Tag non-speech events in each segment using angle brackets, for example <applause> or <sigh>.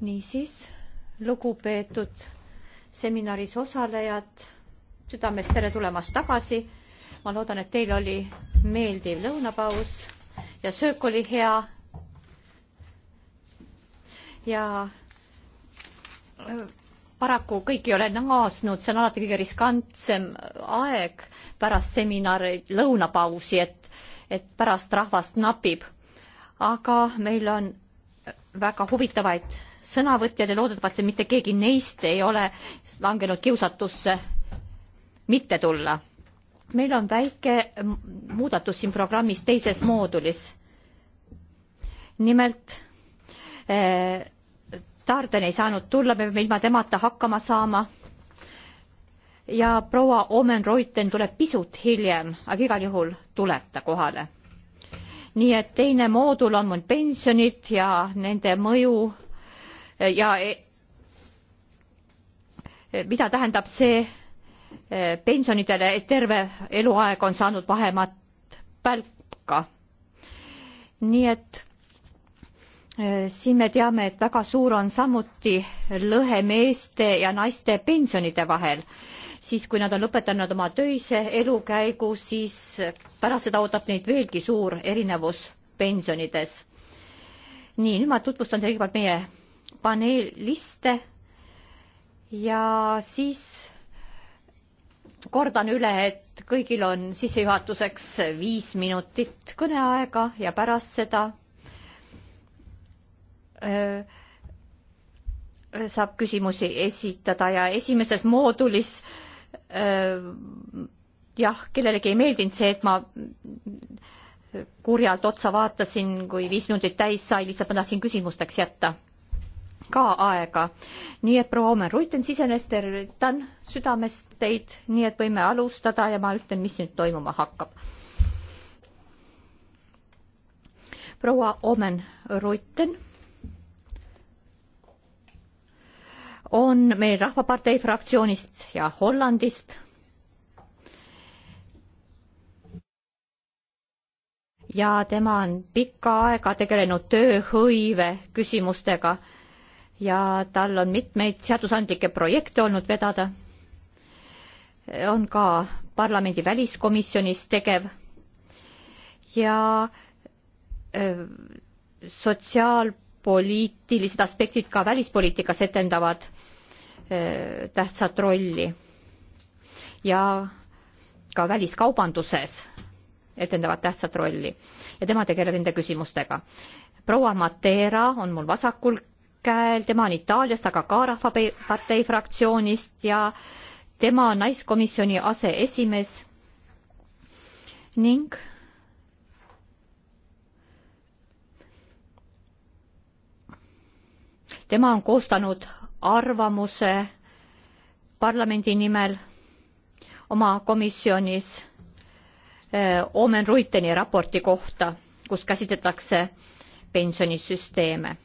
niisiis, lugupeetud seminaris osalejad, südamest tere tulemast tagasi. ma loodan, et teil oli meeldiv lõunapaus ja söök oli hea. ja äh, paraku kõik ei ole naasnud, see on alati kõige riskantsem aeg pärast seminari lõunapausi, et, et pärast rahvast napib. aga meil on väga huvitavaid sõnavõtjaid ja loodetavasti mitte keegi neist ei ole langenud kiusatusse mitte tulla. meil on väike muudatus siin programmis teises moodulis. nimelt eh, Tarden ei saanud tulla, me peame ilma temata hakkama saama. ja proua Omen Reuten tuleb pisut hiljem, aga igal juhul tuleb ta kohale nii et teine moodul on mul pensionid ja nende mõju eh, ja eh, eh, mida tähendab see pensionidele, et terve eluaeg on saanud vahemat palka. nii et siin me teame, et väga suur on samuti lõhe meeste ja naiste pensionide vahel siis kui nad on lõpetanud oma töise elukäigu, siis pärast seda ootab neid veelgi suur erinevus pensionides. nii, nüüd ma tutvustan teile kõigepealt meie paneeliste ja siis kordan üle, et kõigil on sissejuhatuseks viis minutit kõneaega ja pärast seda öö, saab küsimusi esitada ja esimeses moodulis öö, Äh, jah, kellelegi ei meeldinud see, et ma kurjalt otsa vaatasin, kui viis minutit täis sai, lihtsalt ma tahtsin küsimusteks jätta ka aega. nii et proua Omen Ruiten sisenes, tervitan südamest teid, nii et võime alustada ja ma ütlen, mis nüüd toimuma hakkab. proua Omen Ruiten on meil Rahvapartei fraktsioonist ja Hollandist. ja tema on pikka aega tegelenud tööhõive küsimustega ja tal on mitmeid seadusandlikke projekte olnud vedada. on ka parlamendi väliskomisjonis tegev ja äh, sotsiaal- poliitilised aspektid ka välispoliitikas etendavad eh, tähtsat rolli ja ka väliskaubanduses etendavad tähtsat rolli ja tema tegeleb nende küsimustega. proua Matera on mul vasakul käel, tema on Itaaliast, aga ka Rahvapartei fraktsioonist ja tema on naiskomisjoni aseesimees ning tema on koostanud arvamuse parlamendi nimel oma komisjonis eh, Omen Ruiteni raporti kohta, kus käsitletakse pensionisüsteeme.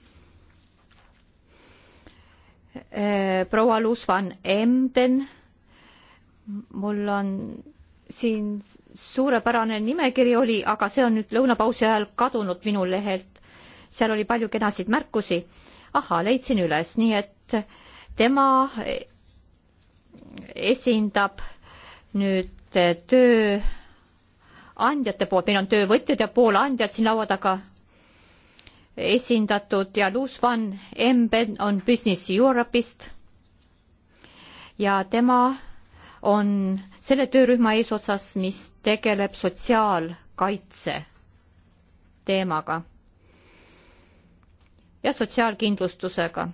Eh, proua Luz van Emden, mul on siin suurepärane nimekiri oli, aga see on nüüd lõunapausi ajal kadunud minu lehelt. seal oli palju kenasid märkusi ahhaa, leidsin üles, nii et tema esindab nüüd tööandjate poolt, meil on töövõtjad ja pooleandjad siin laua taga esindatud ja Luz van Emben on Business Europe'ist ja tema on selle töörühma eesotsas, mis tegeleb sotsiaalkaitse teemaga ja sotsiaalkindlustusega.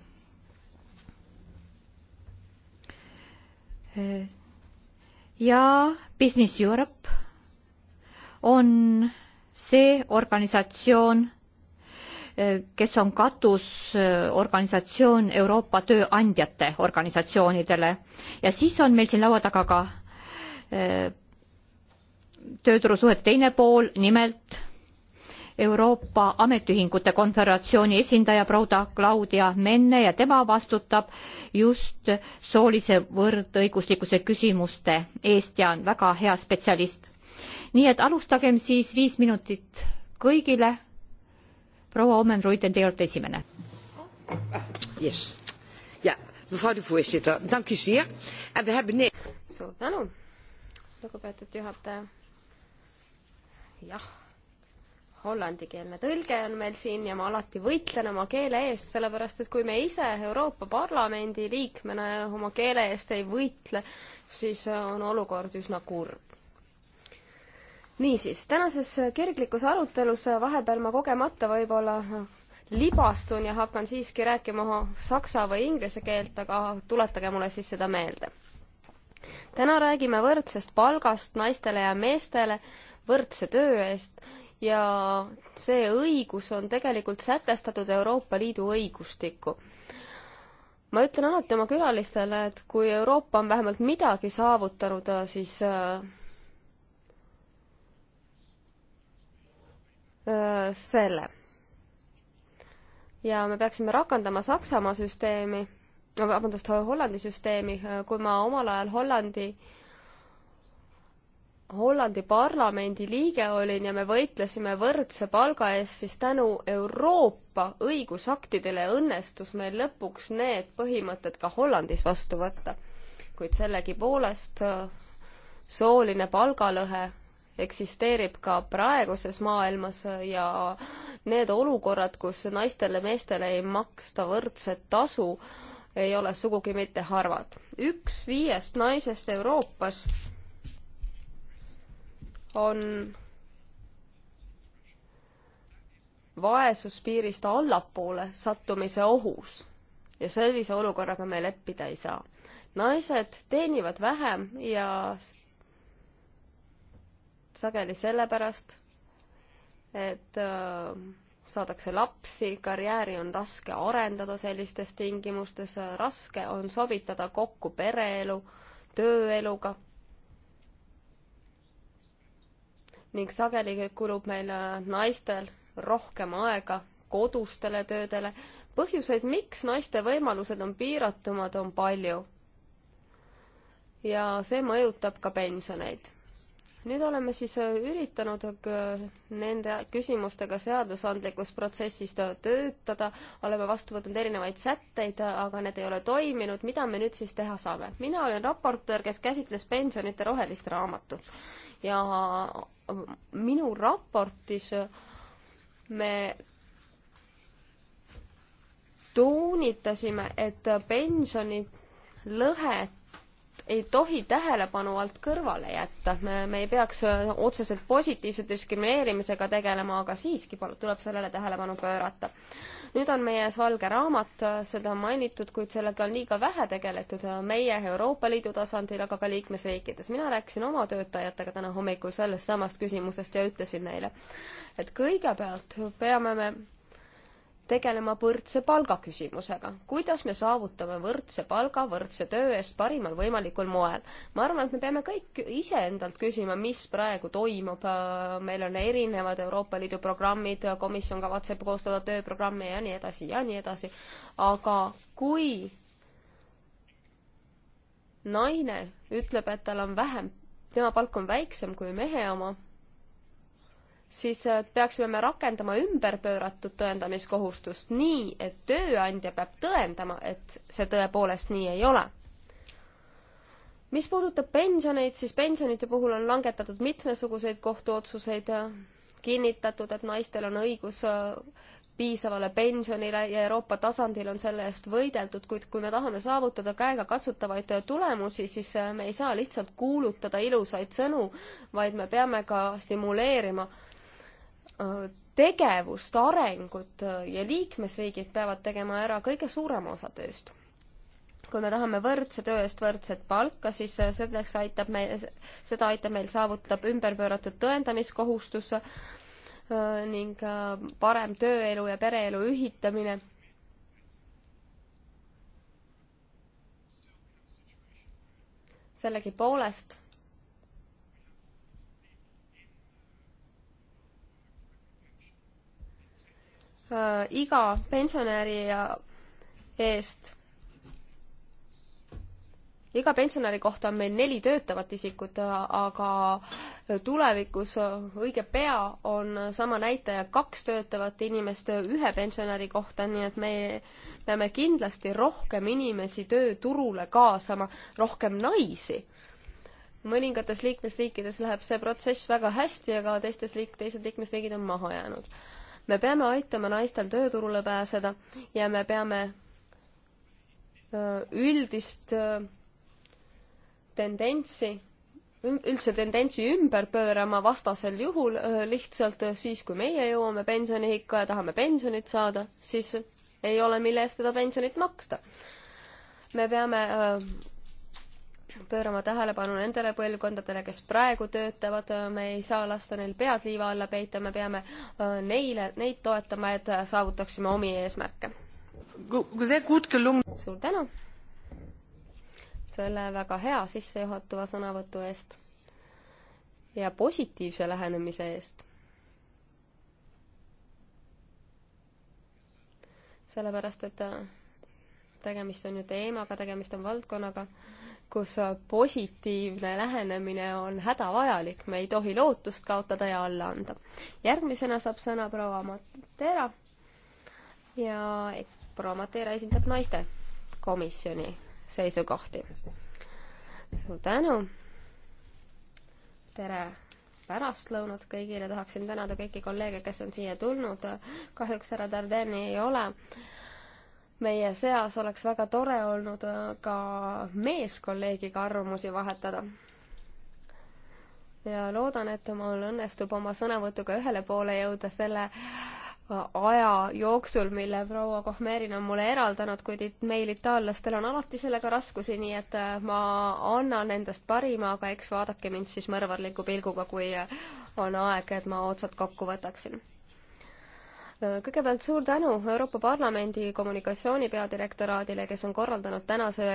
ja Business Europe on see organisatsioon, kes on katusorganisatsioon Euroopa tööandjate organisatsioonidele ja siis on meil siin laua taga ka eh, tööturusuhete teine pool, nimelt Euroopa Ametiühingute Konföderatsiooni esindaja Prouda Claudia Menne ja tema vastutab just soolise võrdõiguslikkuse küsimuste eest ja on väga hea spetsialist. nii et alustagem siis viis minutit kõigile. proua Omen Ruiten, teie olete esimene. Yes. Ja, mevrouw de voorzitter, dank u zeer. En we hebben... Suur tänu, lugupeetud juhataja. jah hollandikeelne tõlge on meil siin ja ma alati võitlen oma keele eest, sellepärast et kui me ise Euroopa Parlamendi liikmena oma keele eest ei võitle, siis on olukord üsna kurb. niisiis, tänases kirglikus arutelus vahepeal ma kogemata võib-olla libastun ja hakkan siiski rääkima saksa või inglise keelt, aga tuletage mulle siis seda meelde. täna räägime võrdsest palgast naistele ja meestele võrdse töö eest ja see õigus on tegelikult sätestatud Euroopa Liidu õigustikku ma ütlen alati oma külalistele, et kui Euroopa on vähemalt midagi saavutanud, siis äh, äh selle. ja me peaksime rakendama Saksamaa süsteemi, vabandust, Hollandi süsteemi, äh, kui ma omal ajal Hollandi äh, Hollandi parlamendi liige olin ja me võitlesime võrdse palga eest, siis tänu Euroopa õigusaktidele õnnestus meil lõpuks need põhimõtted ka Hollandis vastu võtta. kuid sellegipoolest äh, sooline palgalõhe eksisteerib ka praeguses maailmas ja need olukorrad, kus naistele, meestele ei maksta võrdset tasu, ei ole sugugi mitte harvad. üks viiest naisest Euroopas on vaesuspiirist allapoole sattumise ohus ja sellise olukorraga me leppida ei saa. naised teenivad vähem ja sageli sellepärast, et äh, saadakse lapsi, karjääri on raske arendada sellistes tingimustes, raske on sobitada kokku pereelu tööeluga ning sageli kulub meil äh, naistel rohkem aega kodustele töödele. põhjuseid, miks naiste võimalused on piiratumad, on palju. ja see mõjutab ka pensioneid nüüd oleme siis äh, üritanud äh, nende küsimustega seadusandlikus protsessis äh, töötada, oleme vastu võtnud erinevaid sätteid, aga need ei ole toiminud, mida me nüüd siis teha saame? mina olen raportöör, kes käsitles pensionite rohelist raamatut ja minu raportis me toonitasime, et pensionilõhe ei tohi tähelepanu alt kõrvale jätta. me, me ei peaks äh, otseselt positiivse diskrimineerimisega tegelema, aga siiski tuleb sellele tähelepanu pöörata. nüüd on meie ees valge raamat, äh, seda on mainitud, kuid sellega on liiga vähe tegeletud äh, meie Euroopa Liidu tasandil, aga ka liikmesriikides. mina rääkisin oma töötajatega täna hommikul sellest samast küsimusest ja ütlesin neile, et kõigepealt peame me tegelema võrdse palga küsimusega. kuidas me saavutame võrdse palga võrdse töö eest parimal võimalikul moel? ma arvan, et me peame kõik iseendalt küsima, mis praegu toimub, meil on erinevad Euroopa Liidu programmid, komisjon kavatseb koostada tööprogramme ja nii edasi ja nii edasi, aga kui naine ütleb, et tal on vähem, tema palk on väiksem kui mehe oma siis äh, peaksime me rakendama ümberpööratud tõendamiskohustust nii, et tööandja peab tõendama, et see tõepoolest nii ei ole. mis puudutab pensioneid, siis pensionite puhul on langetatud mitmesuguseid kohtuotsuseid, äh, kinnitatud, et naistel on õigus äh, piisavale pensionile ja Euroopa tasandil on selle eest võideldud, kuid kui me tahame saavutada käegakatsutavaid tulemusi, siis me ei saa lihtsalt kuulutada ilusaid sõnu, vaid me peame ka stimuleerima äh, Äh, tegevust, arengut äh, ja liikmesriigid peavad tegema ära kõige suurema osa tööst. kui me tahame võrdse töö eest võrdset palka, siis äh, selleks aitab meil, seda aitab meil saavutada ümberpööratud tõendamiskohustus ning parem tööelu ja pereelu ühitamine. sellegipoolest äh, iga pensionäri eest, iga pensionäri kohta on meil neli töötavat isikut, äh, aga tulevikus äh, õige pea on sama näitaja kaks töötavat inimest äh, ühe pensionäri kohta, nii et me peame kindlasti rohkem inimesi tööturule kaasama, rohkem naisi mõningates liikmesriikides läheb see protsess väga hästi, aga teistes liik-, teised liikmesriigid on maha jäänud me peame aitama naistel tööturule pääseda ja me peame üldist tendentsi, üldse tendentsi ümber pöörama, vastasel juhul lihtsalt siis, kui meie jõuame pensioniikka ja tahame pensionit saada, siis ei ole, mille eest seda pensionit maksta. me peame pöörama tähelepanu nendele põlvkondadele, kes praegu töötavad, me ei saa lasta neil pead liiva alla peita, me peame äh, neile, neid toetama, et saavutaksime omi eesmärke. suur tänu selle väga hea sissejuhatava sõnavõtu eest ja positiivse lähenemise eest. sellepärast, et äh, tegemist on ju teemaga, tegemist on valdkonnaga, kus äh, positiivne lähenemine on hädavajalik, me ei tohi lootust kaotada ja alla anda. järgmisena saab sõna proua Matera ja proua Matera esindab naiste komisjoni seisukohti. suur tänu. tere pärastlõunat kõigile, tahaksin tänada kõiki kolleege, kes on siia tulnud. kahjuks härra Dardani ei ole meie seas oleks väga tore olnud äh, ka meeskolleegiga arvamusi vahetada. ja loodan, et mul õnnestub oma sõnavõtuga ühele poole jõuda selle äh, aja jooksul, mille proua Kohmerin on mulle eraldanud, kuid meil, itaallastel, on alati sellega raskusi, nii et äh, ma annan endast parima, aga eks vaadake mind siis mõrvarliku pilguga, kui on aeg, et ma otsad kokku võtaksin kõigepealt suur tänu Euroopa Parlamendi kommunikatsiooni peadirektoraadile, kes on korraldanud tänase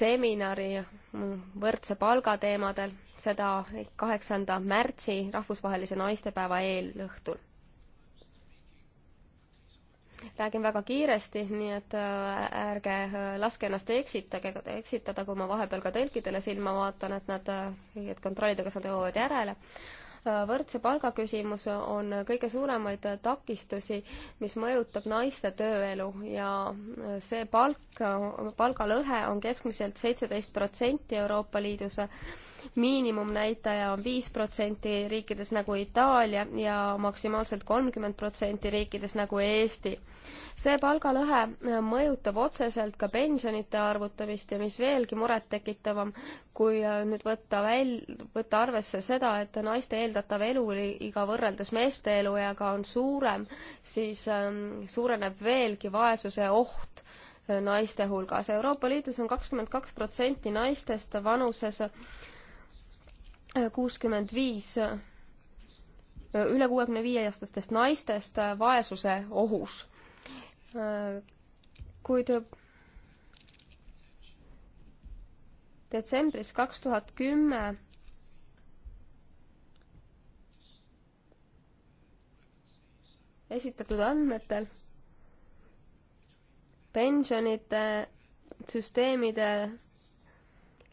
seminari võrdse palga teemadel, seda kaheksanda märtsi rahvusvahelise naistepäeva eelõhtul. räägin väga kiiresti, nii et äh, ärge äh, laske ennast eksitage, eksitada, kui ma vahepeal ka tõlkidele silma vaatan, et nad, äh, et kontrollida, kas nad jõuavad järele võrdse palga küsimus on kõige suuremaid takistusi, mis mõjutab naiste tööelu ja see palk, palgalõhe on keskmiselt seitseteist protsenti Euroopa Liidus miinimumnäitaja on viis protsenti riikides nagu Itaalia ja maksimaalselt kolmkümmend protsenti riikides nagu Eesti. see palgalõhe äh, mõjutab otseselt ka pensionite arvutamist ja mis veelgi murettekitavam, kui äh, nüüd võtta väl-, võtta arvesse seda, et naiste eeldatav eluiga võrreldes meeste elueaga on suurem, siis ähm, suureneb veelgi vaesuse oht äh, naiste hulgas. Euroopa Liidus on kakskümmend kaks protsenti naistest vanuses kuuskümmend viis üle kuuekümne viie aastastest naistest vaesuse ohus. kuid detsembris kaks tuhat kümme esitatud andmetel pensionite süsteemide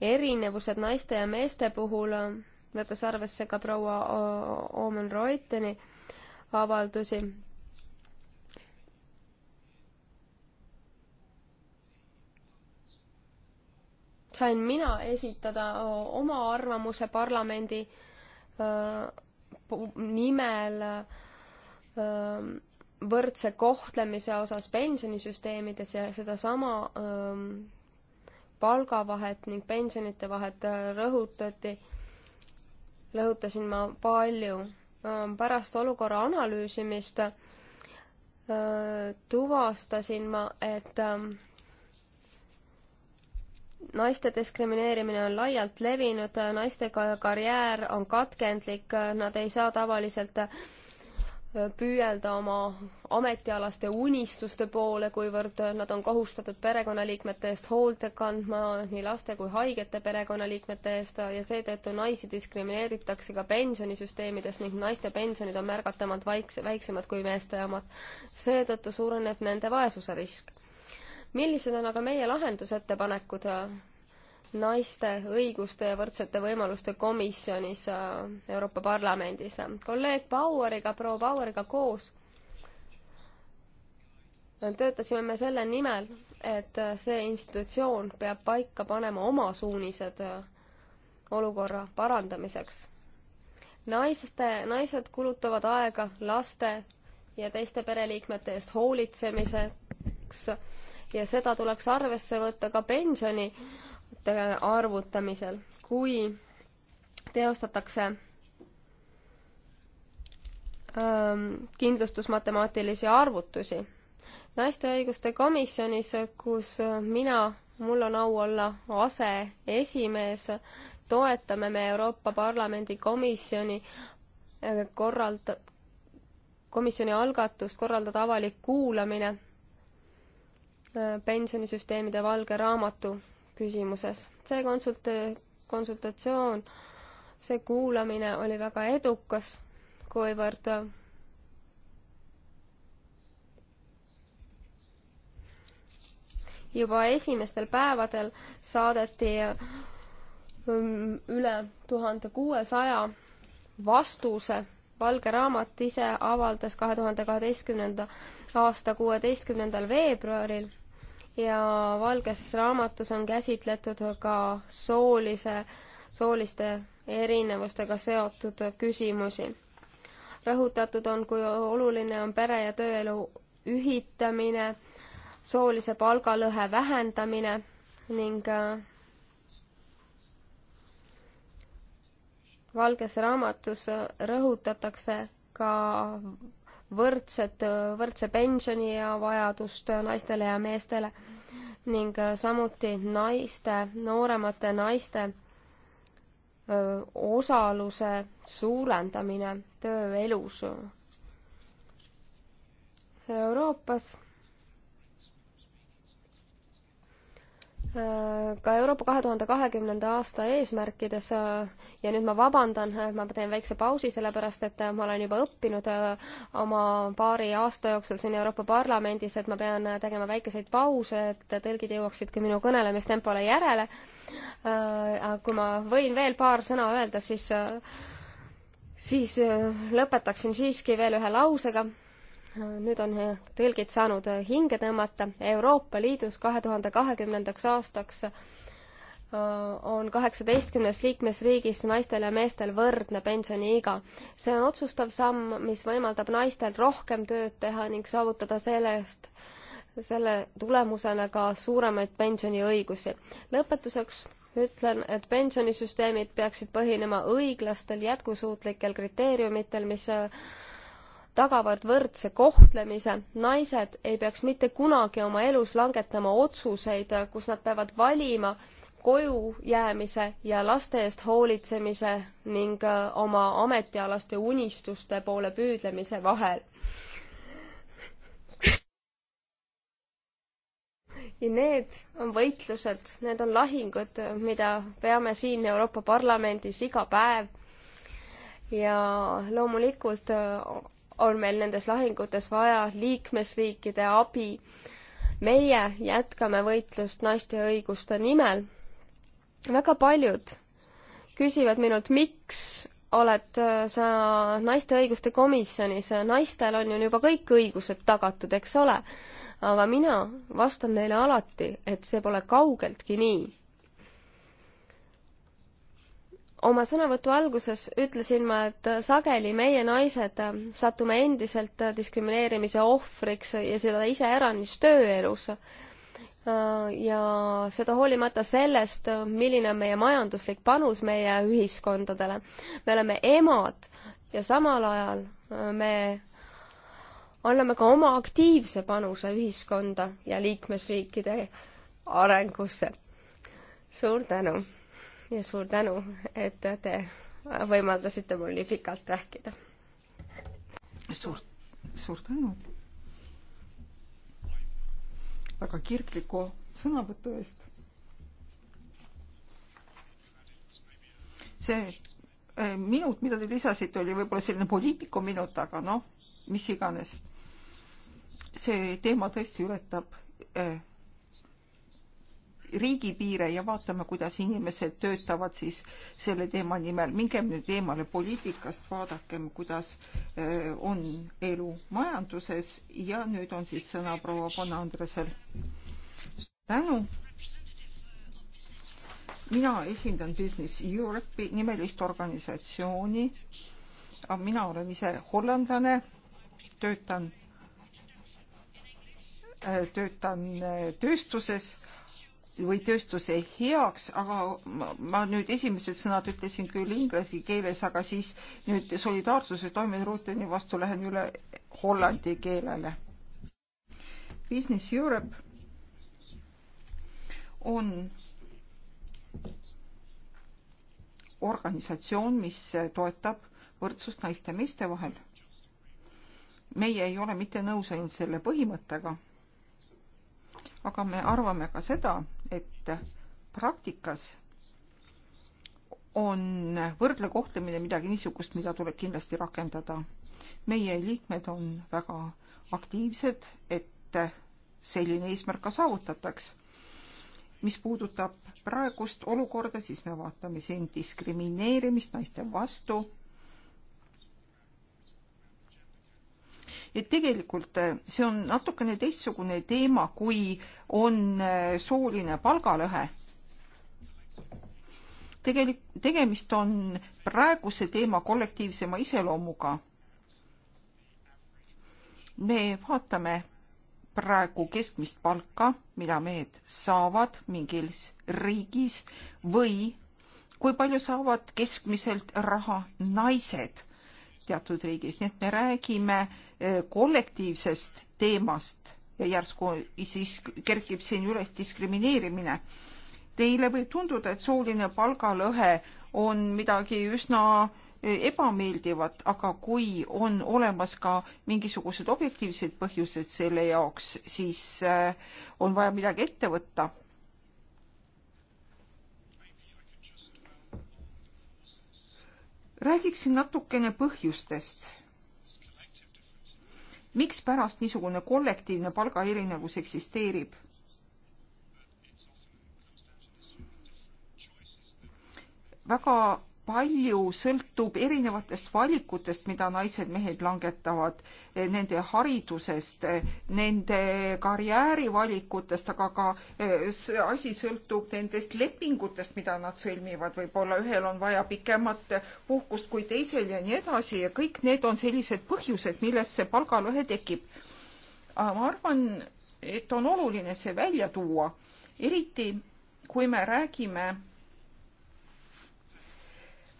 erinevused naiste ja meeste puhul on võttes arvesse ka proua Omen Reuteni avaldusi. sain mina esitada oma arvamuse parlamendi nimel võrdse kohtlemise osas pensionisüsteemides ja sedasama palgavahet ning pensionite vahet rõhutati rõhutasin ma palju. Äh, pärast olukorra analüüsimist äh, tuvastasin ma, et äh, naiste diskrimineerimine on laialt levinud, naiste karjäär on katkendlik, nad ei saa tavaliselt püüelda oma ametialaste unistuste poole, kuivõrd nad on kohustatud perekonnaliikmete eest hoolt kandma, nii laste kui haigete perekonnaliikmete eest ja seetõttu naisi diskrimineeritakse ka pensionisüsteemides ning naiste pensionid on märgatavalt vaikse, väiksemad kui meeste omad. seetõttu suureneb nende vaesuse risk millised on aga meie lahendusettepanekud naiste õiguste ja võrdsete võimaluste komisjonis äh, Euroopa Parlamendis. kolleeg Baueriga, proua Baueriga koos töötasime me selle nimel, et äh, see institutsioon peab paika panema oma suunised äh, olukorra parandamiseks. naiste, naised kulutavad aega laste ja teiste pereliikmete eest hoolitsemiseks ja seda tuleks arvesse võtta ka pensioni äh, trahvide arvutamisel, kui teostatakse ähm, kindlustusmatemaatilisi arvutusi. naiste õiguste komisjonis, kus mina, mul on au olla aseesimees, toetame me Euroopa Parlamendi komisjoni äh, korralda-, komisjoni algatust korraldada avalik kuulamine äh, pensionisüsteemide valge raamatu küsimuses. see konsulte-, konsultatsioon, see kuulamine oli väga edukas, kuivõrd juba esimestel päevadel saadeti ähm, üle tuhande kuuesaja vastuse. valge raamat ise avaldas kahe tuhande kaheteistkümnenda aasta kuueteistkümnendal veebruaril ja Valges Raamatus on käsitletud ka soolise, sooliste erinevustega seotud küsimusi. rõhutatud on, kui oluline on pere- ja tööelu ühitamine, soolise palgalõhe vähendamine ning äh, Valges Raamatus rõhutatakse ka võrdset, võrdse pensioni ja vajadust naistele ja meestele ning äh, samuti naiste, nooremate naiste äh, osaluse suurendamine tööelus Euroopas ka Euroopa kahe tuhande kahekümnenda aasta eesmärkides äh, ja nüüd ma vabandan, äh, ma teen väikse pausi, sellepärast et äh, ma olen juba õppinud oma paari aasta jooksul siin Euroopa Parlamendis, et ma pean tegema väikeseid pause, et tõlgid jõuaksid ka minu kõnelemistempole järele. kui ma võin veel paar sõna öelda, siis, siis lõpetaksin siiski veel ühe lausega nüüd on tõlgid saanud hinge tõmmata. Euroopa Liidus kahe tuhande kahekümnendaks aastaks äh, on kaheksateistkümnes liikmesriigis naistel ja meestel võrdne pensioniiga. see on otsustav samm, mis võimaldab naistel rohkem tööd teha ning saavutada sellest, selle tulemusena ka suuremaid pensioniõigusi. lõpetuseks ütlen, et pensionisüsteemid peaksid põhinema õiglastel jätkusuutlikel kriteeriumitel, mis äh, tagavad võrdse kohtlemise. naised ei peaks mitte kunagi oma elus langetama otsuseid, kus nad peavad valima koju jäämise ja laste eest hoolitsemise ning äh, oma ametialaste unistuste poole püüdlemise vahel. ja need on võitlused, need on lahingud, mida peame siin Euroopa Parlamendis iga päev ja loomulikult äh, on meil nendes lahingutes vaja liikmesriikide abi. meie jätkame võitlust naiste õiguste nimel. väga paljud küsivad minult, miks oled äh, sa naiste õiguste komisjonis, naistel on ju juba kõik õigused tagatud, eks ole. aga mina vastan neile alati, et see pole kaugeltki nii oma sõnavõtu alguses ütlesin ma, et sageli meie naised satume endiselt diskrimineerimise ohvriks ja seda iseäranis tööelus. ja seda hoolimata sellest, milline on meie majanduslik panus meie ühiskondadele. me oleme emad ja samal ajal me anname ka oma aktiivse panuse ühiskonda ja liikmesriikide arengusse. suur tänu! ja suur tänu, et te võimaldasite mul nii pikalt rääkida. suur, suur tänu. väga kirgliku sõnavõtu eest. see eh, minut, mida te lisasite, oli võib-olla selline poliitiku minut, aga noh, mis iganes. see teema tõesti ületab eh, riigipiire ja vaatame, kuidas inimesed töötavad siis selle teema nimel. mingem nüüd eemale poliitikast, vaadakem, kuidas on elu majanduses ja nüüd on siis sõna proua Ponna Andresel. tänu mina esindan Business Europe'i nimelist organisatsiooni. mina olen ise hollandlane, töötan, töötan tööstuses või tööstuse heaks, aga ma nüüd esimesed sõnad ütlesin küll inglise keeles, aga siis nüüd solidaarsuse toimerutini vastu lähen üle hollandi keelele. Business Europe on organisatsioon, mis toetab võrdsust naiste ja meeste vahel. meie ei ole mitte nõus ainult selle põhimõttega aga me arvame ka seda, et praktikas on võrdle kohtlemine midagi niisugust, mida tuleb kindlasti rakendada. meie liikmed on väga aktiivsed, et selline eesmärk ka saavutataks. mis puudutab praegust olukorda, siis me vaatame siin diskrimineerimist naiste vastu et tegelikult äh, see on natukene teistsugune teema, kui on äh, sooline palgalõhe. tegelik, tegemist on praeguse teema kollektiivsema iseloomuga. me vaatame praegu keskmist palka, mida mehed saavad mingis riigis või kui palju saavad keskmiselt raha naised teatud riigis, nii et me räägime eh, kollektiivsest teemast ja järsku siis kerkib siin üles diskrimineerimine. Teile võib tunduda, et sooline palgalõhe on midagi üsna eh, ebameeldivat, aga kui on olemas ka mingisugused objektiivsed põhjused selle jaoks, siis eh, on vaja midagi ette võtta räägiksin natukene põhjustest, mikspärast niisugune kollektiivne palgaerinevus eksisteerib. väga palju sõltub erinevatest valikutest, mida naised-mehed langetavad, eh, nende haridusest, eh, nende karjäärivalikutest, aga ka eh, asi sõltub nendest lepingutest, mida nad sõlmivad, võib-olla ühel on vaja pikemat puhkust kui teisel ja nii edasi ja kõik need on sellised põhjused, millest see palgalõhe tekib. ma arvan, et on oluline see välja tuua, eriti kui me räägime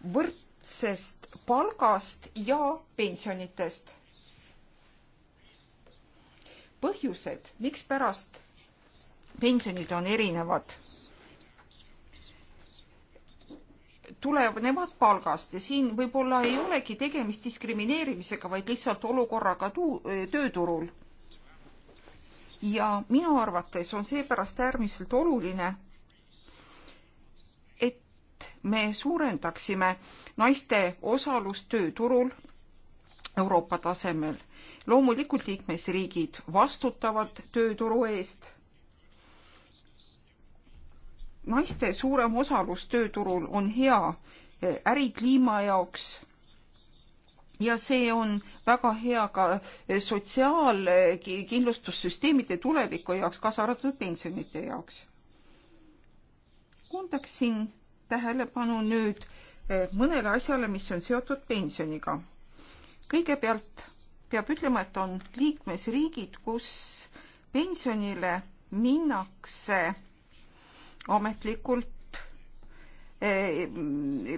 võrdsest palgast ja pensionitest. põhjused, mikspärast pensionid on erinevad, tulenevad palgast ja siin võib-olla ei olegi tegemist diskrimineerimisega, vaid lihtsalt olukorraga tuu-, tööturul. ja minu arvates on seepärast äärmiselt oluline me suurendaksime naiste osalust tööturul Euroopa tasemel. loomulikult liikmesriigid vastutavad tööturu eest. naiste suurem osalus tööturul on hea eh, ärikliima jaoks ja see on väga hea ka eh, sotsiaalkindlustussüsteemide eh, tuleviku jaoks, kaasa arvatud pensionite jaoks. kuuldaksin tähelepanu nüüd eh, mõnele asjale, mis on seotud pensioniga. kõigepealt peab ütlema, et on liikmesriigid, kus pensionile minnakse ametlikult, eh,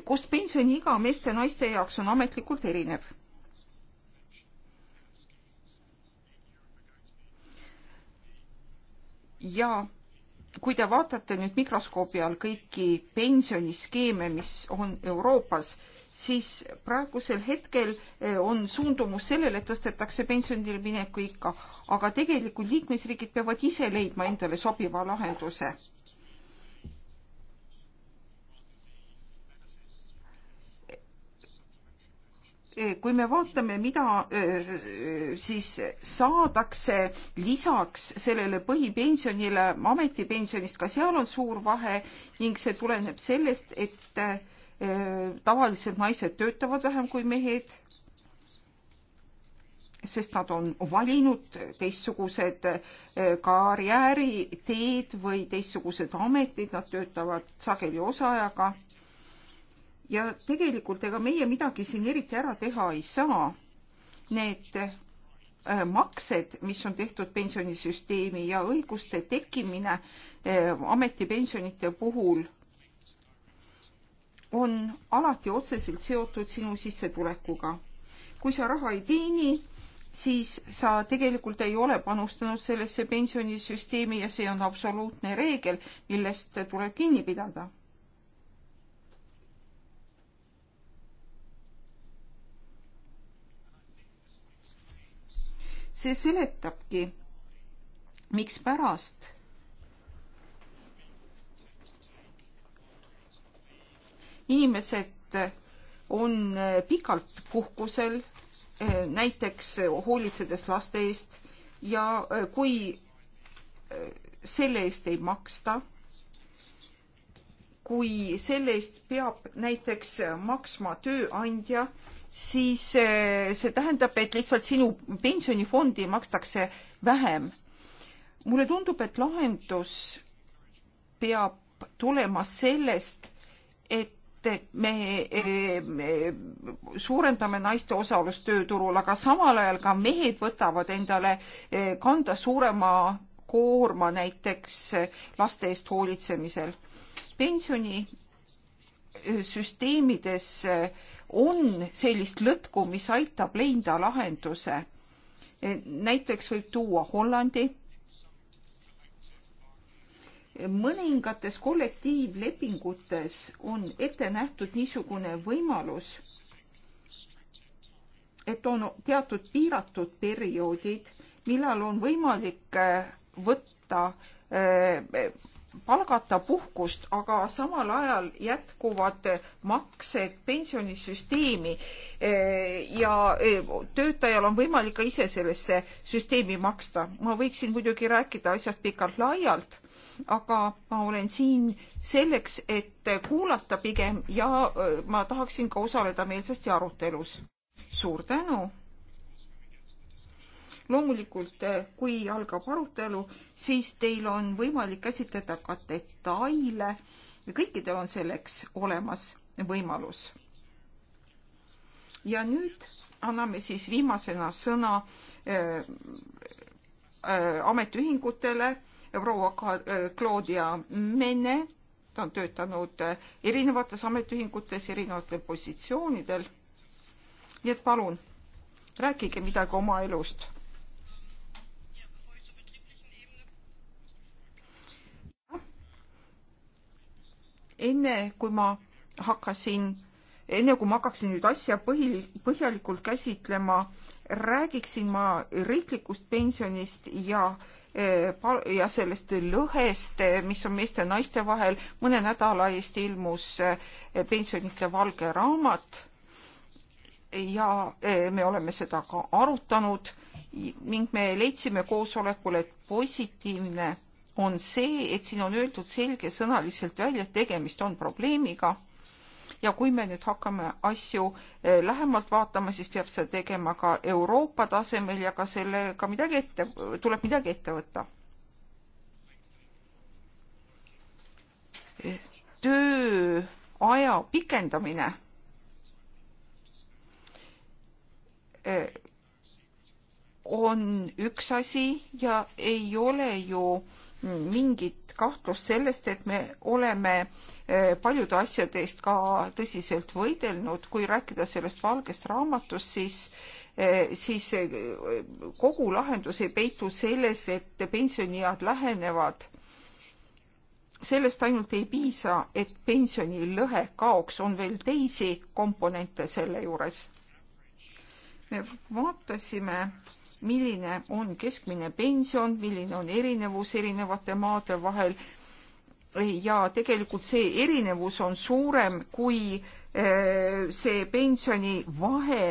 kus pensioniiga meeste ja naiste jaoks on ametlikult erinev ja kui te vaatate nüüd mikroskoobi all kõiki pensioniskeeme, mis on Euroopas, siis praegusel hetkel eh, on suundumus sellele, et tõstetakse pensionile mineku ikka, aga tegelikult liikmesriigid peavad ise leidma endale sobiva lahenduse. kui me vaatame, mida siis saadakse lisaks sellele põhipensionile ametipensionist, ka seal on suur vahe ning see tuleneb sellest, et tavaliselt naised töötavad vähem kui mehed, sest nad on valinud teistsugused karjääriteed või teistsugused ametid, nad töötavad sageli osaajaga ja tegelikult ega meie midagi siin eriti ära teha ei saa. Need äh, maksed, mis on tehtud pensionisüsteemi ja õiguste tekkimine äh, ametipensionite puhul on alati otseselt seotud sinu sissetulekuga. kui sa raha ei teeni, siis sa tegelikult ei ole panustanud sellesse pensionisüsteemi ja see on absoluutne reegel, millest tuleb kinni pidada see seletabki, mikspärast inimesed on pikalt puhkusel, näiteks hoolitsedes laste eest ja kui selle eest ei maksta, kui selle eest peab näiteks maksma tööandja siis eh, see tähendab, et lihtsalt sinu pensionifondi makstakse vähem. mulle tundub, et lahendus peab tulema sellest, et me eh, suurendame naiste osalust tööturul, aga samal ajal ka mehed võtavad endale eh, kanda suurema koorma näiteks laste eest hoolitsemisel. pensionisüsteemides on sellist lõtku, mis aitab leida lahenduse. näiteks võib tuua Hollandi. mõningates kollektiivlepingutes on ette nähtud niisugune võimalus, et on teatud piiratud perioodid, millal on võimalik äh, võtta äh, palgata puhkust, aga samal ajal jätkuvad maksed pensionisüsteemi eh, ja eh, töötajal on võimalik ka ise sellesse süsteemi maksta. ma võiksin muidugi rääkida asjast pikalt-laialt, aga ma olen siin selleks, et kuulata pigem ja eh, ma tahaksin ka osaleda meelsasti arutelus. suur tänu loomulikult, eh, kui algab arutelu, siis teil on võimalik käsitleda ka detaile ja kõikidel on selleks olemas võimalus. ja nüüd anname siis viimasena sõna äh, äh, ametiühingutele, proua Claudia Mene, ta on töötanud erinevates ametiühingutes erinevatel positsioonidel. nii et palun, rääkige midagi oma elust enne kui ma hakkasin, enne kui ma hakkaksin nüüd asja põhi, põhjalikult käsitlema, räägiksin ma riiklikust pensionist ja eh, ja sellest lõhest, eh, mis on meeste ja naiste vahel. mõne nädala eest ilmus eh, pensionite valge raamat ja me oleme seda ka arutanud ning me leidsime koosolekul, et positiivne on see, et siin on öeldud selgesõnaliselt välja, et tegemist on probleemiga ja kui me nüüd hakkame asju eh, lähemalt vaatama, siis peab seda tegema ka Euroopa tasemel ja ka sellega midagi ette, tuleb midagi ette võtta. tööaja pikendamine. Eh, on üks asi ja ei ole ju äh, mingit kahtlust sellest, et me oleme eh, paljude asjade eest ka tõsiselt võidelnud. kui rääkida sellest valgest raamatust, siis, eh, siis eh, kogu lahendus ei peitu selles, et pensioniead lähenevad. sellest ainult ei piisa, et pensionilõhe kaoks, on veel teisi komponente selle juures. me vaatasime milline on keskmine pension, milline on erinevus erinevate maade vahel ja tegelikult see erinevus on suurem kui eh, see pensionivahe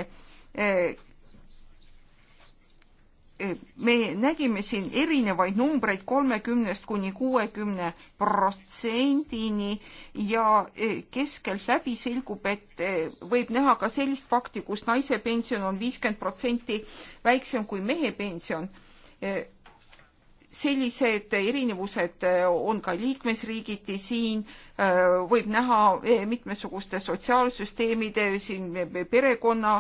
eh, me nägime siin erinevaid numbreid kolmekümnest kuni kuuekümne protsendini ja e, keskeltläbi selgub, et e, võib näha ka sellist fakti, kus naise pension on viiskümmend protsenti väiksem kui mehe pension e, sellised erinevused on ka liikmesriigiti, siin võib näha mitmesuguste sotsiaalsüsteemide, siin perekonna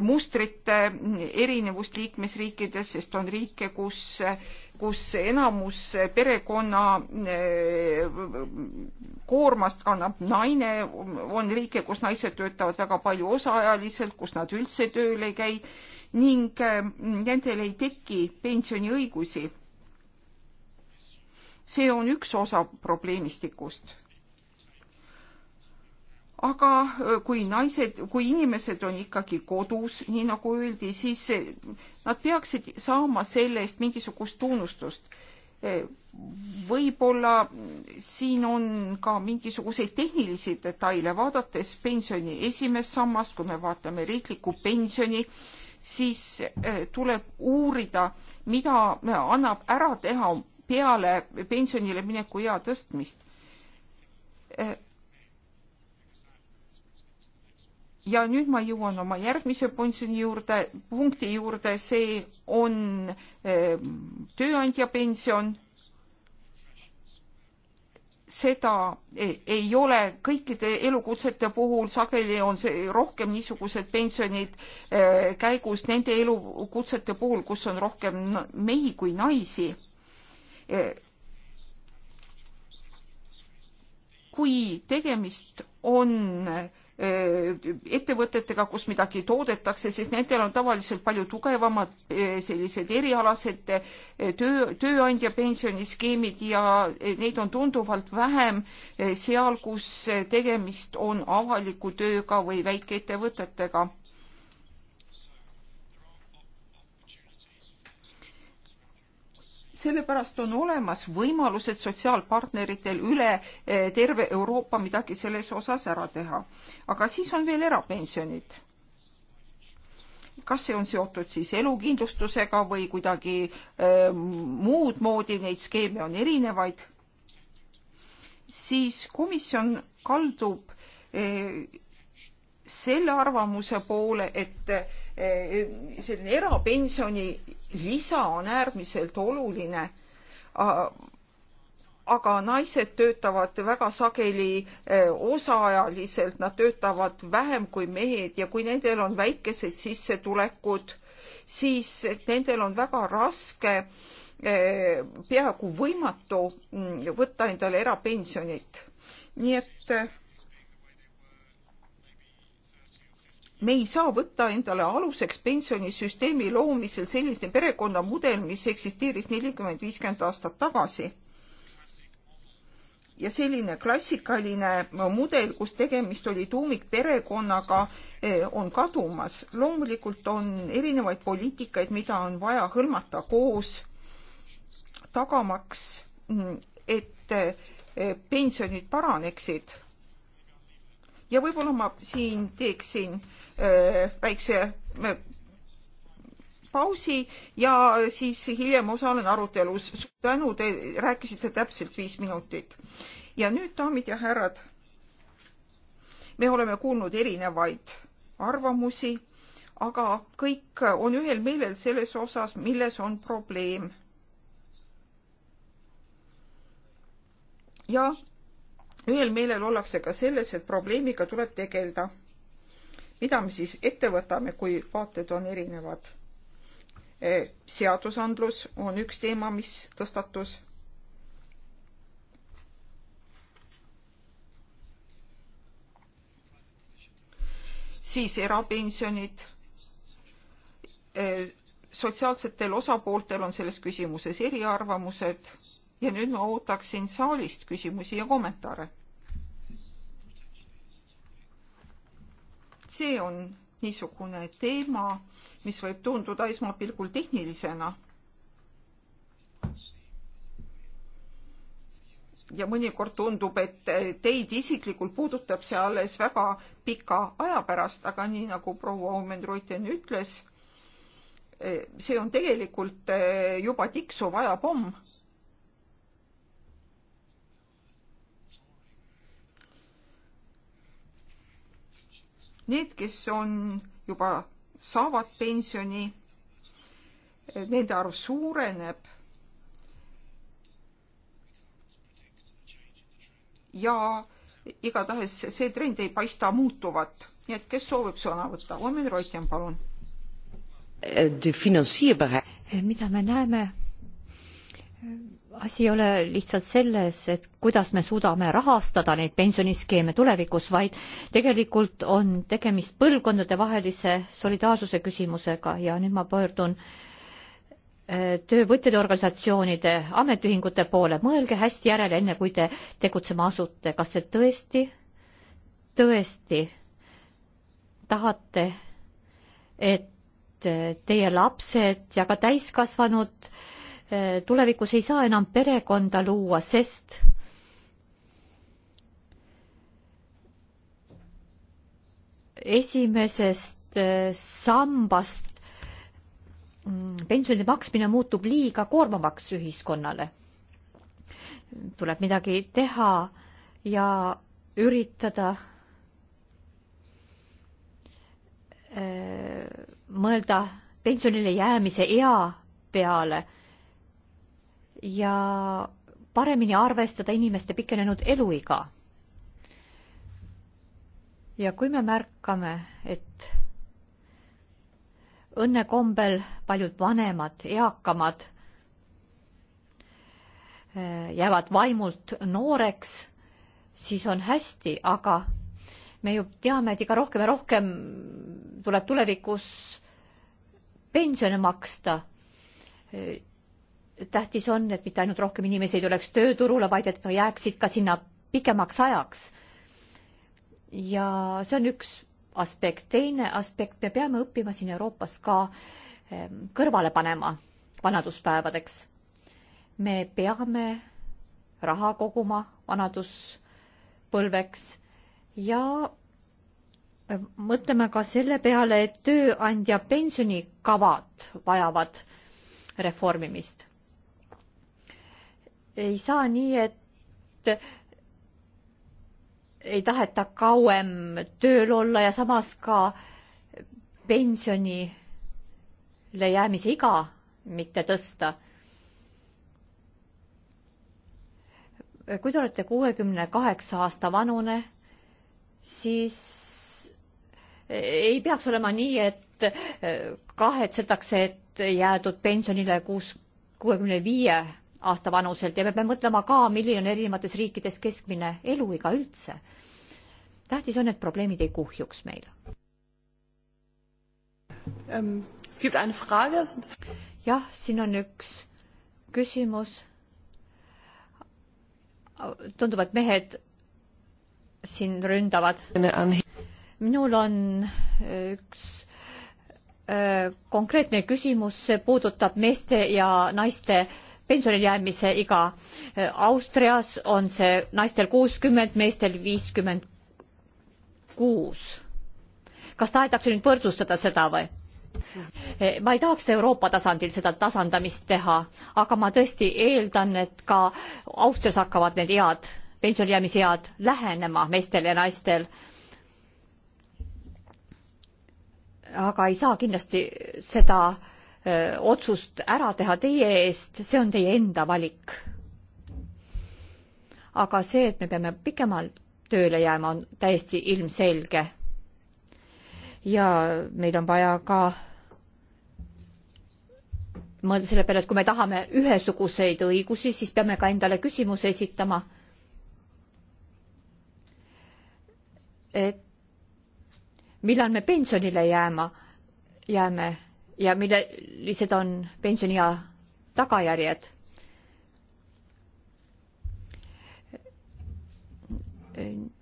mustrite erinevust liikmesriikides, sest on riike, kus, kus enamus perekonna koormast kannab naine, on riike, kus naised töötavad väga palju osaajaliselt, kus nad üldse tööl ei käi ning nendel ei teki pensioniõigusi see on üks osa probleemistikust. aga äh, kui naised, kui inimesed on ikkagi kodus, nii nagu öeldi, siis äh, nad peaksid saama selle eest mingisugust tunnustust äh, võib-olla siin on ka mingisuguseid tehnilisi detaile, vaadates pensioni esimest sammast, kui me vaatame riiklikku pensioni, siis tuleb uurida, mida annab ära teha peale pensionile mineku ea tõstmist. ja nüüd ma jõuan oma järgmise pensioni juurde, punkti juurde, see on eh, tööandja pension. seda eh, ei ole kõikide elukutsete puhul, sageli on see rohkem niisugused pensionid eh, käigus nende elukutsete puhul, kus on rohkem mehi kui naisi kui tegemist on eh, ettevõtetega, kus midagi toodetakse, siis nendel on tavaliselt palju tugevamad eh, sellised erialased eh, töö, tööandja pensioniskeemid ja neid on tunduvalt vähem seal, kus tegemist on avaliku tööga või väikeettevõtetega. sellepärast on olemas võimalused sotsiaalpartneritel üle eh, terve Euroopa midagi selles osas ära teha. aga siis on veel erapensionid. kas see on seotud siis elukindlustusega või kuidagi äh, muud moodi, neid skeeme on erinevaid, siis komisjon kaldub äh, selle arvamuse poole, et Eh, selline erapensioni lisa on äärmiselt oluline. aga naised töötavad väga sageli eh, osaajaliselt, nad töötavad vähem kui mehed ja kui nendel on väikesed sissetulekud, siis nendel on väga raske eh, peaaegu võimatu mm, võtta endale erapensionit. nii et me ei saa võtta endale aluseks pensionisüsteemi loomisel selline perekonnamudel, mis eksisteeris nelikümmend, viiskümmend aastat tagasi. ja selline klassikaline mudel, kus tegemist oli tuumikperekonnaga, eh, on kadumas. loomulikult on erinevaid poliitikaid, mida on vaja hõlmata koos, tagamaks, mm, et eh, pensionid paraneksid ja võib-olla ma siin teeksin Äh, väikse äh, pausi ja siis hiljem osalen arutelus. suur tänu, te rääkisite täpselt viis minutit. ja nüüd, daamid ja härrad, me oleme kuulnud erinevaid arvamusi, aga kõik on ühel meelel selles osas, milles on probleem. ja ühel meelel ollakse ka selles, et probleemiga tuleb tegeleda mida me siis ette võtame, kui vaated on erinevad? E, seadusandlus on üks teema, mis tõstatus. siis erapensionid. E, sotsiaalsetel osapooltel on selles küsimuses eriarvamused ja nüüd ma ootaksin saalist küsimusi ja kommentaare see on niisugune teema, mis võib tunduda esmapilgul tehnilisena. ja mõnikord tundub, et teid isiklikult puudutab see alles väga pika aja pärast, aga nii nagu proua Omen-Ruiten ütles, see on tegelikult juba tiksuv ajapomm Need, kes on juba, saavad pensioni, nende arv suureneb ja igatahes see trend ei paista muutuvat. nii et kes soovib sõna võtta? Omen Roitjan, palun. mida me näeme asi ei ole lihtsalt selles, et kuidas me suudame rahastada neid pensioniskeeme tulevikus, vaid tegelikult on tegemist põlvkondadevahelise solidaarsuse küsimusega ja nüüd ma pöördun äh, töövõtjate organisatsioonide, ametiühingute poole, mõelge hästi järele, enne kui te tegutsema asute, kas te tõesti, tõesti tahate, et äh, teie lapsed ja ka täiskasvanud äh, tulevikus ei saa enam perekonda luua, sest esimesest äh, sambast mm, pensionide maksmine muutub liiga koormavaks ühiskonnale. tuleb midagi teha ja üritada äh, mõelda pensionile jäämise ea peale ja paremini arvestada inimeste pikenenud eluiga. ja kui me märkame, et õnnekombel paljud vanemad, eakamad äh, jäävad vaimult nooreks, siis on hästi, aga me ju teame, et iga rohkem ja rohkem tuleb tulevikus pensione maksta äh, tähtis on, et mitte ainult rohkem inimesi ei tuleks tööturule, vaid et nad jääksid ka sinna pikemaks ajaks. ja see on üks aspekt. teine aspekt, me peame õppima siin Euroopas ka ehm, kõrvale panema vanaduspäevadeks. me peame raha koguma vanaduspõlveks ja ehm, mõtleme ka selle peale, et tööandja pensionikavad vajavad reformimist ei saa nii, et ei taheta kauem tööl olla ja samas ka pensionile jäämise iga mitte tõsta. kui te olete kuuekümne kaheksa aasta vanune, siis ei peaks olema nii, et kahetsetakse, et jäädud pensionile kuus, kuuekümne viie aasta vanuselt ja me peame mõtlema ka, milline on erinevates riikides keskmine eluiga üldse. tähtis on, et probleemid ei kuhjuks meil ähm,. jah, siin on üks küsimus. tundub, et mehed siin ründavad. minul on üks öö, äh, konkreetne küsimus, see puudutab meeste ja naiste öö, pensionile jäämise iga. Eh, Austrias on see naistel kuuskümmend, meestel viiskümmend kuus. kas tahetakse nüüd võrdsustada seda või? Eh, ma ei tahaks Euroopa tasandil seda tasandamist teha, aga ma tõesti eeldan, et ka Austrias hakkavad need ead, pensionile jäämise ead lähenema meestel ja naistel. aga ei saa kindlasti seda otsust ära teha teie eest, see on teie enda valik. aga see, et me peame pikemalt tööle jääma, on täiesti ilmselge. ja meil on vaja ka mõelda selle peale, et kui me tahame ühesuguseid õigusi, siis peame ka endale küsimuse esitama. et millal me pensionile jääma, jääme ja millised on pensioniea tagajärjed.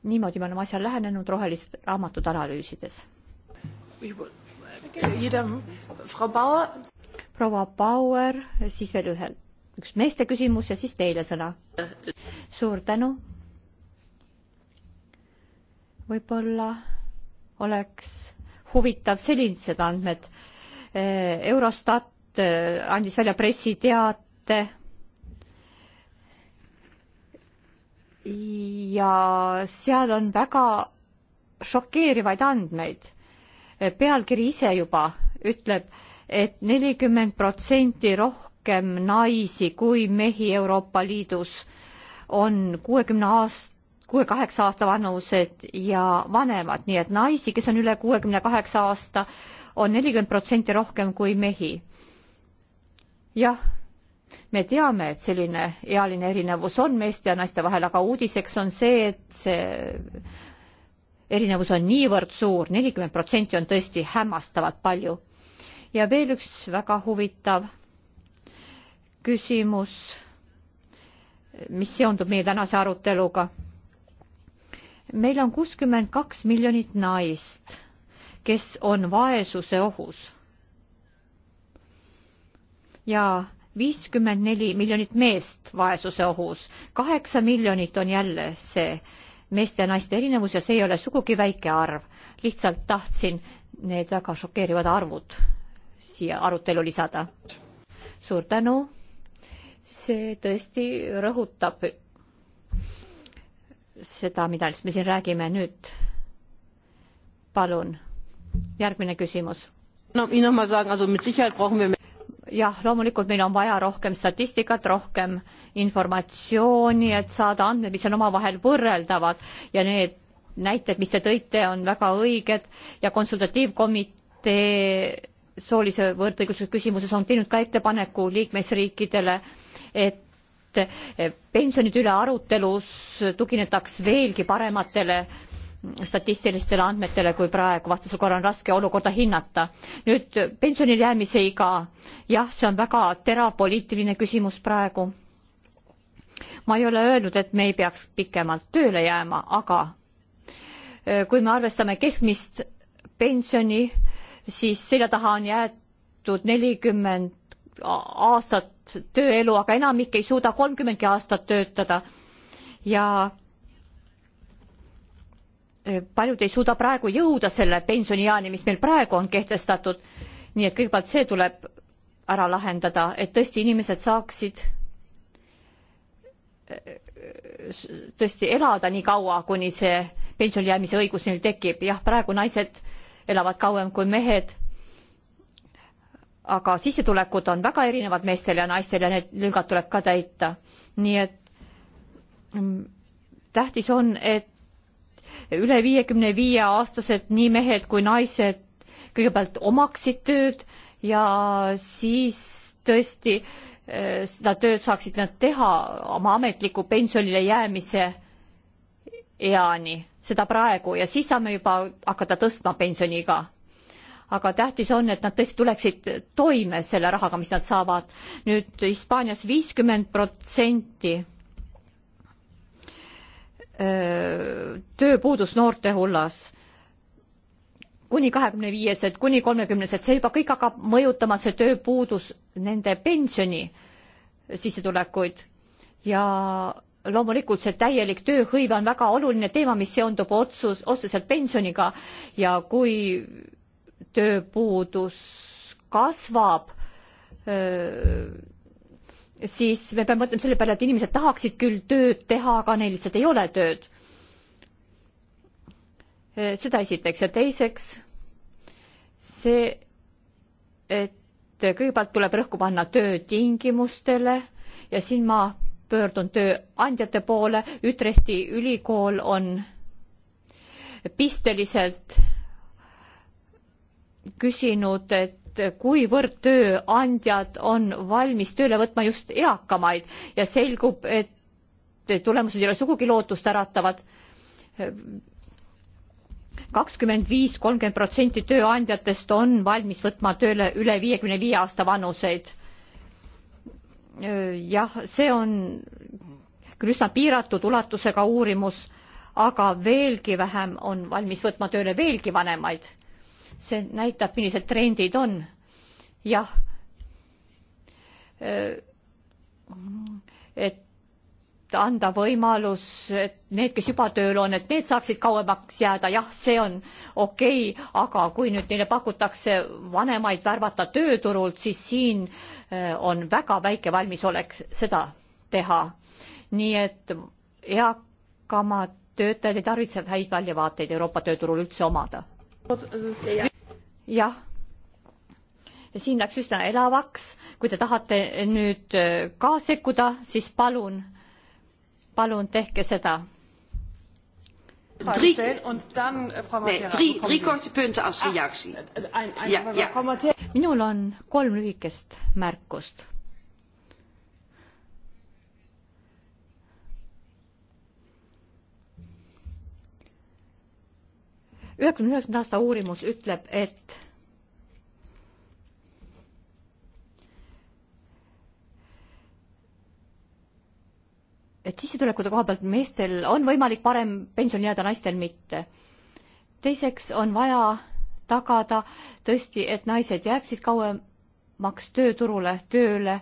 niimoodi me oleme asjale lähenenud rohelised raamatud analüüsides. proua Bauer, siis veel ühe, üks meeste küsimus ja siis teile sõna. suur tänu. võib-olla oleks huvitav sellised andmed Eh, Eurostat eh, andis välja pressiteate ja seal on väga šokeerivaid andmeid. Eh, pealkiri ise juba ütleb et, et nelikümmend protsenti rohkem naisi kui mehi Euroopa Liidus on kuuekümne aast-, kuue kaheksa aasta vanused ja vanemad, nii et naisi, kes on üle kuuekümne kaheksa aasta, on nelikümmend protsenti rohkem kui mehi. jah, me teame, et selline ealine erinevus on meeste ja naiste vahel, aga uudiseks on see, et see erinevus on niivõrd suur, nelikümmend protsenti on tõesti hämmastavalt palju. ja veel üks väga huvitav küsimus, mis seondub meie tänase aruteluga. meil on kuuskümmend kaks miljonit naist kes on vaesuse ohus. ja viiskümmend neli miljonit meest vaesuse ohus, kaheksa miljonit on jälle see meeste ja naiste erinevus ja see ei ole sugugi väike arv. lihtsalt tahtsin need väga šokeerivad arvud siia arutelu lisada. suur tänu. see tõesti rõhutab seda, mida me siin räägime nüüd. palun järgmine küsimus. jah, loomulikult meil on vaja rohkem statistikat, rohkem informatsiooni, et saada andmed, mis on omavahel võrreldavad ja need näited, mis te tõite, on väga õiged ja konsultatiivkomitee soolise võrdõiguslikkuse küsimuses on teinud ka ettepaneku liikmesriikidele, et pensionide üle arutelus tuginetaks veelgi parematele äh, statistilistele andmetele kui praegu, vastasel korral on raske olukorda hinnata. nüüd pensionile jäämise iga, jah, see on väga terav poliitiline küsimus praegu. ma ei ole öelnud, et me ei peaks pikemalt tööle jääma, aga äh, kui me arvestame keskmist pensioni, siis selja taha on jäetud nelikümmend aastat tööelu, aga enamik ei suuda kolmkümmendki aastat töötada ja Eh, paljud ei suuda praegu jõuda selle pensionieani, mis meil praegu on kehtestatud. nii et kõigepealt see tuleb ära lahendada, et tõesti inimesed saaksid eh, tõesti elada nii kaua, kuni see pensionile jäämise õigus neil tekib. jah, praegu naised elavad kauem kui mehed. aga sissetulekud on väga erinevad meestel ja naistel ja need lüngad tuleb ka täita. nii et mm, tähtis on, et üle viiekümne viie aastased nii mehed kui naised kõigepealt omaksid tööd ja siis tõesti eh, seda tööd saaksid nad teha oma ametliku pensionile jäämise eani, seda praegu ja siis saame juba hakata tõstma pensioniiga aga tähtis on, et nad tõesti tuleksid toime selle rahaga, mis nad saavad. nüüd Hispaanias viiskümmend protsenti tööpuudus noorte hullas, kuni kahekümne viiesed, kuni kolmekümnesed, see juba kõik hakkab mõjutama, see tööpuudus, nende pensioni sissetulekuid ja loomulikult see täielik tööhõive on väga oluline teema, mis seondub otsus, otseselt pensioniga ja kui tööpuudus kasvab öö, siis me peame mõtlema selle peale, et inimesed tahaksid küll tööd teha, aga neil lihtsalt ei ole tööd. seda esiteks ja teiseks see, et kõigepealt tuleb rõhku panna töötingimustele ja siin ma pöördun tööandjate poole, Ütrehti ülikool on pisteliselt küsinud, et et kuivõrd tööandjad on valmis tööle võtma just eakamaid ja selgub, et tulemused ei ole sugugi lootustäratavad. kakskümmend viis, kolmkümmend protsenti tööandjatest on valmis võtma tööle üle viiekümne viie aasta vanuseid. jah, see on küll üsna piiratud ulatusega uurimus, aga veelgi vähem on valmis võtma tööle veelgi vanemaid see näitab, millised trendid on. jah. Äh, et anda võimalus, et need, kes juba tööl on, et need saaksid kauemaks jääda, jah, see on okei okay,, aga kui nüüd neile pakutakse vanemaid värvata tööturult, siis siin äh, on väga väike valmisolek seda teha. nii et eakamad töötajad ei tarvitse häid väljavaateid Euroopa tööturul üldse omada jah. siin läks üsna elavaks, kui te tahate nüüd äh, ka sekkuda, siis palun, palun tehke seda. Drie, äh, nee, drie, drie korte punte als reactie. minul on kolm lühikest märkust üheksakümne üheksanda aasta uurimus ütleb, et et sissetulekute koha pealt meestel on võimalik parem pension jääda, naistel mitte. teiseks on vaja tagada tõesti, et naised jääksid kauemaks tööturule, tööle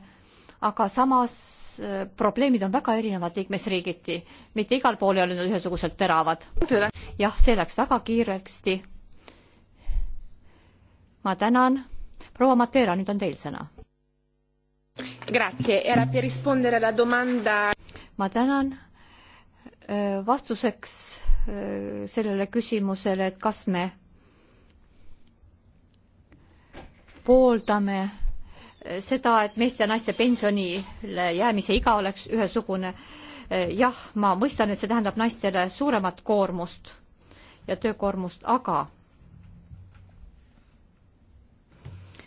aga samas äh, probleemid on väga erinevad liikmesriigiti, mitte igal pool ei ole nad ühesuguselt teravad. jah, see läks väga kiiresti. ma tänan. proua Matera, nüüd on teil sõna. ma tänan. Äh, vastuseks äh, sellele küsimusele, et kas me pooldame seda, et meeste ja naiste pensionile jäämise iga oleks ühesugune. jah, ma mõistan, et see tähendab naistele suuremat koormust ja töökoormust, aga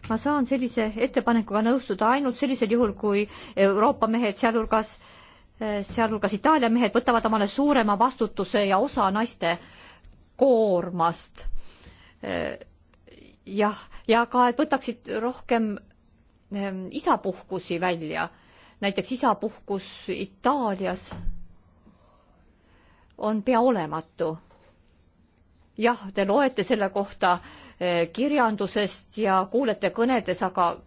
ma saan sellise ettepanekuga nõustuda ainult sellisel juhul, kui Euroopa mehed, sealhulgas, sealhulgas Itaalia mehed võtavad omale suurema vastutuse ja osa naiste koormast jah, ja ka, et võtaksid rohkem Ehm, isapuhkusi välja. näiteks isapuhkus Itaalias on pea olematu. jah, te loete selle kohta eh, kirjandusest ja kuulete kõnedes, aga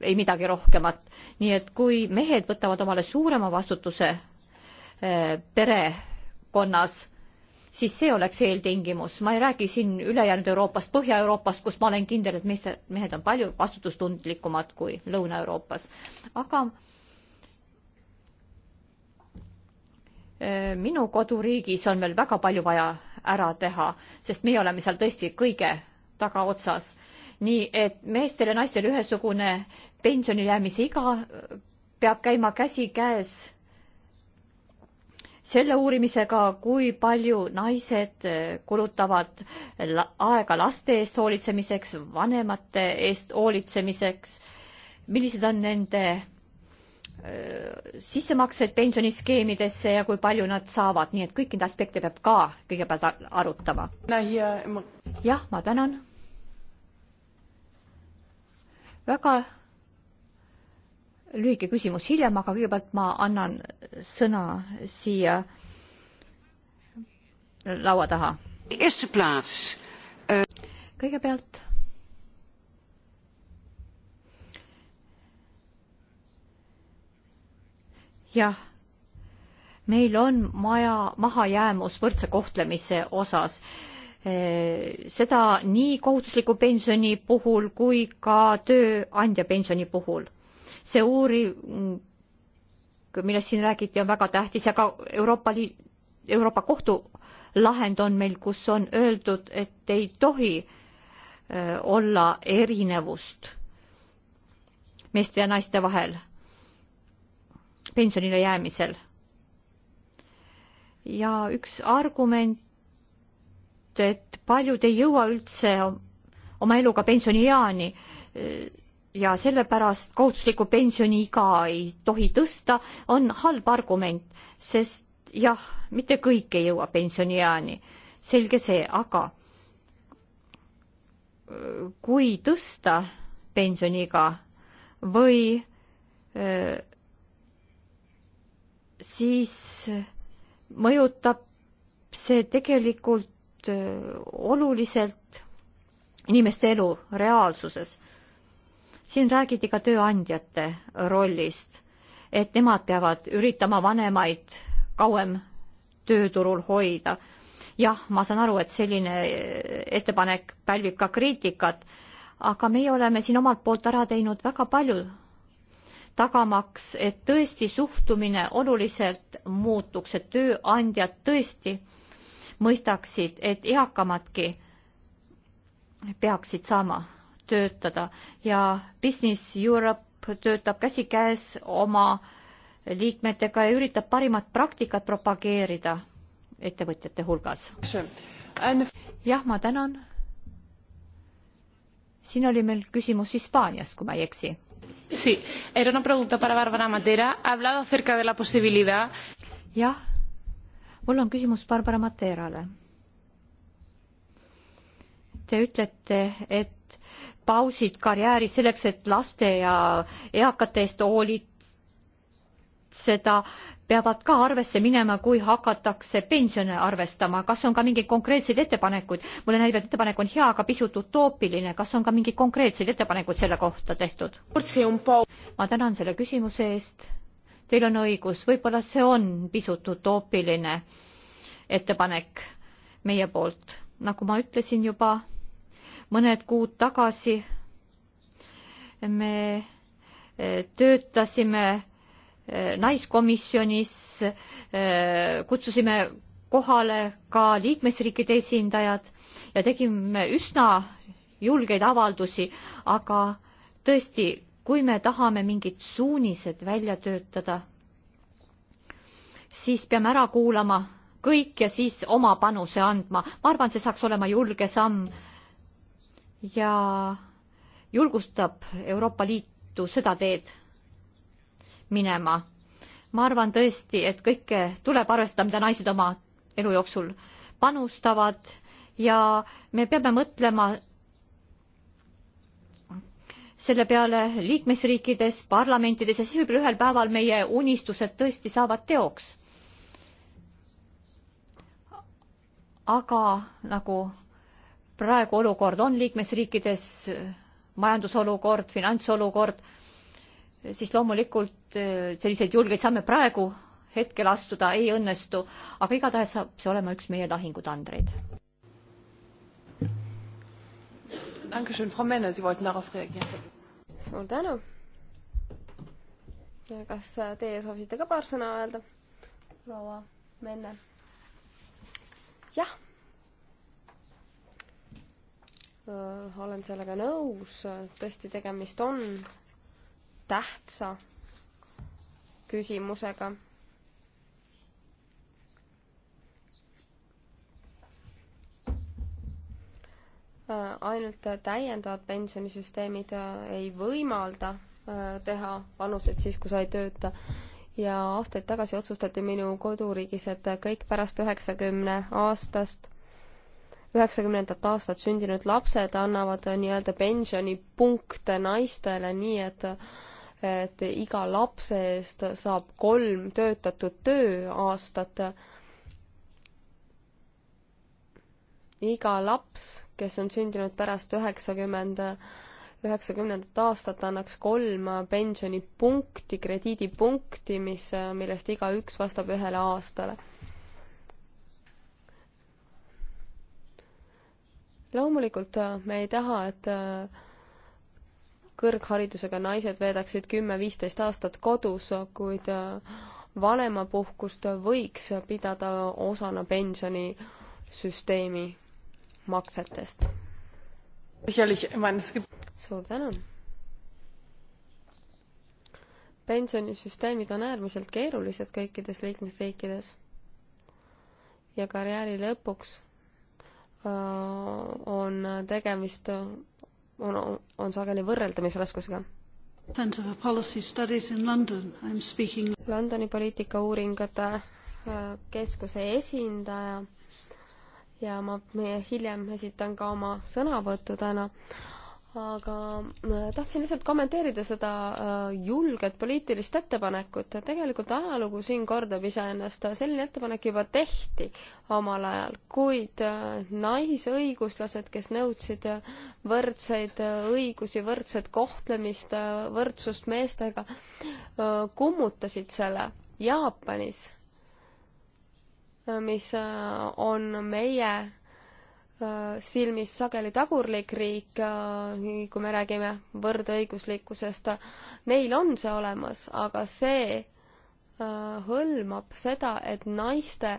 ei midagi rohkemat. nii et kui mehed võtavad omale suurema vastutuse eh, perekonnas, siis see oleks eeltingimus, ma ei räägi siin ülejäänud Euroopast, Põhja-Euroopast, kus ma olen kindel, et meeste, mehed on palju vastutustundlikumad kui Lõuna-Euroopas, aga äh, minu koduriigis on veel väga palju vaja ära teha, sest meie oleme seal tõesti kõige tagaotsas. nii et meestel ja naistel ühesugune pensionile jäämise iga peab käima käsikäes selle uurimisega, kui palju naised äh, kulutavad aega laste eest hoolitsemiseks, vanemate eest hoolitsemiseks, millised on nende äh, sissemaksed pensioniskeemidesse ja kui palju nad saavad, nii et kõiki neid aspekte peab ka kõigepealt arutama. jah, ma tänan. väga lühike küsimus hiljem, aga kõigepealt ma annan sõna siia laua taha. Eh, kõigepealt jah, meil on maja mahajäämus võrdse kohtlemise osas. Eh, seda nii kohustusliku pensioni puhul kui ka tööandja pensioni puhul see uuring, millest siin räägiti, on väga tähtis ja ka Euroopa Liit, Euroopa Kohtu lahend on meil, kus on öeldud, et ei tohi öö, olla erinevust meeste ja naiste vahel pensionile jäämisel. ja üks argument, et paljud ei jõua üldse oma eluga pensionieani, ja sellepärast kohustuslikku pensioniiga ei tohi tõsta, on halb argument, sest jah, mitte kõik ei jõua pensionieani, selge see, aga kui tõsta pensioniiga või siis mõjutab see tegelikult oluliselt inimeste elu reaalsuses siin räägiti ka tööandjate rollist, et nemad peavad üritama vanemaid kauem tööturul hoida. jah, ma saan aru, et selline ettepanek pälvib ka kriitikat, aga meie oleme siin omalt poolt ära teinud väga palju, tagamaks, et tõesti suhtumine oluliselt muutuks, et tööandjad tõesti mõistaksid, et eakamadki peaksid saama töötada ja Business Europe töötab käsikäes oma liikmetega ja üritab parimat praktikat propageerida ettevõtjate hulgas. jah, ma tänan. siin oli meil küsimus Hispaaniast, kui ma ei eksi. Sí, era una pregunta para Bárbara Matera. Ha hablado acerca de la posibilidad. Jah, mul on küsimus Barbara Materale. Te ütlete, et pikad pausid karjääris selleks, et laste ja eakate eest hoolitseda, peavad ka arvesse minema, kui hakatakse pensione arvestama, kas on ka mingeid konkreetseid ettepanekuid? mulle näib, et ettepanek on hea, aga pisut utoopiline, kas on ka mingeid konkreetseid ettepanekuid selle kohta tehtud? ma tänan selle küsimuse eest. Teil on õigus, võib-olla see on pisut utoopiline ettepanek meie poolt, nagu ma ütlesin juba mõned kuud tagasi me e, töötasime e, naiskomisjonis, e, kutsusime kohale ka liikmesriikide esindajad ja tegime üsna julgeid avaldusi, aga tõesti, kui me tahame mingid suunised välja töötada, siis peame ära kuulama kõik ja siis oma panuse andma. ma arvan, see saaks olema julge samm ja julgustab Euroopa Liitu seda teed minema. ma arvan tõesti, et kõike tuleb arvestada, mida naised oma elu jooksul panustavad ja me peame mõtlema selle peale liikmesriikides, parlamentides ja siis võib-olla ühel päeval meie unistused tõesti saavad teoks. aga nagu praegu olukord on liikmesriikides, majandusolukord, finantsolukord, siis loomulikult eh, selliseid julgeid samme praegu hetkel astuda ei õnnestu, aga igatahes saab see olema üks meie lahingutandreid. suur tänu. kas äh, teie soovisite ka paar sõna öelda, proua Menne? jah Äh, olen sellega nõus, tõesti tegemist on tähtsa küsimusega. Äh, ainult täiendavad pensionisüsteemid äh, ei võimalda teha vanuseid siis, kui sa ei tööta ja aastaid tagasi otsustati minu koduriigis, et kõik pärast üheksakümne aastast üheksakümnendat aastat sündinud lapsed annavad nii-öelda pensionipunkte naistele, nii et et iga lapse eest saab kolm töötatud tööaastat. iga laps, kes on sündinud pärast üheksakümmend, üheksakümnendat aastat, annaks kolm pensionipunkti, krediidipunkti, mis, millest igaüks vastab ühele aastale loomulikult äh, me ei taha, et äh, kõrgharidusega naised veedaksid kümme-viisteist aastat kodus, kuid äh, vanemapuhkust võiks pidada osana pensionisüsteemi maksetest. suur tänu! pensionisüsteemid on äärmiselt keerulised kõikides liikmesriikides ja karjääri lõpuks Äh, on tegemist, on, on sageli võrreldamisraskusega. Center for Policy Studies in London, I am speaking. Londoni poliitikauuringute äh, keskuse esindaja ja ma hiljem esitan ka oma sõnavõttu täna aga äh, tahtsin lihtsalt kommenteerida seda äh, julget poliitilist ettepanekut. tegelikult ajalugu siin kordab iseennast, selline ettepanek juba tehti omal ajal, kuid äh, naisõiguslased, kes nõudsid võrdseid õigusi, võrdset kohtlemist, võrdsust meestega, kummutasid selle Jaapanis, mis on meie Äh, silmis sageli tagurlik riik, äh, kui me räägime võrdõiguslikkusest, neil on see olemas, aga see äh, hõlmab seda, et naiste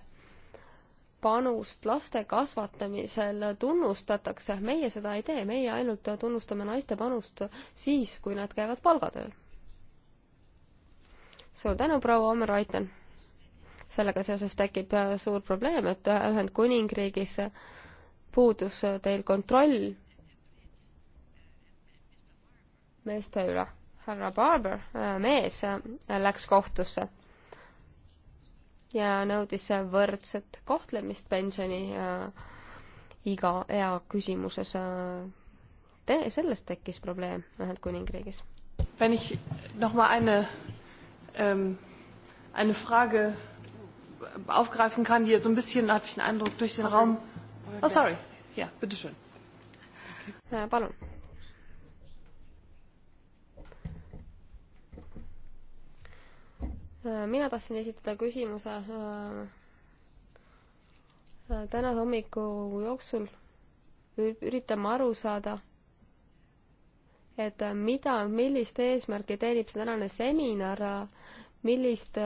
panust laste kasvatamisel tunnustatakse, meie seda ei tee, meie ainult tunnustame naiste panust siis, kui nad käivad palgatööl. suur tänu, proua Omer Raiten! sellega seoses tekib suur probleem, et Ühendkuningriigis äh, puudus teil kontroll meeste üle. härra Barber, äh, mees, äh, läks kohtusse ja nõudis võrdset kohtlemist pensioni äh, iga ea küsimuses äh,. Te, sellest tekkis probleem Ühendkuningriigis. Wenn ich noch mal eine ähm, eine Frage aufgreifen kann, die so ein bisschen, hatte ich den Eindruck, durch den Raum Oh, sorry. Yeah, bitteschön. Äh, palun. Äh, mina tahtsin esitada küsimuse äh, tänase hommiku jooksul üritan ma aru saada, et mida, millist eesmärki teenib see tänane seminar, millist,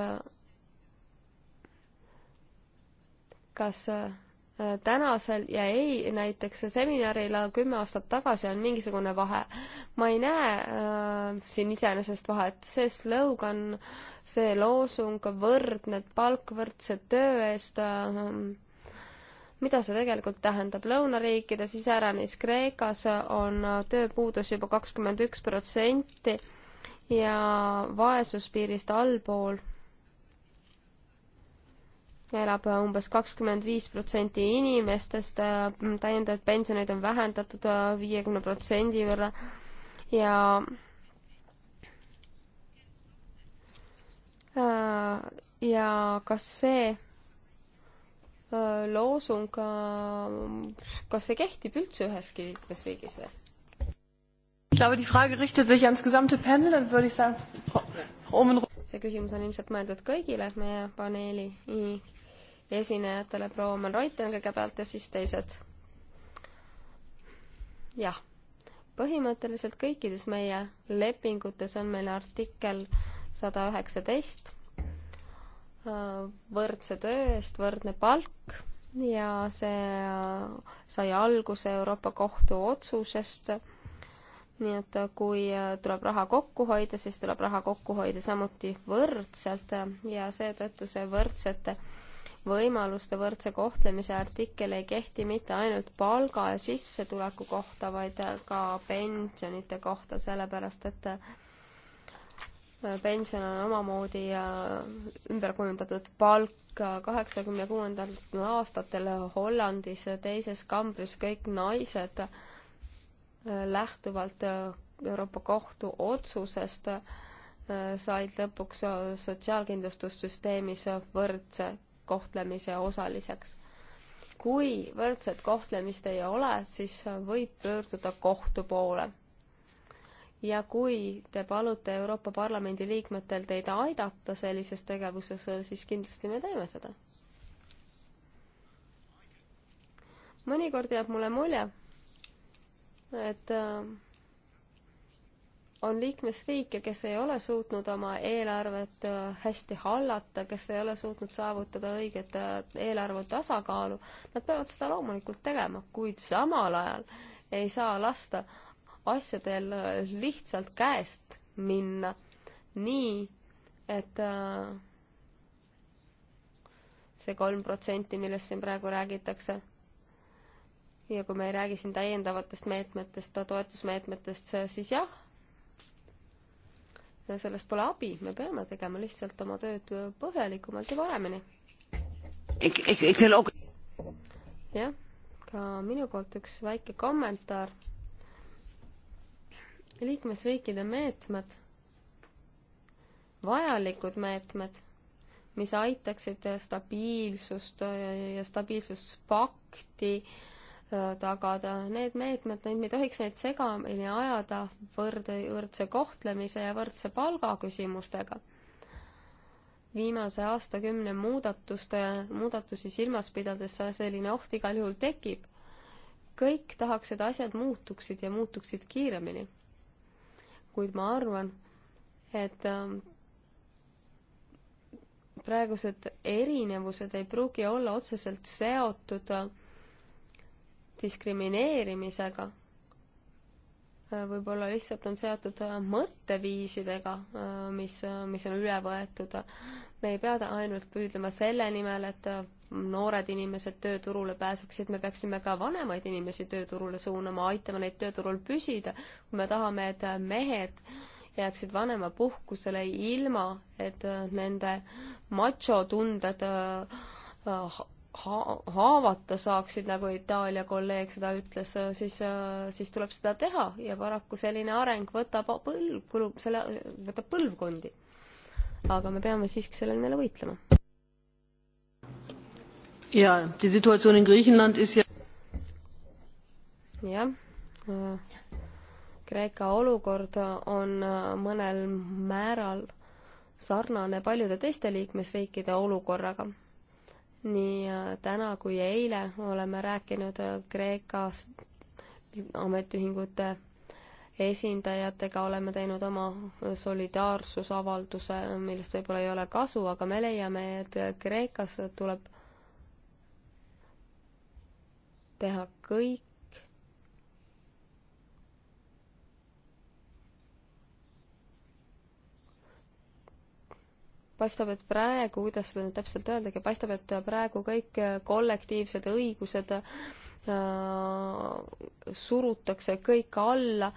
kas Äh, tänasel ja ei näiteks seminaril kümme aastat tagasi on mingisugune vahe. ma ei näe äh, siin iseenesest vahet, see slogan, see loosung, võrdne palk võrdse töö eest äh,, mida see tegelikult tähendab, lõunariikides, iseäranis Kreekas on tööpuudus juba kakskümmend üks protsenti ja vaesuspiirist allpool elab umbes kakskümmend viis protsenti inimestest, äh, täiendavaid pensioneid on vähendatud äh, viiekümne protsendi võrra ja äh, ja kas see loosung, kas see kehtib üldse üheski liikmesriigis või? Ich glaube, die Frage richtet sich ans gesamte Panel, dann würde ich sagen, Frau Omenroth see küsimus on ilmselt mõeldud kõigile meie paneeli esinejatele, proua Oman Reuten kõigepealt ja siis teised. jah, põhimõtteliselt kõikides meie lepingutes on meil artikkel sada üheksateist, äh, võrdse töö eest võrdne palk ja see äh, sai alguse Euroopa Kohtu otsusest nii et äh, kui tuleb raha kokku hoida, siis tuleb raha kokku hoida samuti võrdselt ja seetõttu see võrdsete võimaluste võrdse kohtlemise artikkel ei kehti mitte ainult palga ja sissetuleku kohta, vaid ka pensionite kohta, sellepärast et äh, pension on omamoodi äh, ümber kujundatud palk. Äh, kaheksakümne kuuendatel aastatel Hollandis teises kambris kõik naised lähtuvalt Euroopa Kohtu otsusest said lõpuks sotsiaalkindlustussüsteemis võrdse kohtlemise osaliseks. kui võrdset kohtlemist ei ole, siis võib pöörduda kohtu poole. ja kui te palute Euroopa Parlamendi liikmetel teid aidata sellises tegevuses, siis kindlasti me teeme seda. mõnikord jääb mulle mulje, et äh, on liikmesriike, kes ei ole suutnud oma eelarvet äh, hästi hallata, kes ei ole suutnud saavutada õiget äh, eelarve tasakaalu, nad peavad seda loomulikult tegema, kuid samal ajal ei saa lasta asjadel äh, lihtsalt käest minna nii, et see kolm protsenti, millest siin praegu räägitakse, ja kui me ei räägi siin täiendavatest meetmetest, toetusmeetmetest, siis jah, sellest pole abi, me peame tegema lihtsalt oma tööd põhjalikumalt ja paremini. jah, ka minu poolt üks väike kommentaar. liikmesriikide meetmed, vajalikud meetmed, mis aitaksid stabiilsust ja stabiilsuspakti äh, Äh, tagada. Need meetmed, neid me ei tohiks neid segamini ajada võrd-, võrdse kohtlemise ja võrdse palga küsimustega viimase aastakümne muudatuste, muudatusi silmas pidades selline oht igal juhul tekib. kõik tahaks, et asjad muutuksid ja muutuksid kiiremini. kuid ma arvan, et äh, praegused erinevused ei pruugi olla otseselt seotud äh, diskrimineerimisega, võib-olla lihtsalt on seotud mõtteviisidega, mis, mis on üle võetud. me ei pea ainult püüdlema selle nimel, et noored inimesed tööturule pääseksid, me peaksime ka vanemaid inimesi tööturule suunama, aitama neid tööturul püsida, kui me tahame, et mehed jääksid vanemapuhkusele ilma, et nende machotunded ah, ha-, haavata saaksid, nagu Itaalia kolleeg seda ütles, siis, siis tuleb seda teha ja paraku selline areng võtab põlv, kulub selle, võtab põlvkondi. aga me peame siiski selle nimel võitlema. ja, situatsioon in Griechenland is ja jah, Kreeka olukord on mõnel määral sarnane paljude teiste liikmesriikide olukorraga nii äh, täna kui eile oleme rääkinud äh, Kreekas ametiühingute esindajatega, oleme teinud oma äh, solidaarsusavalduse, millest võib-olla ei ole kasu, aga me leiame, et Kreekas tuleb teha kõik paistab, et praegu, kuidas seda nüüd täpselt öeldagi, paistab, et praegu kõik kollektiivsed õigused äh, surutakse kõik alla,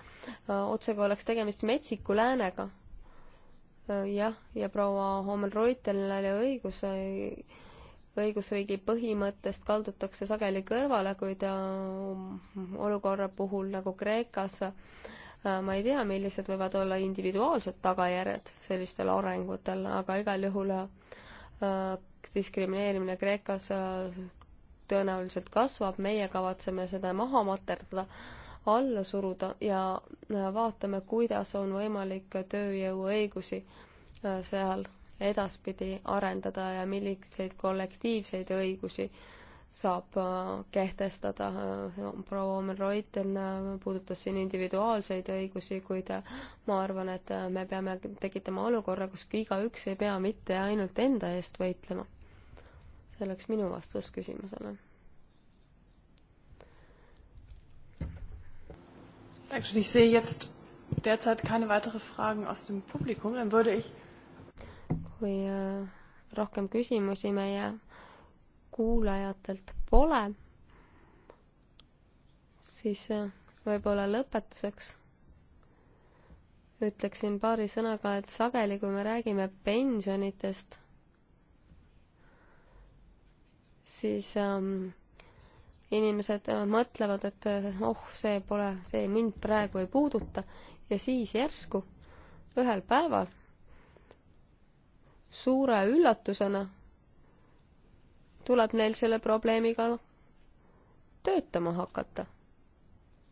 äh, otsekui oleks tegemist metsiku läänega. Äh, jah, ja proua Homen-Reutelil oli õigus, õigusriigi põhimõttest kaldutakse sageli kõrvale, kuid olukorra puhul nagu Kreekas äh, Äh, ma ei tea, millised võivad olla individuaalsed tagajärjed sellistel arengutel, aga igal juhul äh, diskrimineerimine Kreekas äh, tõenäoliselt kasvab, meie kavatseme seda maha materdada, alla suruda ja vaatame, kuidas on võimalik tööjõuõigusi seal edaspidi arendada ja milliseid kollektiivseid õigusi äh, saab äh, kehtestada. Äh, proua Omen-Reuten äh, puudutas siin individuaalseid õigusi, kuid ma arvan, et me peame tekitama olukorra, kus igaüks ei pea mitte ainult enda eest võitlema. see oleks minu vastus küsimusele. Actually, ich sehe jetzt derzeit keine weitere Fragen aus dem Publikum, dann würde ich kui rohkem küsimusi meie kuulajatelt pole, siis äh, võib-olla lõpetuseks ütleksin paari sõnaga, et sageli, kui me räägime pensionitest, siis ähm, inimesed äh, mõtlevad, et äh, oh, see pole, see mind praegu ei puuduta ja siis järsku ühel päeval suure üllatusena tuleb neil selle probleemiga töötama hakata,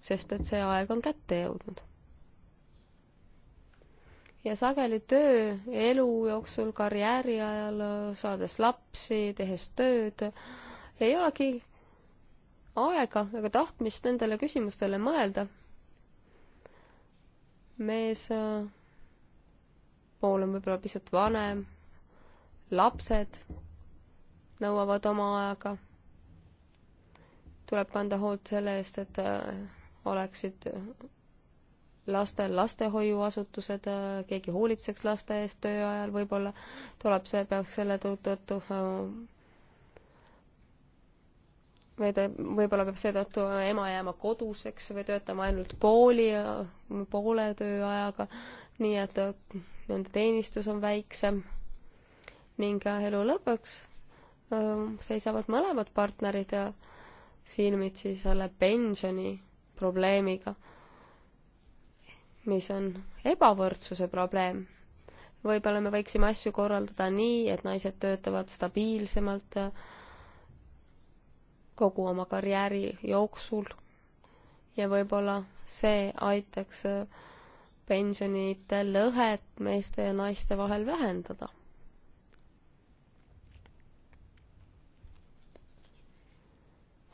sest et see aeg on kätte jõudnud. ja sageli töö elu jooksul, karjääri ajal, saades lapsi, tehes tööd, ei olegi aega ega tahtmist nendele küsimustele mõelda. mees äh, pool on võib-olla pisut vanem, lapsed nõuavad oma aega. tuleb kanda hoolt selle eest, et äh, oleksid lastel lastehoiuasutused, äh, keegi hoolitseks laste eest töö ajal võib-olla, tuleb see, peaks selle tõttu äh, või ta võib-olla peab seetõttu ema jääma koduseks või töötama ainult pooli, poole tööajaga, nii et nende teenistus on väiksem ning elu lõpuks seisavad mõlemad partnerid silmitsi selle pensioni probleemiga, mis on ebavõrdsuse probleem. võib-olla me võiksime asju korraldada nii, et naised töötavad stabiilsemalt äh, kogu oma karjääri jooksul ja võib-olla see aitaks äh, pensionite lõhet meeste ja naiste vahel vähendada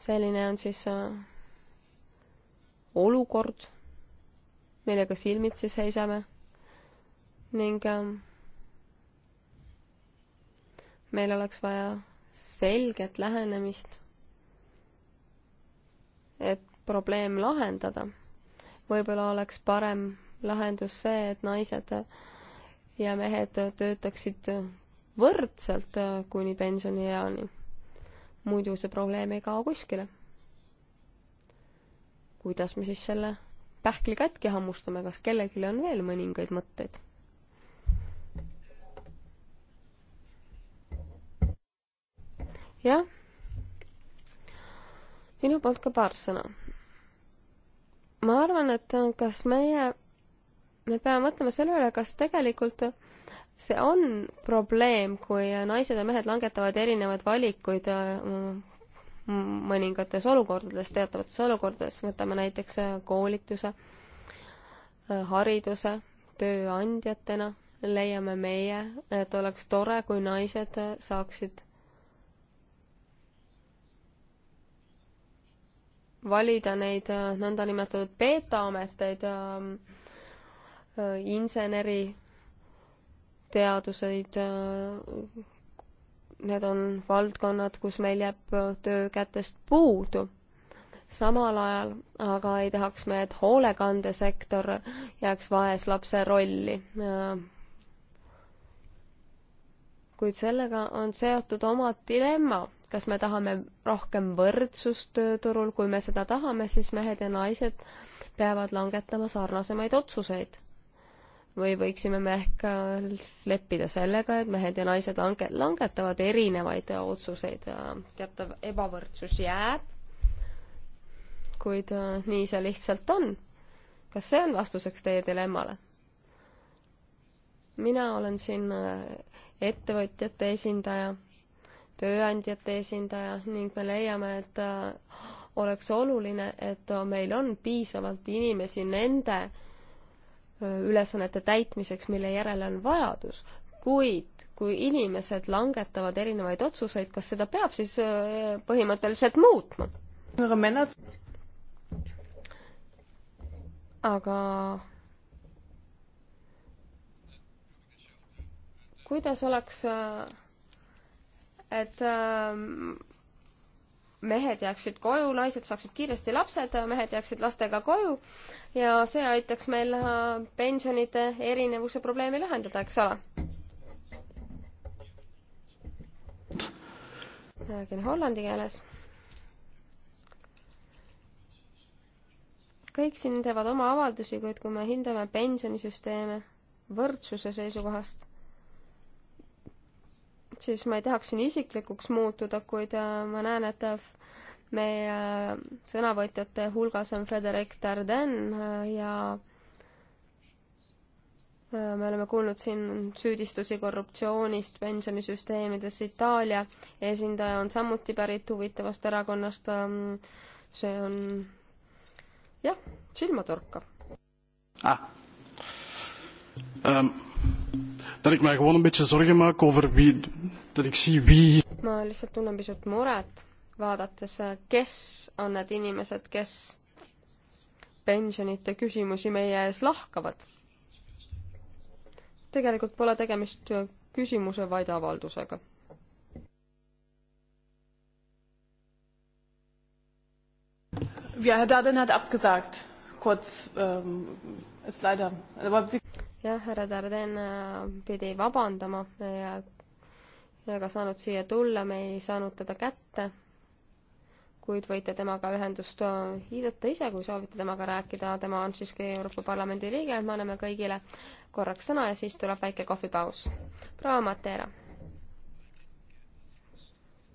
selline on siis äh, olukord, millega silmitsi seisame ning äh, meil oleks vaja selget lähenemist, et probleem lahendada. võib-olla oleks parem lahendus see, et naised äh, ja mehed töötaksid võrdselt kuni pensionieani muidu see probleem ei kao kuskile. kuidas me siis selle pähkli katki hammustame, kas kellelgi on veel mõningaid mõtteid? jah, minu poolt ka paar sõna. ma arvan, et kas meie, me peame mõtlema selle üle, kas tegelikult see on probleem, kui naised ja mehed langetavad erinevaid valikuid äh, mõningates olukordades, teatavates olukordades, võtame näiteks äh, koolituse, äh, hariduse, tööandjatena leiame meie, et oleks tore, kui naised saaksid valida neid nõndanimetatud beeta-ameteid, ähm, inseneri teaduseid, äh, need on valdkonnad, kus meil jääb äh, töökätest puudu. samal ajal aga ei tahaks me, et hoolekandesektor jääks vaeslapse rolli. Äh. kuid sellega on seotud oma dilemma, kas me tahame rohkem võrdsust tööturul, kui me seda tahame, siis mehed ja naised peavad langetama sarnasemaid otsuseid või võiksime me ehk leppida sellega, et mehed ja naised lange-, langetavad erinevaid otsuseid, teatav ebavõrdsus jääb, kuid äh, nii see lihtsalt on. kas see on vastuseks teie dilemmale? mina olen siin äh, ettevõtjate esindaja, tööandjate esindaja ning me leiame, et äh, oleks oluline, et meil on piisavalt inimesi nende ülesannete täitmiseks, mille järele on vajadus, kuid kui inimesed langetavad erinevaid otsuseid, kas seda peab siis äh, põhimõtteliselt muutma? aga kuidas oleks, äh, et ähm, mehed jääksid koju, naised saaksid kiiresti lapsed, mehed jääksid lastega koju ja see aitaks meil äh, pensionide erinevuse probleemi lahendada, eks ole. räägin hollandi keeles. kõik siin teevad oma avaldusi, kuid kui me hindame pensionisüsteeme võrdsuse seisukohast, poolt, siis ma ei tahaks siin isiklikuks muutuda, kuid äh, ma näen, et äh, meie äh, sõnavõtjate hulgas on Frederic Darden ja me oleme kuulnud siin süüdistusi korruptsioonist pensionisüsteemides. Itaalia esindaja on samuti pärit huvitavast erakonnast. Ähm, see on jah, silmatorkav ah.. Um dat ik mij gewoon een beetje zorgen maak over wie, dat ik zie wie. ma lihtsalt tunnen pisut muret, vaadates, eh, kes on need inimesed, kes pensionite küsimusi meie ees lahkavad. tegelikult pole tegemist eh, küsimuse, vaid avaldusega Ja, Herr Darden hat abgesagt. Kurz ähm, ist leider. Aber Sie jah, härra Darden äh, pidi vabandama ja ega saanud siia tulla, me ei saanud teda kätte, kuid võite temaga ühendust äh, hiidata ise, kui soovite temaga rääkida, tema on siiski Euroopa Parlamendi liige, me anname kõigile korraks sõna ja siis tuleb väike kohvipaus. proua Matera.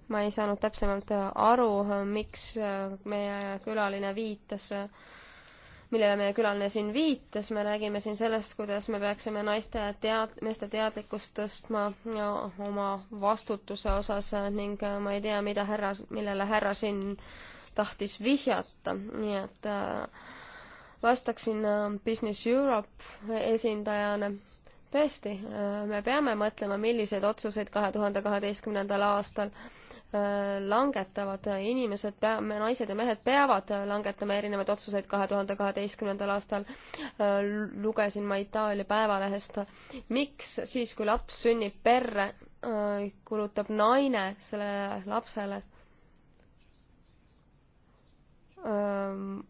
ma ei saanud täpsemalt äh, aru, miks meie külaline viitas äh, millele meie külaline siin viitas, me räägime siin sellest, kuidas me peaksime naiste tead-, meeste teadlikkust tõstma ja, oma vastutuse osas ning ma ei tea, mida härra, millele härra siin tahtis vihjata, nii et äh, vastaksin äh, Business Europe esindajana tõesti, äh, me peame mõtlema, milliseid otsuseid kahe tuhande kaheteistkümnendal aastal Äh, langetavad inimesed, naised ja mehed peavad langetama erinevaid otsuseid. kahe tuhande kaheteistkümnendal aastal äh, lugesin ma Itaalia päevalehest, miks siis, kui laps sünnib perre, äh, kulutab naine sellele lapsele ähm,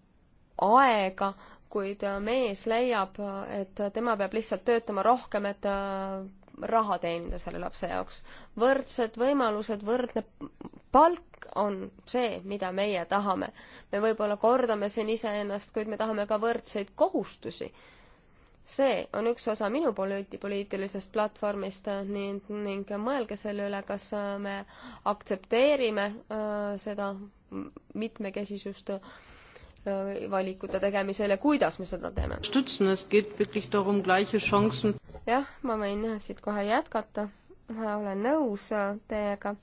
aega, kuid mees leiab, et tema peab lihtsalt töötama rohkem, et raha teenida selle lapse jaoks. võrdsed võimalused, võrdne palk on see, mida meie tahame. me võib-olla kordame siin iseennast, kuid me tahame ka võrdseid kohustusi. see on üks osa minu poliit-, poliitilisest platvormist ning, ning mõelge selle üle, kas me aktsepteerime äh, seda mitmekesisust äh, valikute tegemisel ja kuidas me seda teeme jah, ma võin siit kohe jätkata, olen nõus äh, teiega.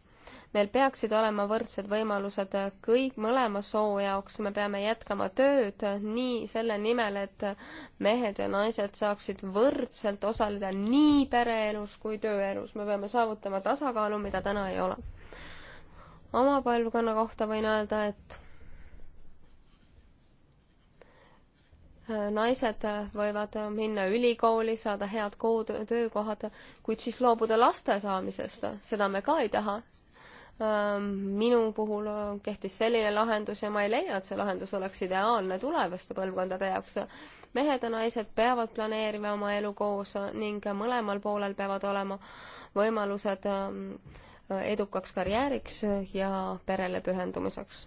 meil peaksid olema võrdsed võimalused äh, kõik mõlema soo jaoks, me peame jätkama tööd äh, nii selle nimel, et mehed ja naised saaksid võrdselt osaleda nii pereelus kui tööelus, me peame saavutama tasakaalu, mida täna ei ole. oma põlvkonna kohta võin öelda, et naised võivad minna ülikooli, saada head kood-, töökohad, kuid siis loobuda laste saamisest, seda me ka ei taha. Ähm, minu puhul kehtis selline lahendus ja ma ei leia, et see lahendus oleks ideaalne tulevaste põlvkondade jaoks. mehed ja naised peavad planeerima oma elu koos ning mõlemal poolel peavad olema võimalused ähm, edukaks karjääriks ja perele pühendumiseks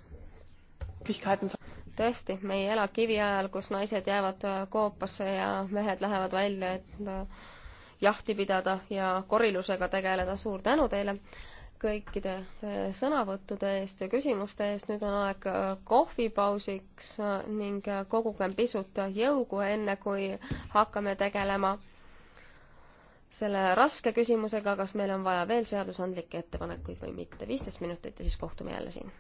tõesti, me ei ela kiviajal, kus naised jäävad äh, koopasse ja mehed lähevad välja, et äh, jahti pidada ja korilusega tegeleda. suur tänu teile kõikide äh, sõnavõttude eest ja küsimuste eest. nüüd on aeg kohvipausiks ning kogugem pisut jõugu, enne kui hakkame tegelema selle raske küsimusega, kas meil on vaja veel seadusandlikke ettepanekuid või mitte. viisteist minutit ja siis kohtume jälle siin.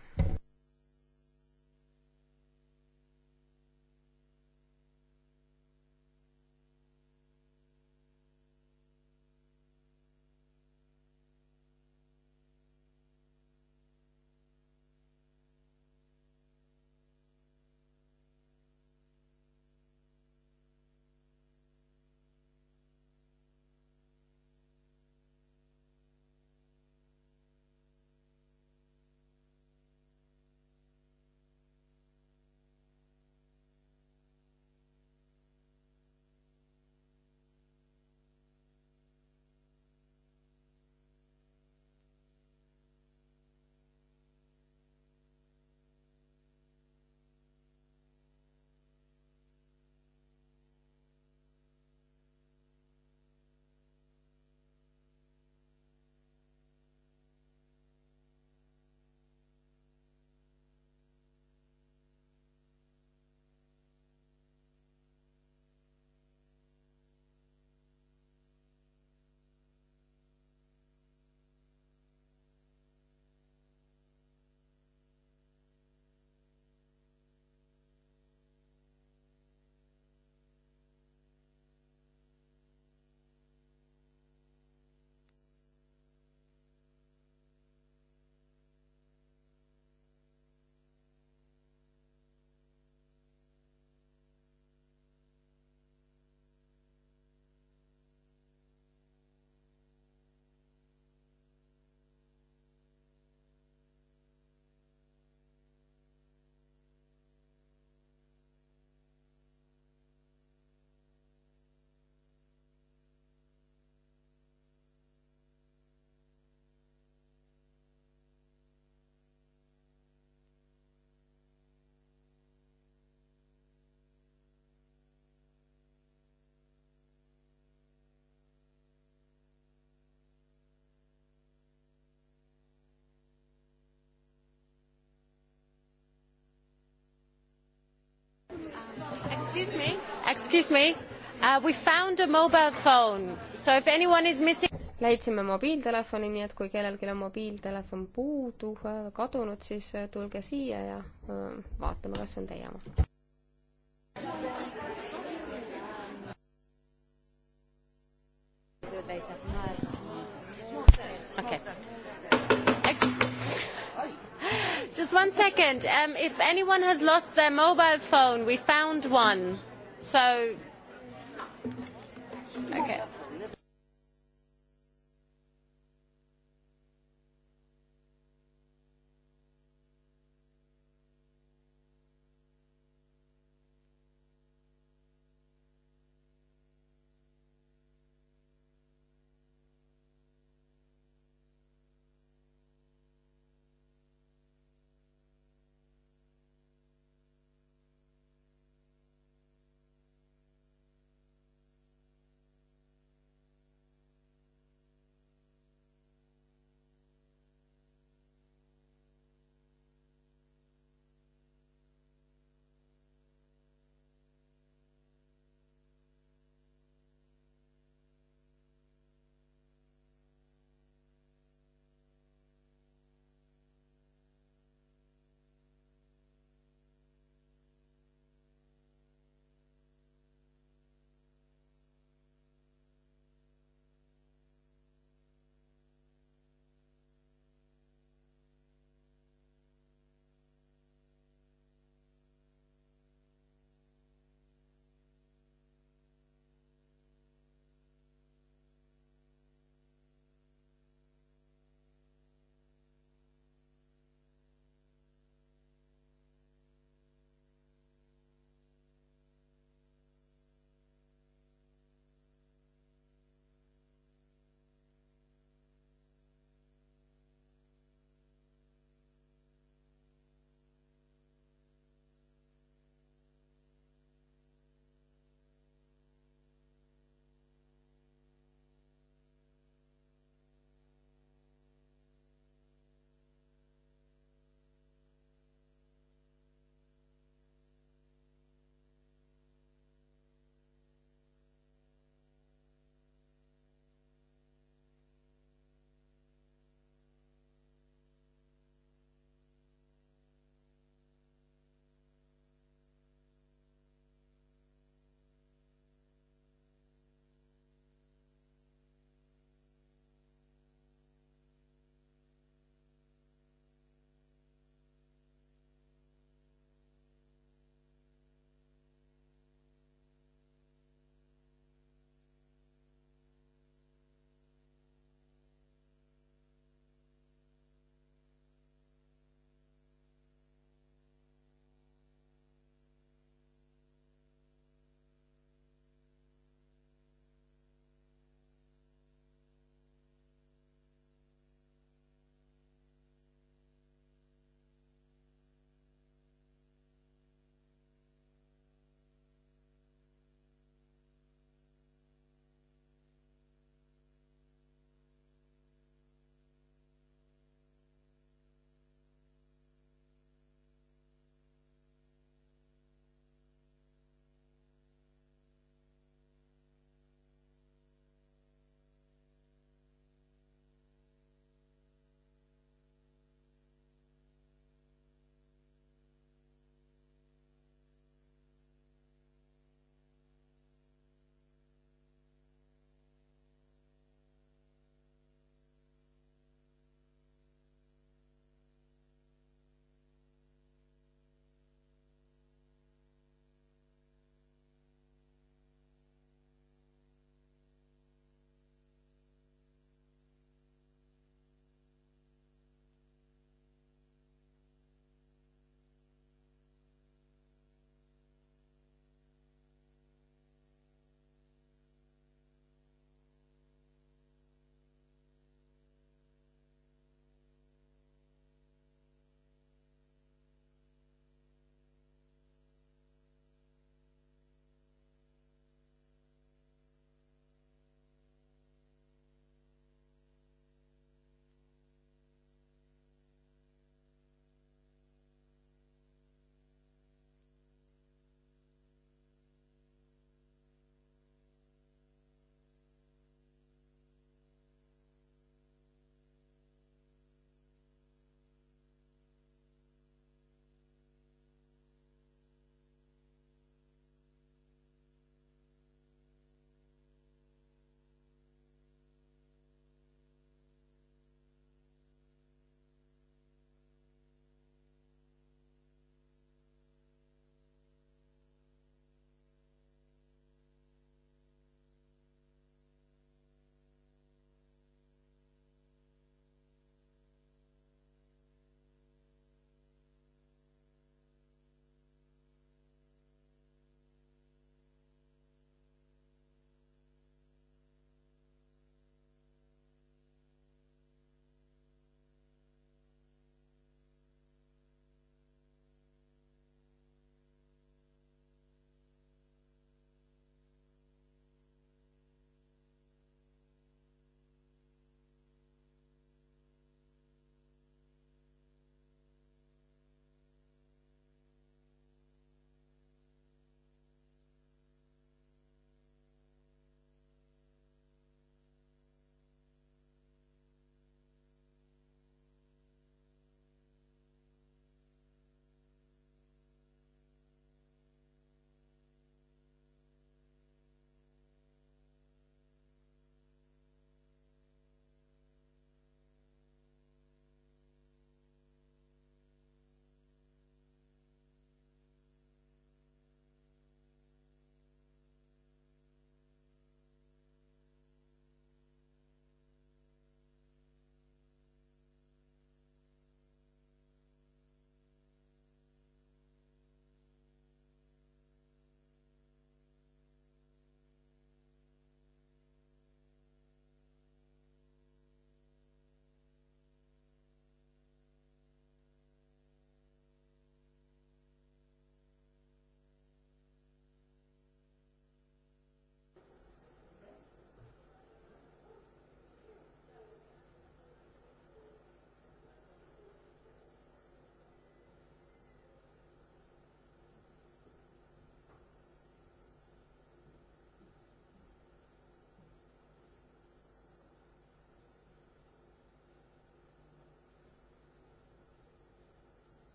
excuse me uh,, we found a mobile phone, so if anyone is missing leidsime mobiiltelefoni, nii et kui kellelgi on mobiiltelefon puudu, äh, kadunud, siis äh, tulge siia ja äh, vaatame, kas see on teie oma. Okay. Just one second. Um, if anyone has lost their mobile phone, we found one. So, okay.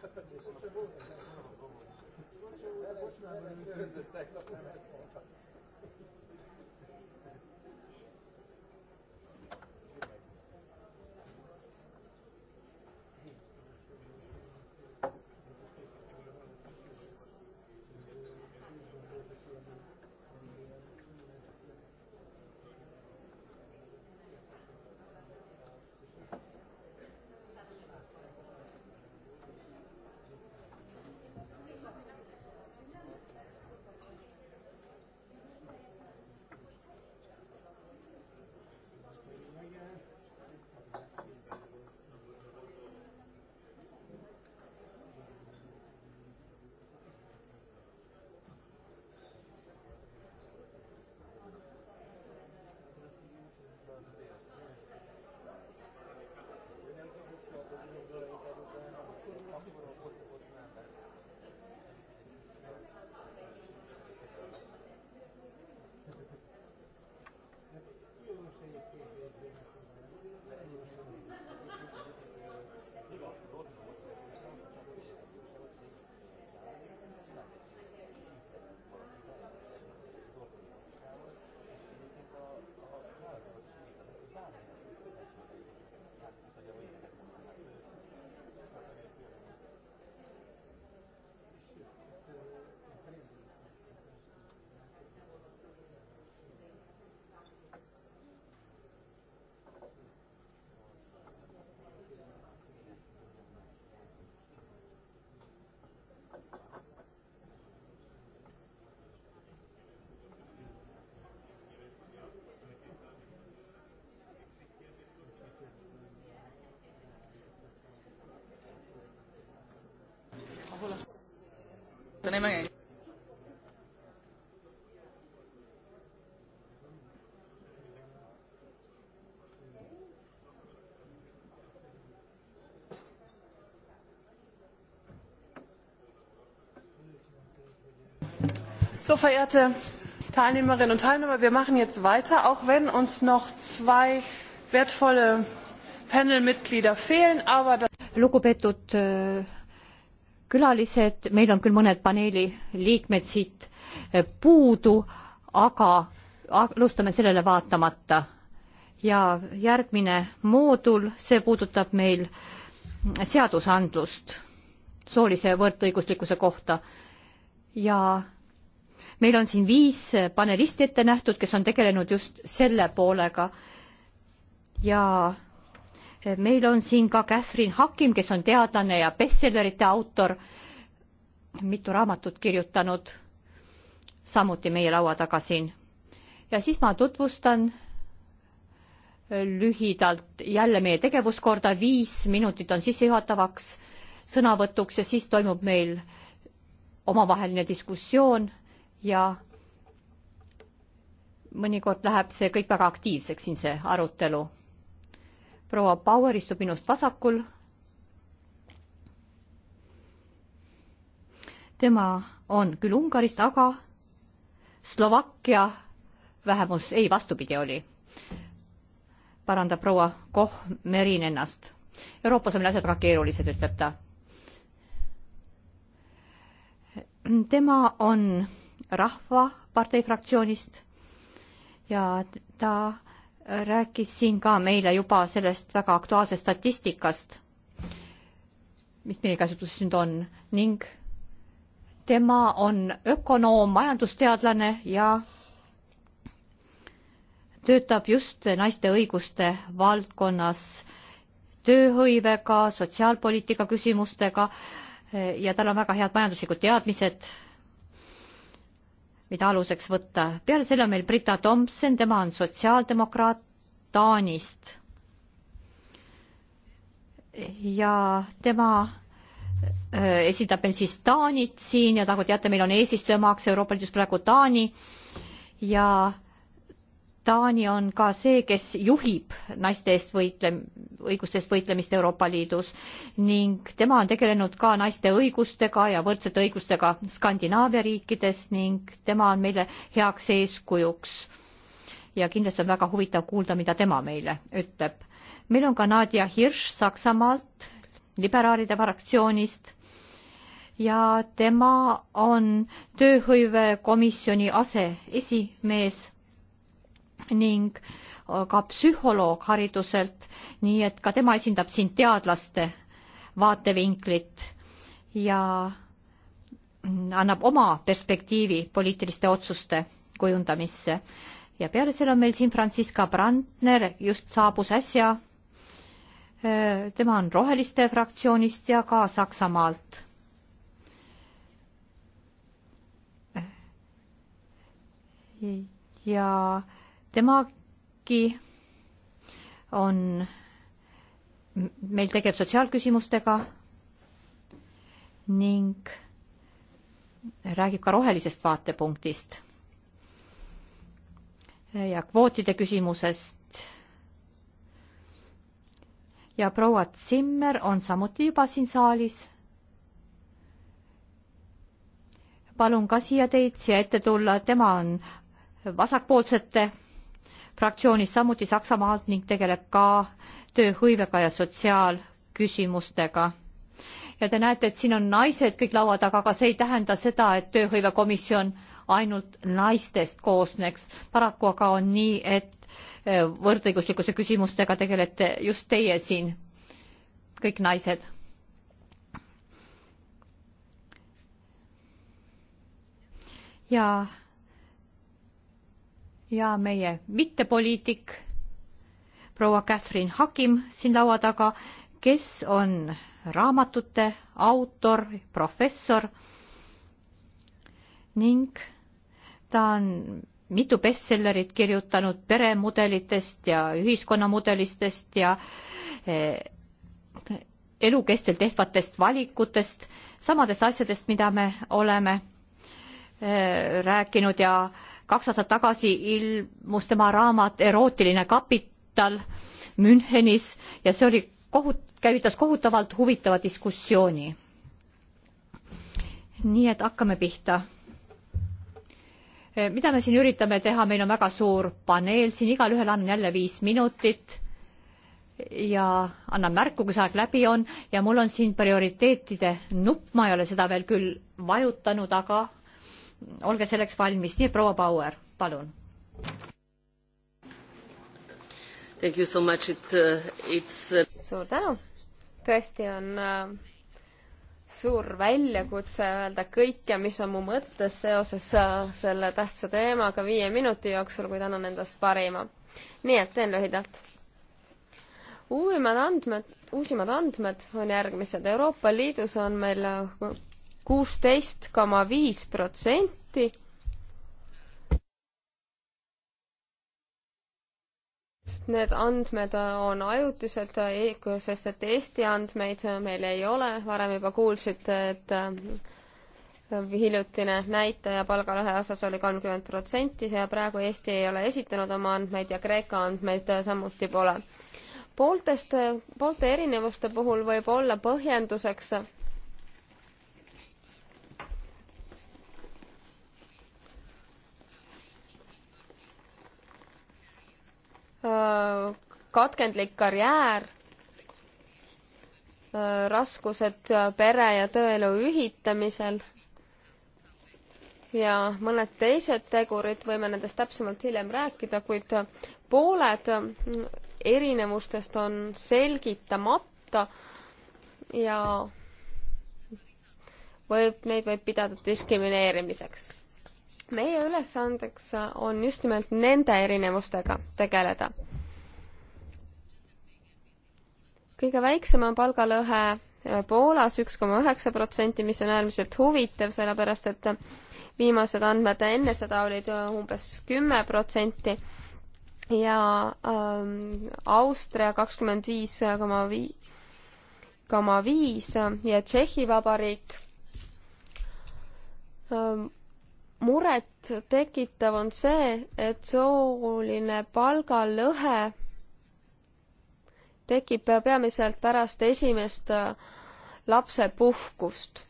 Thank you. magari So, verehrte Teilnehmerinnen und Teilnehmer, wir machen jetzt weiter, auch wenn uns noch zwei wertvolle Panelmitglieder fehlen, aber das lugupeetud äh, külalised, meil on küll mõned paneeli liikmed siit eh, puudu, aga alustame sellele vaatamata. ja järgmine moodul, see puudutab meil seadusandlust soolise võrdõiguslikkuse kohta ja meil on siin viis panelisti ette nähtud, kes on tegelenud just selle poolega ja meil on siin ka Catherine Hakim, kes on teadlane ja bestsellerite autor, mitu raamatut kirjutanud, samuti meie laua taga siin. ja siis ma tutvustan lühidalt jälle meie tegevuskorda, viis minutit on sissejuhatavaks sõnavõtuks ja siis toimub meil omavaheline diskussioon ja mõnikord läheb see kõik väga aktiivseks siin, see arutelu proua Bauer istub minust vasakul. tema on küll Ungarist, aga Slovakkia vähemus, ei, vastupidi oli. parandab proua Koh Merin ennast. Euroopas on meil asjad väga keerulised, ütleb ta. tema on Rahvapartei fraktsioonist ja ta rääkis siin ka meile juba sellest väga aktuaalsest statistikast, mis meie käsutuses nüüd on ning tema on ökonoom, majandusteadlane ja töötab just naiste õiguste valdkonnas tööhõivega, sotsiaalpoliitika küsimustega ja tal on väga head majanduslikud teadmised mida aluseks võtta. peale selle on meil Brita Tomson, tema on sotsiaaldemokraat Taanist. ja tema äh, esindab meil siis Taanit siin ja nagu teate, meil on eesistujamaaks Euroopa Liidus praegu Taani ja äh, Taani on ka see, kes juhib naiste eest võitle-, õiguste eest võitlemist Euroopa Liidus ning tema on tegelenud ka naiste õigustega ja võrdsete õigustega Skandinaavia riikides ning tema on meile heaks eeskujuks. ja kindlasti on väga huvitav kuulda, mida tema meile ütleb. meil on ka Nadia Hirš Saksamaalt, liberaalide fraktsioonist ja tema on tööhõivekomisjoni aseesimees ning äh, ka psühholoog hariduselt, nii et ka tema esindab siin teadlaste vaatevinklit ja mm, annab oma perspektiivi poliitiliste otsuste kujundamisse. ja peale selle on meil siin Franziska Brandner, just saabus äsja. Äh, tema on Roheliste fraktsioonist ja ka Saksamaalt. Äh, ja temagi on, meil tegeleb sotsiaalküsimustega ning räägib ka rohelisest vaatepunktist ja kvootide küsimusest. ja proua Zimmer on samuti juba siin saalis. palun ka siia teid siia ette tulla, tema on vasakpoolsete fraktsioonis, samuti Saksamaalt ning tegeleb ka tööhõivega ja sotsiaalküsimustega. ja te näete, et siin on naised kõik laua taga, aga see ei tähenda seda, et tööhõivekomisjon ainult naistest koosneks. paraku aga on nii, et e, võrdõiguslikkuse küsimustega tegelete just teie siin, kõik naised ja ja meie mittepoliitik proua Catherine Hakim siin laua taga, kes on raamatute autor, professor ning ta on mitu bestsellerit kirjutanud peremudelitest ja ühiskonnamudelistest ja eh, elukestel tehtavatest valikutest, samadest asjadest, mida me oleme eh, rääkinud ja äh, kaks aastat tagasi ilmus tema raamat Erootiline kapital Münchenis ja see oli kohut-, käivitas kohutavalt huvitava diskussiooni. nii et hakkame pihta eh, mida me siin üritame teha, meil on väga suur paneel siin, igalühel on jälle viis minutit ja annan märku, kui see aeg läbi on ja mul on siin prioriteetide nupp, ma ei ole seda veel küll vajutanud, aga olge selleks valmis, nii et proua Bauer, palun. Thank you so much, it uh,, it's uh.... suur tänu, tõesti on uh suur väljakutse öelda kõike, mis on mu mõttes seoses uh, selle tähtsa teemaga viie minuti jooksul, kuid annan endast parima. nii et teen lühidalt. uuimad andmed, uusimad andmed on järgmised. Euroopa Liidus on meil uh, kuusteist koma viis protsenti. Need andmed on ajutised, sest et Eesti andmeid meil ei ole, varem juba kuulsite, et äh, hiljutine näitaja palgalõhe osas oli kolmkümmend protsenti ja praegu Eesti ei ole esitanud oma andmeid ja Kreeka andmeid samuti pole. pooltest, poolte erinevuste puhul võib olla põhjenduseks Äh, katkendlik karjäär, äh, raskused pere ja tööelu ühitamisel ja mõned teised tegurid, võime nendest täpsemalt hiljem rääkida, kuid pooled erinevustest on selgitamata ja võib, neid võib pidada diskrimineerimiseks meie ülesandeks on just nimelt nende erinevustega tegeleda. kõige väiksem on palgalõhe Poolas üks koma üheksa protsenti, mis on äärmiselt huvitav, sellepärast et viimased andmed enne seda olid umbes kümme protsenti ja ähm, Austria kakskümmend viis koma viis, koma viis ja Tšehhi Vabariik ähm, muret tekitav on see, et sooline palgalõhe tekib peamiselt pärast esimest äh, lapsepuhkust.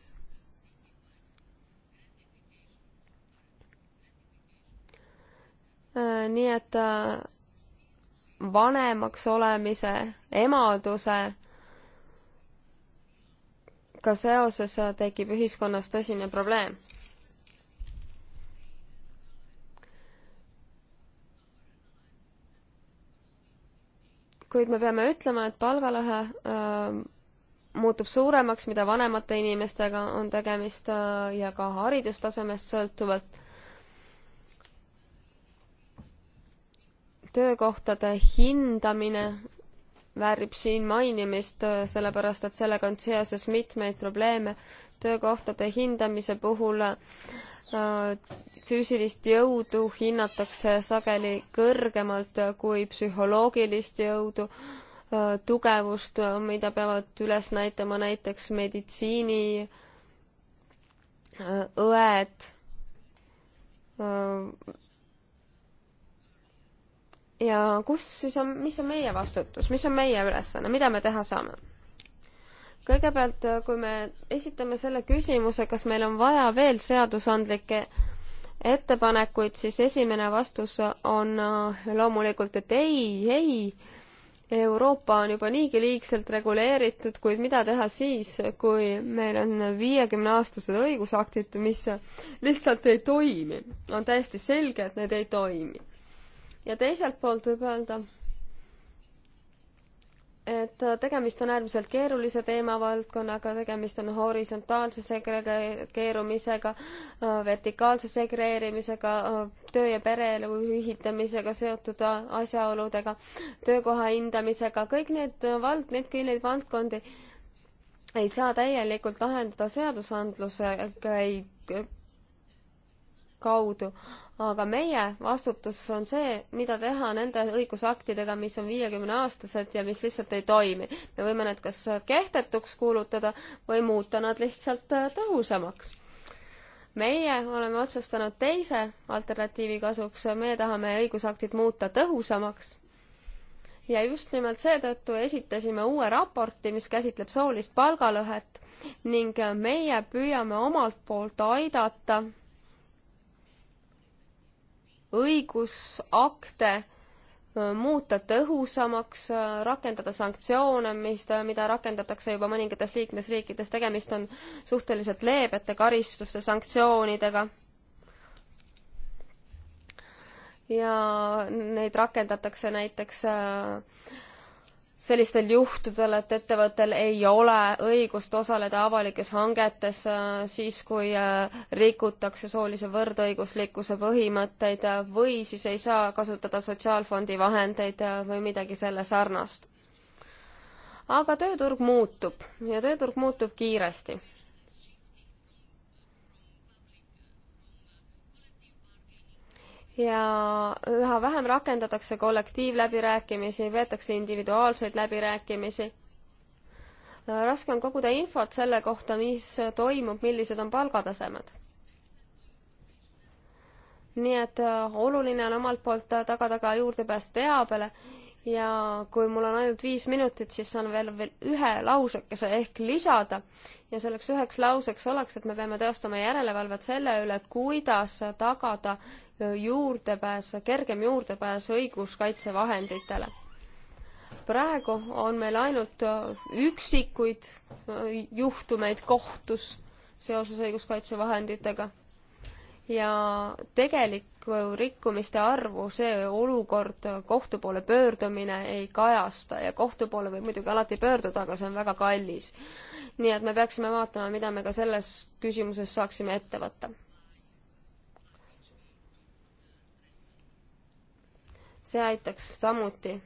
Äh, nii et äh, vanemaks olemise, emaduse ka seoses tekib ühiskonnas tõsine probleem kuid me peame ütlema, et palgalõhe äh, muutub suuremaks, mida vanemate inimestega on tegemist äh, ja ka haridustasemest sõltuvalt. töökohtade hindamine väärib siin mainimist, äh, sellepärast et sellega on seoses mitmeid probleeme. töökohtade hindamise puhul äh, Äh, füüsilist jõudu hinnatakse sageli kõrgemalt kui psühholoogilist jõudu, äh, tugevust, mida peavad üles näitama näiteks meditsiini äh, õed. ja kus siis on, mis on meie vastutus, mis on meie ülesanne, mida me teha saame? kõigepealt, äh, kui me esitame selle küsimuse, kas meil on vaja veel seadusandlikke ettepanekuid, siis esimene vastus on äh, loomulikult, et ei, ei. Euroopa on juba niigi liigselt reguleeritud, kuid mida teha siis, kui meil on viiekümneaastased õigusaktid, mis lihtsalt ei toimi. on täiesti selge, et need ei toimi. ja teiselt poolt võib öelda, et tegemist on äärmiselt keerulise teemavaldkonnaga, tegemist on horisontaalse segregeerumisega, vertikaalse segreerimisega, töö- ja pereelu ühitamisega seotud asjaoludega, töökoha hindamisega, kõik need vald-, neidki neid valdkondi ei saa täielikult lahendada seadusandluse kaudu, aga meie vastutus on see, mida teha nende õigusaktidega, mis on viiekümneaastased ja mis lihtsalt ei toimi. me võime need kas kehtetuks kuulutada või muuta nad lihtsalt äh, tõhusamaks. meie oleme otsustanud teise alternatiivi kasuks, meie tahame õigusaktid muuta tõhusamaks ja just nimelt seetõttu esitasime uue raporti, mis käsitleb soolist palgalõhet ning meie püüame omalt poolt aidata õigusakte äh, muuta tõhusamaks, äh, rakendada sanktsioone, mis, mida rakendatakse juba mõningates liikmesriikides, tegemist on suhteliselt leebete karistuste, sanktsioonidega. ja neid rakendatakse näiteks äh, sellistel juhtudel, et ettevõttel ei ole õigust osaleda avalikes hangetes äh, siis, kui äh, rikutakse soolise võrdõiguslikkuse põhimõtteid äh, või siis ei saa kasutada sotsiaalfondi vahendeid või midagi selle sarnast. aga tööturg muutub ja tööturg muutub kiiresti ja üha vähem rakendatakse kollektiivläbirääkimisi, peetakse individuaalseid läbirääkimisi. raske on koguda infot selle kohta, mis toimub, millised on palgatasemed. nii et äh, oluline on omalt poolt tagada ka juurdepääs teabele ja kui mul on ainult viis minutit, siis saan veel, veel ühe lausekese ehk lisada ja selleks üheks lauseks oleks, et me peame teostama järelevalvet selle üle, kuidas tagada juurdepääs, kergem juurdepääs õiguskaitsevahenditele. praegu on meil ainult üksikuid juhtumeid kohtus seoses õiguskaitsevahenditega ja tegelikku rikkumiste arvu see olukord, kohtu poole pöördumine ei kajasta ja kohtu poole võib muidugi alati pöörduda, aga see on väga kallis. nii et me peaksime vaatama, mida me ka selles küsimuses saaksime ette võtta. see aitaks samuti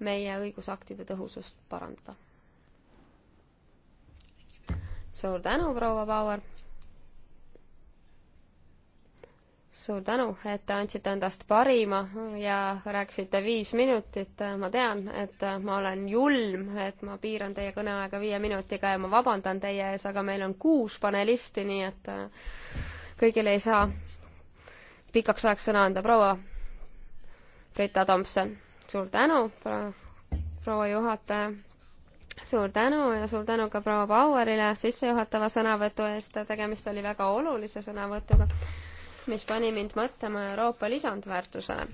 meie õigusaktide tõhusust parandada. suur tänu, proua Bauer! suur tänu, et te andsite endast parima ja rääkisite viis minutit. ma tean, et ma olen julm, et ma piiran teie kõneaega viie minutiga ja ma vabandan teie ees, aga meil on kuus panelisti, nii et äh, kõigile ei saa pikaks ajaks sõna anda. proua Brita Tomson, suur tänu pro, proua juhataja suur tänu ja suur tänu ka proua Bauerile sissejuhatava sõnavõtu eest, tegemist oli väga olulise sõnavõtuga mis pani mind mõtlema Euroopa lisandväärtusele.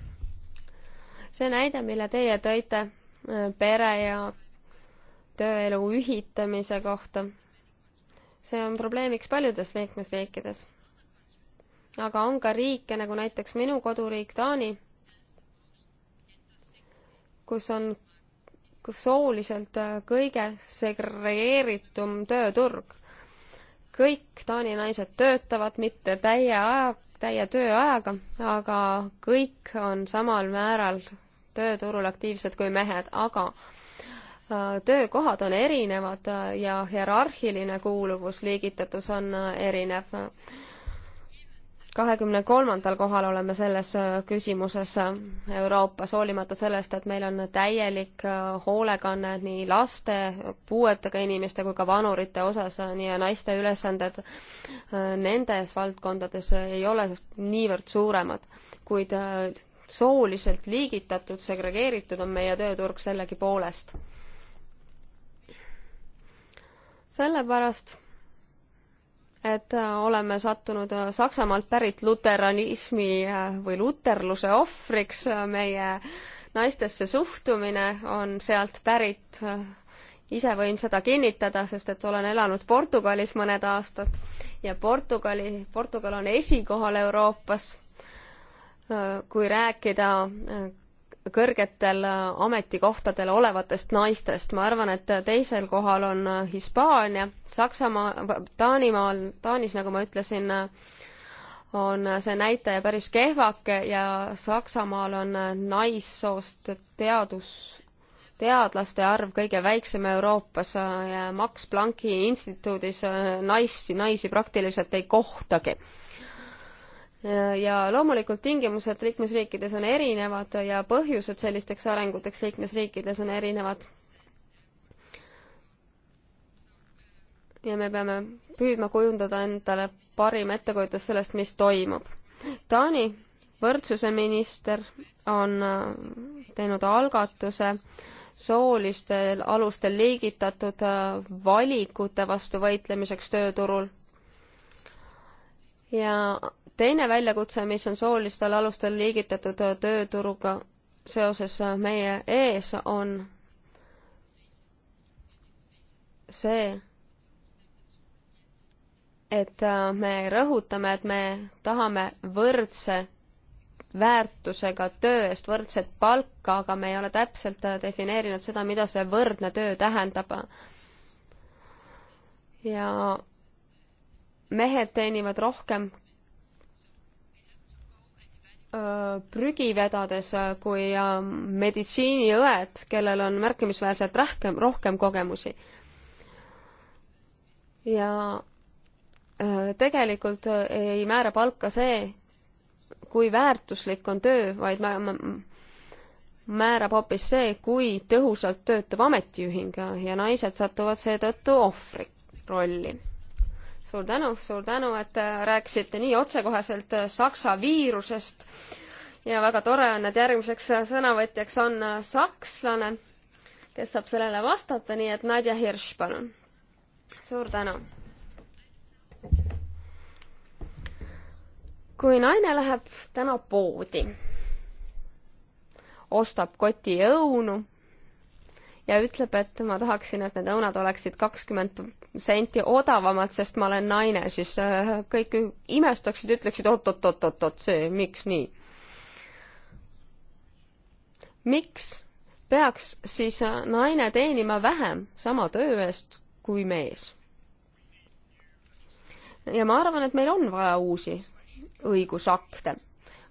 see näide, mille teie tõite äh, pere ja tööelu ühitamise kohta, see on probleemiks paljudes liikmesriikides. aga on ka riike, nagu näiteks minu koduriik Taani, kus on sooliselt äh, kõige segregeeritum tööturg. kõik Taani naised töötavad mitte täie aja, täie tööajaga, aga kõik on samal määral tööturul aktiivsed kui mehed, aga äh, töökohad on erinevad äh, ja hierarhiline kuuluvus, liigitatus on äh, erinev kahekümne kolmandal kohal oleme selles äh, küsimuses äh, Euroopas, hoolimata sellest, et meil on täielik äh, hoolekanne nii laste, puuetega inimeste kui ka vanurite osas, nii naiste ülesanded nendes valdkondades ei ole niivõrd suuremad, kuid sooliselt liigitatud, segregeeritud on meie tööturg sellegipoolest. sellepärast et äh, oleme sattunud äh, Saksamaalt pärit luteranismi äh, või luterluse ohvriks, meie naistesse suhtumine on sealt pärit, ise võin seda kinnitada, sest et olen elanud Portugalis mõned aastad ja Portugali, Portugal on esikohal Euroopas, kui rääkida kõrgetel äh, ametikohtadel olevatest naistest. ma arvan, et teisel kohal on äh, Hispaania, Saksamaa, Taanimaal, Taanis, nagu ma ütlesin, äh, on see näitaja päris kehvake ja Saksamaal on naissoost teadus, teadlaste arv kõige väiksem Euroopas ja Max Plancki instituudis naisi, naisi praktiliselt ei kohtagi ja loomulikult tingimused liikmesriikides on erinevad ja põhjused sellisteks arenguteks liikmesriikides on erinevad. ja me peame püüdma kujundada endale parim ettekujutus sellest, mis toimub. Taani võrdsuse minister on äh, teinud algatuse soolistel alustel liigitatud äh, valikute vastu võitlemiseks tööturul ja teine väljakutse, mis on soolistel alustel liigitatud tööturuga seoses meie ees, on see, et me rõhutame, et me tahame võrdse väärtusega töö eest võrdset palka, aga me ei ole täpselt defineerinud seda, mida see võrdne töö tähendab. ja mehed teenivad rohkem Äh, prügi vedades äh, kui äh, meditsiiniõed, kellel on märkimisväärselt rohkem, rohkem kogemusi. ja tegelikult ei määra palka see, kui väärtuslik on töö, vaid määrab hoopis see, kui tõhusalt töötab ametiühing ja naised satuvad seetõttu ohvri rolli suur tänu, suur tänu, et äh, rääkisite nii otsekoheselt äh, Saksa viirusest ja väga tore on, et järgmiseks äh, sõnavõtjaks on sakslane, kes saab sellele vastata, nii et Nadja Hirš, palun. suur tänu. kui naine läheb täna poodi, ostab koti õunu ja ütleb, et ma tahaksin, et need õunad oleksid kakskümmend 20 senti odavamalt, sest ma olen naine, siis äh, kõik imestaksid, ütleksid oot-oot-oot-oot-oot, see, miks nii? miks peaks siis äh, naine teenima vähem sama töö eest kui mees? ja ma arvan, et meil on vaja uusi õigusakte.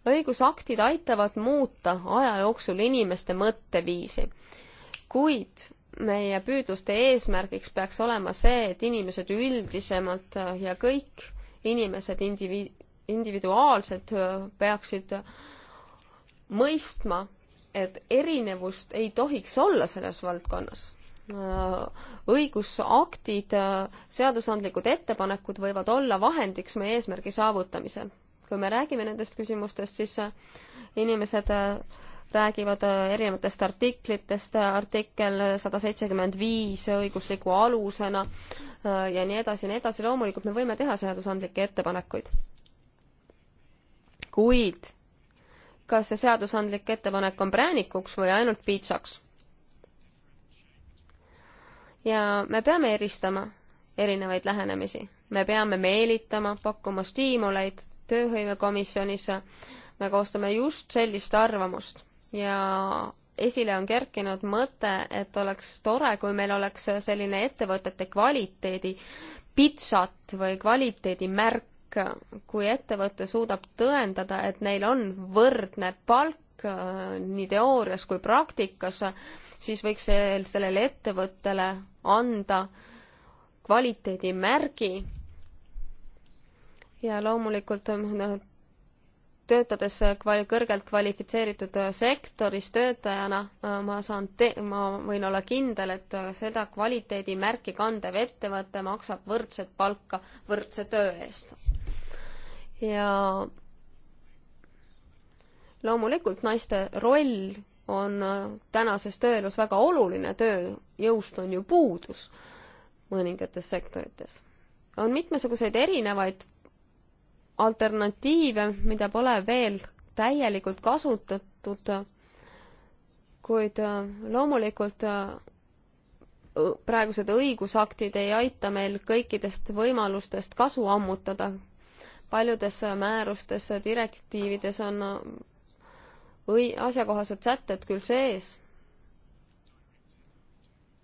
õigusaktid aitavad muuta aja jooksul inimeste mõtteviisi, kuid meie püüdluste eesmärgiks peaks olema see, et inimesed üldisemalt ja kõik inimesed indivi-, individuaalselt peaksid mõistma, et erinevust ei tohiks olla selles valdkonnas. õigusaktid, seadusandlikud ettepanekud võivad olla vahendiks meie eesmärgi saavutamisel. kui me räägime nendest küsimustest, siis inimesed räägivad äh, erinevatest artiklitest, äh, artikkel sada seitsekümmend viis õigusliku alusena äh, ja nii edasi ja nii edasi, loomulikult me võime teha seadusandlikke ettepanekuid. kuid kas see seadusandlik ettepanek on präänikuks või ainult piitsaks? ja me peame eristama erinevaid lähenemisi, me peame meelitama, pakkuma stiimuleid, tööhõivekomisjonis me koostame just sellist arvamust ja esile on kerkinud mõte, et oleks tore, kui meil oleks selline ettevõtete kvaliteedi pitsat või kvaliteedimärk, kui ettevõte suudab tõendada, et neil on võrdne palk äh, nii teoorias kui praktikas, siis võiks sellele ettevõttele anda kvaliteedimärgi ja loomulikult noh, töötades kval-, kõrgelt kvalifitseeritud sektoris töötajana äh, ma saan te-, ma võin olla kindel, et äh, seda kvaliteedimärki kandev ettevõte maksab võrdset palka võrdse töö eest. ja loomulikult naiste roll on äh, tänases tööelus väga oluline, tööjõust on ju puudus mõningates sektorites. on mitmesuguseid erinevaid alternatiive, mida pole veel täielikult kasutatud, kuid äh, loomulikult äh, praegused õigusaktid ei aita meil kõikidest võimalustest kasu ammutada. paljudes äh, määrustes, direktiivides on õi-, asjakohased sätted küll sees,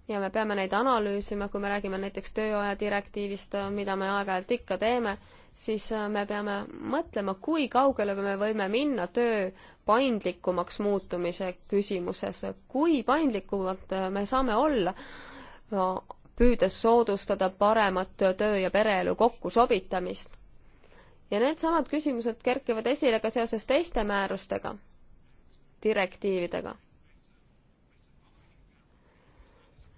ja me peame neid analüüsima, kui me räägime näiteks tööaja direktiivist, mida me aeg-ajalt ikka teeme, siis äh, me peame mõtlema, kui kaugele me võime minna töö paindlikumaks muutumise küsimuses, kui paindlikumalt äh, me saame olla no,, püüdes soodustada paremat töö ja pereelu kokkusobitamist. ja needsamad küsimused kerkivad esile ka seoses teiste määrustega, direktiividega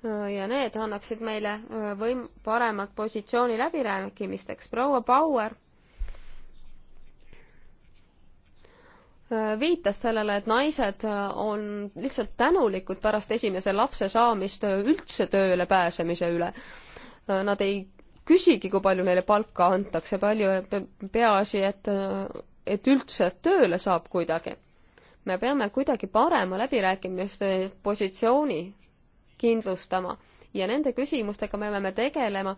ja need annaksid meile äh, võim-, paremat positsiooni läbirääkimisteks. proua Bauer äh, viitas sellele, et naised äh, on lihtsalt tänulikud pärast esimese lapse saamist üldse tööle pääsemise üle. Nad ei küsigi, kui palju neile palka antakse, palju, e-, peaasi, et, et üldse tööle saab kuidagi. me peame kuidagi parema läbirääkimiste positsiooni kindlustama ja nende küsimustega me peame tegelema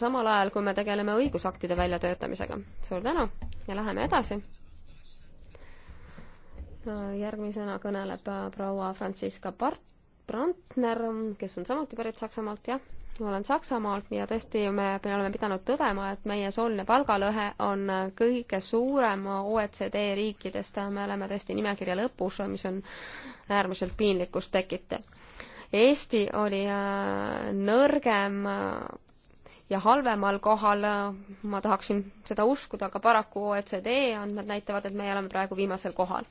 samal ajal, kui me tegeleme õigusaktide väljatöötamisega. suur tänu ja läheme edasi. järgmisena kõneleb proua Franziska Part-, Brandner, kes on samuti pärit Saksamaalt, jah, ma olen Saksamaalt ja tõesti, me, me oleme pidanud tõdema, et meie sooline palgalõhe on kõige suurem OECD riikidest, me oleme tõesti nimekirja lõpus, mis on äärmiselt piinlikkust tekitav. Eesti oli äh, nõrgem äh, ja halvemal kohal, äh, ma tahaksin seda uskuda, aga paraku OECD andmed näitavad, et meie oleme praegu viimasel kohal.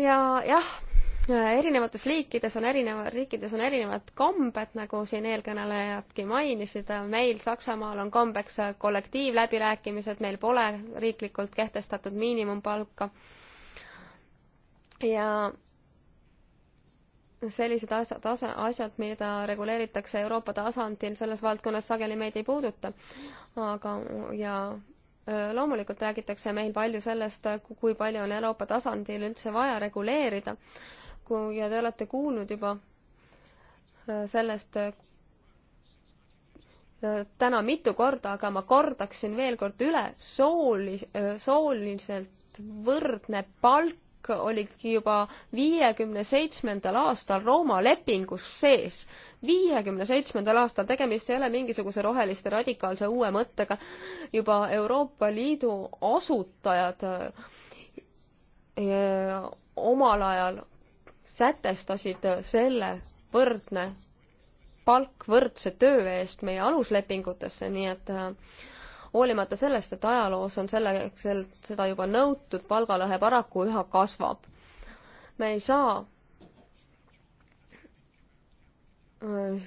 ja jah, erinevates liikides on erineva, riikides on erinevad kombed, nagu siin eelkõnelejadki mainisid, meil Saksamaal on kombeks kollektiivläbirääkimised, meil pole riiklikult kehtestatud miinimumpalka ja sellised asjad, asjad, mida reguleeritakse Euroopa tasandil, selles valdkonnas sageli meid ei puuduta. aga, ja loomulikult räägitakse meil palju sellest, kui palju on Euroopa tasandil üldse vaja reguleerida. kui, ja te olete kuulnud juba sellest täna mitu korda, aga ma kordaksin veel kord üle, sooli, sooliselt võrdne palk olidki juba viiekümne seitsmendal aastal Rooma lepingus sees. viiekümne seitsmendal aastal, tegemist ei ole mingisuguse roheliste radikaalse uue mõttega, juba Euroopa Liidu asutajad öö, eh, omal ajal sätestasid selle võrdne palk võrdse töö eest meie aluslepingutesse, nii et äh, hoolimata sellest, et ajaloos on selle, sel-, seda juba nõutud, palgalõhe paraku üha kasvab. me ei saa äh,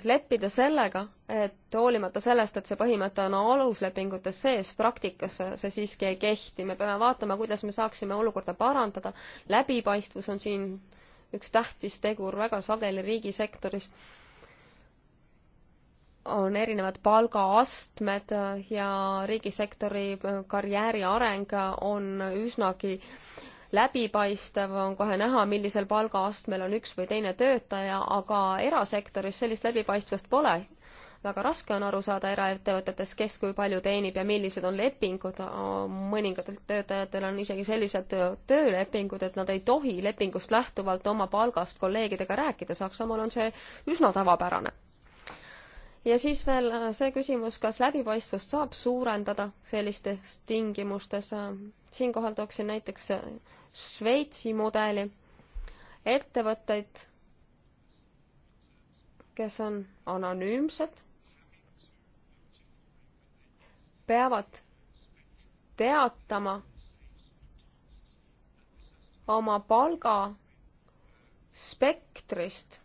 leppida sellega, et hoolimata sellest, et see põhimõte on aluslepingutes sees, praktikas see siiski ei kehti. me peame vaatama, kuidas me saaksime olukorda parandada. läbipaistvus on siin üks tähtis tegur väga sageli riigisektoris on erinevad palgaastmed ja riigisektori karjääri areng on üsnagi läbipaistev, on kohe näha, millisel palgaastmel on üks või teine töötaja, aga erasektoris sellist läbipaistvust pole. väga raske on aru saada eraettevõtetes, kes kui palju teenib ja millised on lepingud, mõningatel töötajatel on isegi sellised töölepingud, et nad ei tohi lepingust lähtuvalt oma palgast kolleegidega rääkida, Saksamaal on see üsna tavapärane ja siis veel äh, see küsimus, kas läbipaistvust saab suurendada sellistes tingimustes. Äh, siinkohal tooksin näiteks äh, Šveitsi mudeli. ettevõtteid, kes on anonüümsed, peavad teatama oma palga spektrist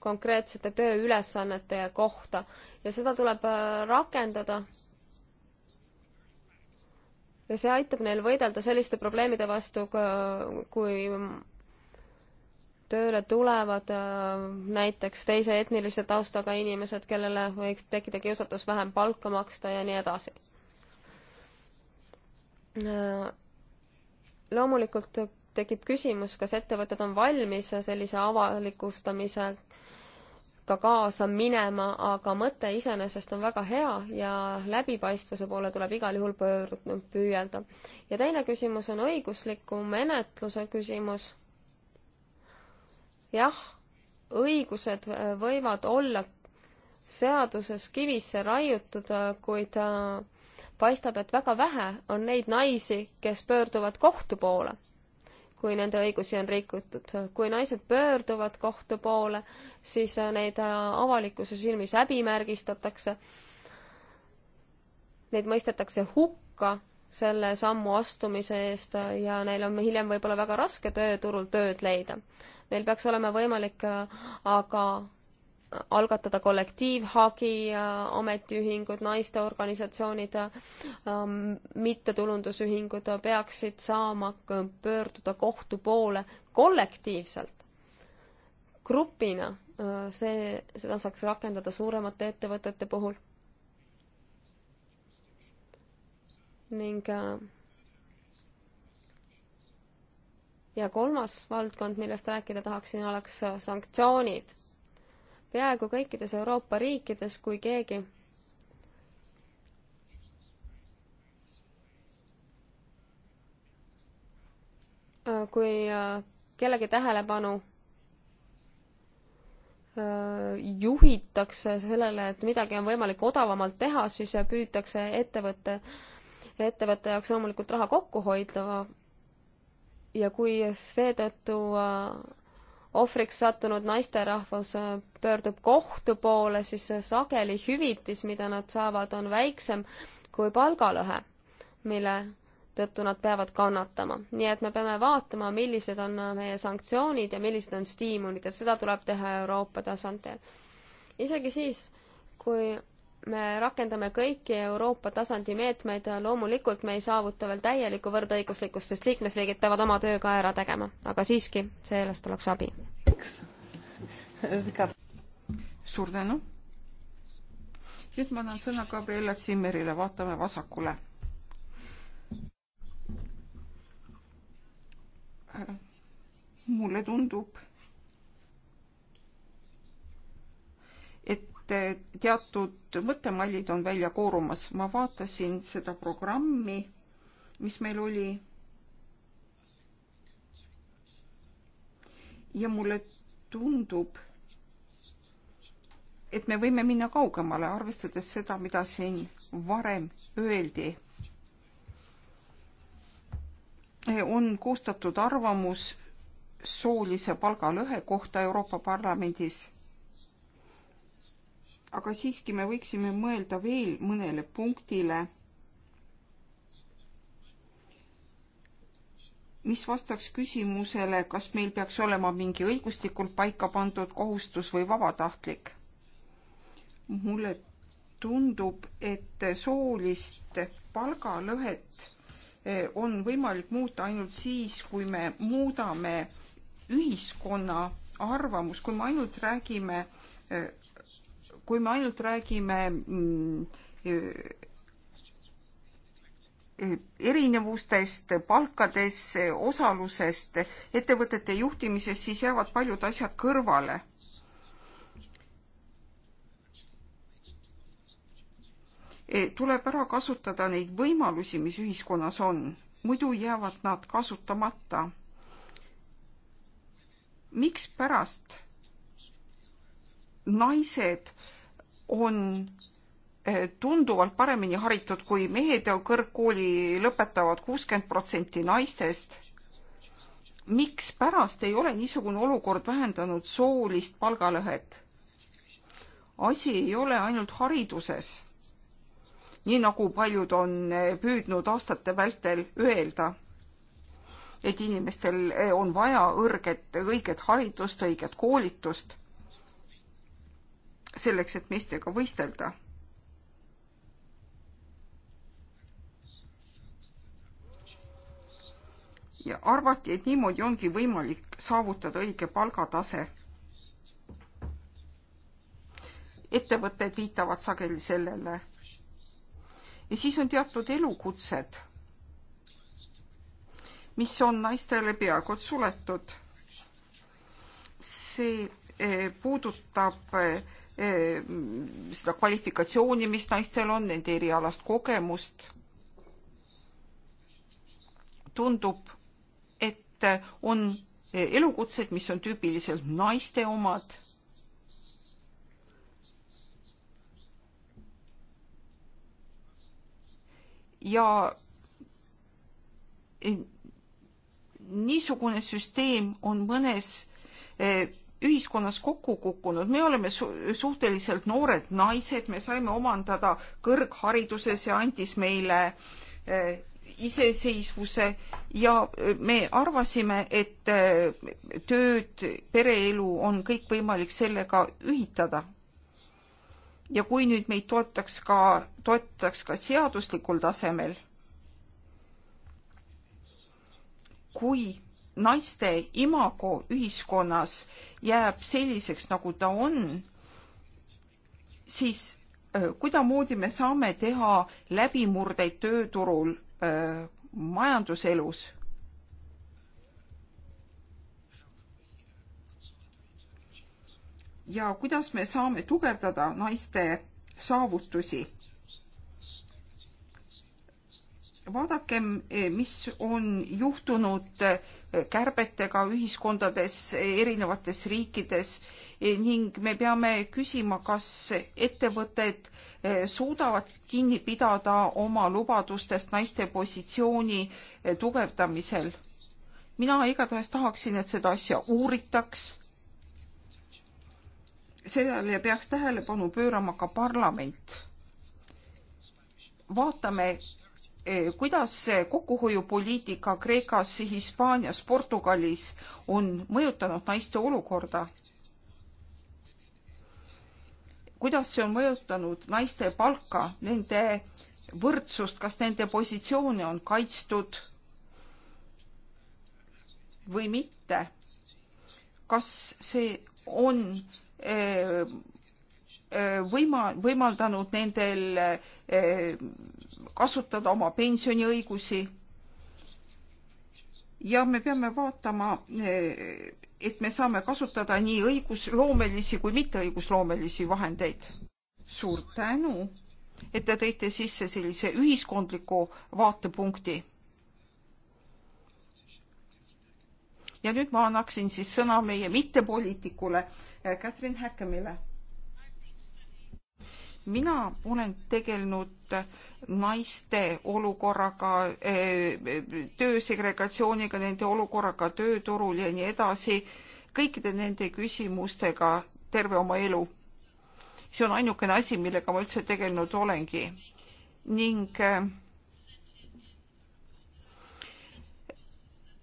konkreetsete tööülesannete kohta ja seda tuleb äh, rakendada. ja see aitab neil võidelda selliste probleemide vastu, kui tööle tulevad äh, näiteks teise etnilise taustaga inimesed, kellele võiks tekkida kiusatus vähem palka maksta ja nii edasi. Äh, loomulikult tekib küsimus, kas ettevõtted on valmis sellise avalikustamise ka kaasa minema, aga mõte iseenesest on väga hea ja läbipaistvuse poole tuleb igal juhul pöör-, püüelda. ja teine küsimus on õigusliku menetluse küsimus. jah, õigused äh, võivad olla seaduses kivisse raiutud, äh, kuid äh, paistab, et väga vähe on neid naisi, kes pöörduvad kohtu poole kui nende õigusi on rikutud. kui naised pöörduvad kohtu poole, siis äh, neid äh, avalikkuse silmis häbimärgistatakse. Neid mõistetakse hukka selle sammu astumise eest äh, ja neil on hiljem võib-olla väga raske tööturul tööd leida. Neil peaks olema võimalik aga algatada kollektiivhagi, äh, ametiühingud, naisteorganisatsioonid, ähm, mittetulundusühingud peaksid saama pöörduda kohtu poole kollektiivselt, grupina. Äh, see, seda saaks rakendada suuremate ettevõtete puhul. ning äh, ja kolmas valdkond, millest rääkida tahaksin, oleks sanktsioonid peaaegu kõikides Euroopa riikides, kui keegi kui äh, kellegi tähelepanu äh, juhitakse sellele, et midagi on võimalik odavamalt teha, siis äh, püütakse ettevõtte, ettevõtte jaoks loomulikult raha kokku hoida. ja kui seetõttu ohvriks sattunud naisterahvas äh, pöördub kohtu poole, siis äh, sageli hüvitis, mida nad saavad, on väiksem kui palgalõhe, mille tõttu nad peavad kannatama. nii et me peame vaatama, millised on äh, meie sanktsioonid ja millised on stiimulid ja seda tuleb teha Euroopa tasandil. isegi siis, kui me rakendame kõiki Euroopa tasandi meetmeid, loomulikult me ei saavuta veel täielikku võrdõiguslikkust, sest liikmesriigid peavad oma töö ka ära tegema, aga siiski, sellest oleks abi. suur tänu. nüüd ma annan sõna Gabriela Zimmerile, vaatame vasakule. Äh, mulle tundub et teatud mõttemallid on välja koorumas. ma vaatasin seda programmi, mis meil oli. ja mulle tundub, et me võime minna kaugemale, arvestades seda, mida siin varem öeldi. on koostatud arvamus soolise palgalõhe kohta Euroopa Parlamendis aga siiski me võiksime mõelda veel mõnele punktile, mis vastaks küsimusele, kas meil peaks olema mingi õiguslikult paika pandud kohustus või vabatahtlik. mulle tundub, et soolist palgalõhet eh, on võimalik muuta ainult siis, kui me muudame ühiskonna arvamus, kui me ainult räägime eh, kui me ainult räägime mm, erinevustest, palkades, osalusest, ettevõtete juhtimises, siis jäävad paljud asjad kõrvale. E, tuleb ära kasutada neid võimalusi, mis ühiskonnas on, muidu jäävad nad kasutamata. mikspärast naised äh, on eh, tunduvalt paremini haritud kui mehed ja kõrgkooli lõpetavad kuuskümmend protsenti naistest. mikspärast ei ole niisugune olukord vähendanud soolist palgalõhet? asi ei ole ainult hariduses, nii nagu paljud on eh, püüdnud aastate vältel öelda, et inimestel eh, on vaja õrget, õiget haridust, õiget koolitust selleks, et meestega võistelda. ja arvati, et niimoodi ongi võimalik saavutada õige palgatase. ettevõtted viitavad sageli sellele. ja siis on teatud elukutsed, mis on naistele peaaegu et suletud. see eh, puudutab eh, Ehm, seda kvalifikatsiooni, mis naistel on, nende erialast kogemust. tundub, et on elukutsed, mis on tüüpiliselt naiste omad ja niisugune süsteem on mõnes eh, ühiskonnas kokku kukkunud, me oleme su suhteliselt noored naised, me saime omandada kõrghariduse, see andis meile äh, iseseisvuse ja eh, me arvasime, et eh, tööd, pereelu on kõik võimalik sellega ühitada. ja kui nüüd meid toetaks ka, toetaks ka seaduslikul tasemel, kui naiste imago ühiskonnas jääb selliseks, nagu ta on, siis kuidamoodi me saame teha läbimurdeid tööturul, majanduselus? ja kuidas me saame tugevdada naiste saavutusi? vaadakem, mis on juhtunud kärbetega ühiskondades erinevates riikides ning me peame küsima, kas ettevõtted eh, suudavad kinni pidada oma lubadustest naiste positsiooni eh, tugevdamisel. mina igatahes tahaksin, et seda asja uuritaks. sellele peaks tähelepanu pöörama ka parlament. vaatame, Eh, kuidas kokkuhoiupoliitika Kreekas, Hispaanias, Portugalis on mõjutanud naiste olukorda? kuidas see on mõjutanud naiste palka, nende võrdsust, kas nende positsioone on kaitstud või mitte? kas see on eh, Äh, võima-, võimaldanud nendel äh, kasutada oma pensioniõigusi. ja me peame vaatama, äh, et me saame kasutada nii õigusloomelisi kui mitteõigusloomelisi vahendeid. suur tänu, et te tõite sisse sellise ühiskondliku vaatepunkti ja nüüd ma annaksin siis sõna meie mittepoliitikule Katrin Häkkemile mina olen tegelenud naiste olukorraga, töösegregatsiooniga, nende olukorraga tööturul ja nii edasi, kõikide nende küsimustega terve oma elu. see on ainukene asi, millega ma üldse tegelenud olengi ning eh,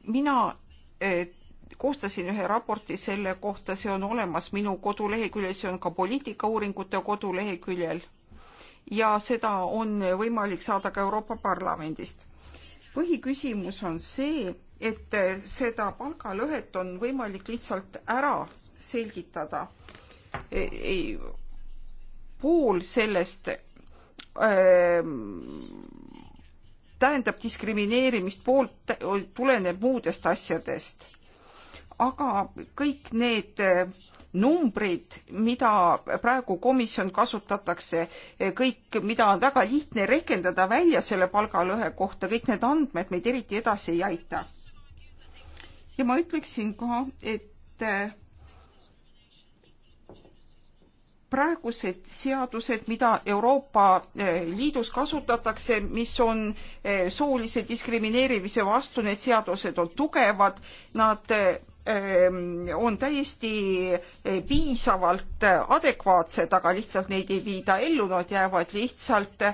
mina eh, koostasin ühe raporti selle kohta, see on olemas minu koduleheküljel, see on ka poliitikauuringute koduleheküljel ja seda on võimalik saada ka Euroopa Parlamendist. põhiküsimus on see, et seda palgalõhet on võimalik lihtsalt ära selgitada. E, e, pool sellest öö, e, tähendab diskrimineerimist, pool tuleneb muudest asjadest aga kõik need eh, numbrid, mida praegu komisjon kasutatakse, eh, kõik, mida on väga lihtne rehkendada välja selle palgalõhe kohta, kõik need andmed meid eriti edasi ei aita. ja ma ütleksin ka, et eh, praegused seadused, mida Euroopa Liidus kasutatakse, mis on soolise diskrimineerimise vastu, need seadused on tugevad, nad Ähm, on täiesti äh, piisavalt äh, adekvaatsed, aga lihtsalt neid ei viida ellu, nad jäävad lihtsalt äh,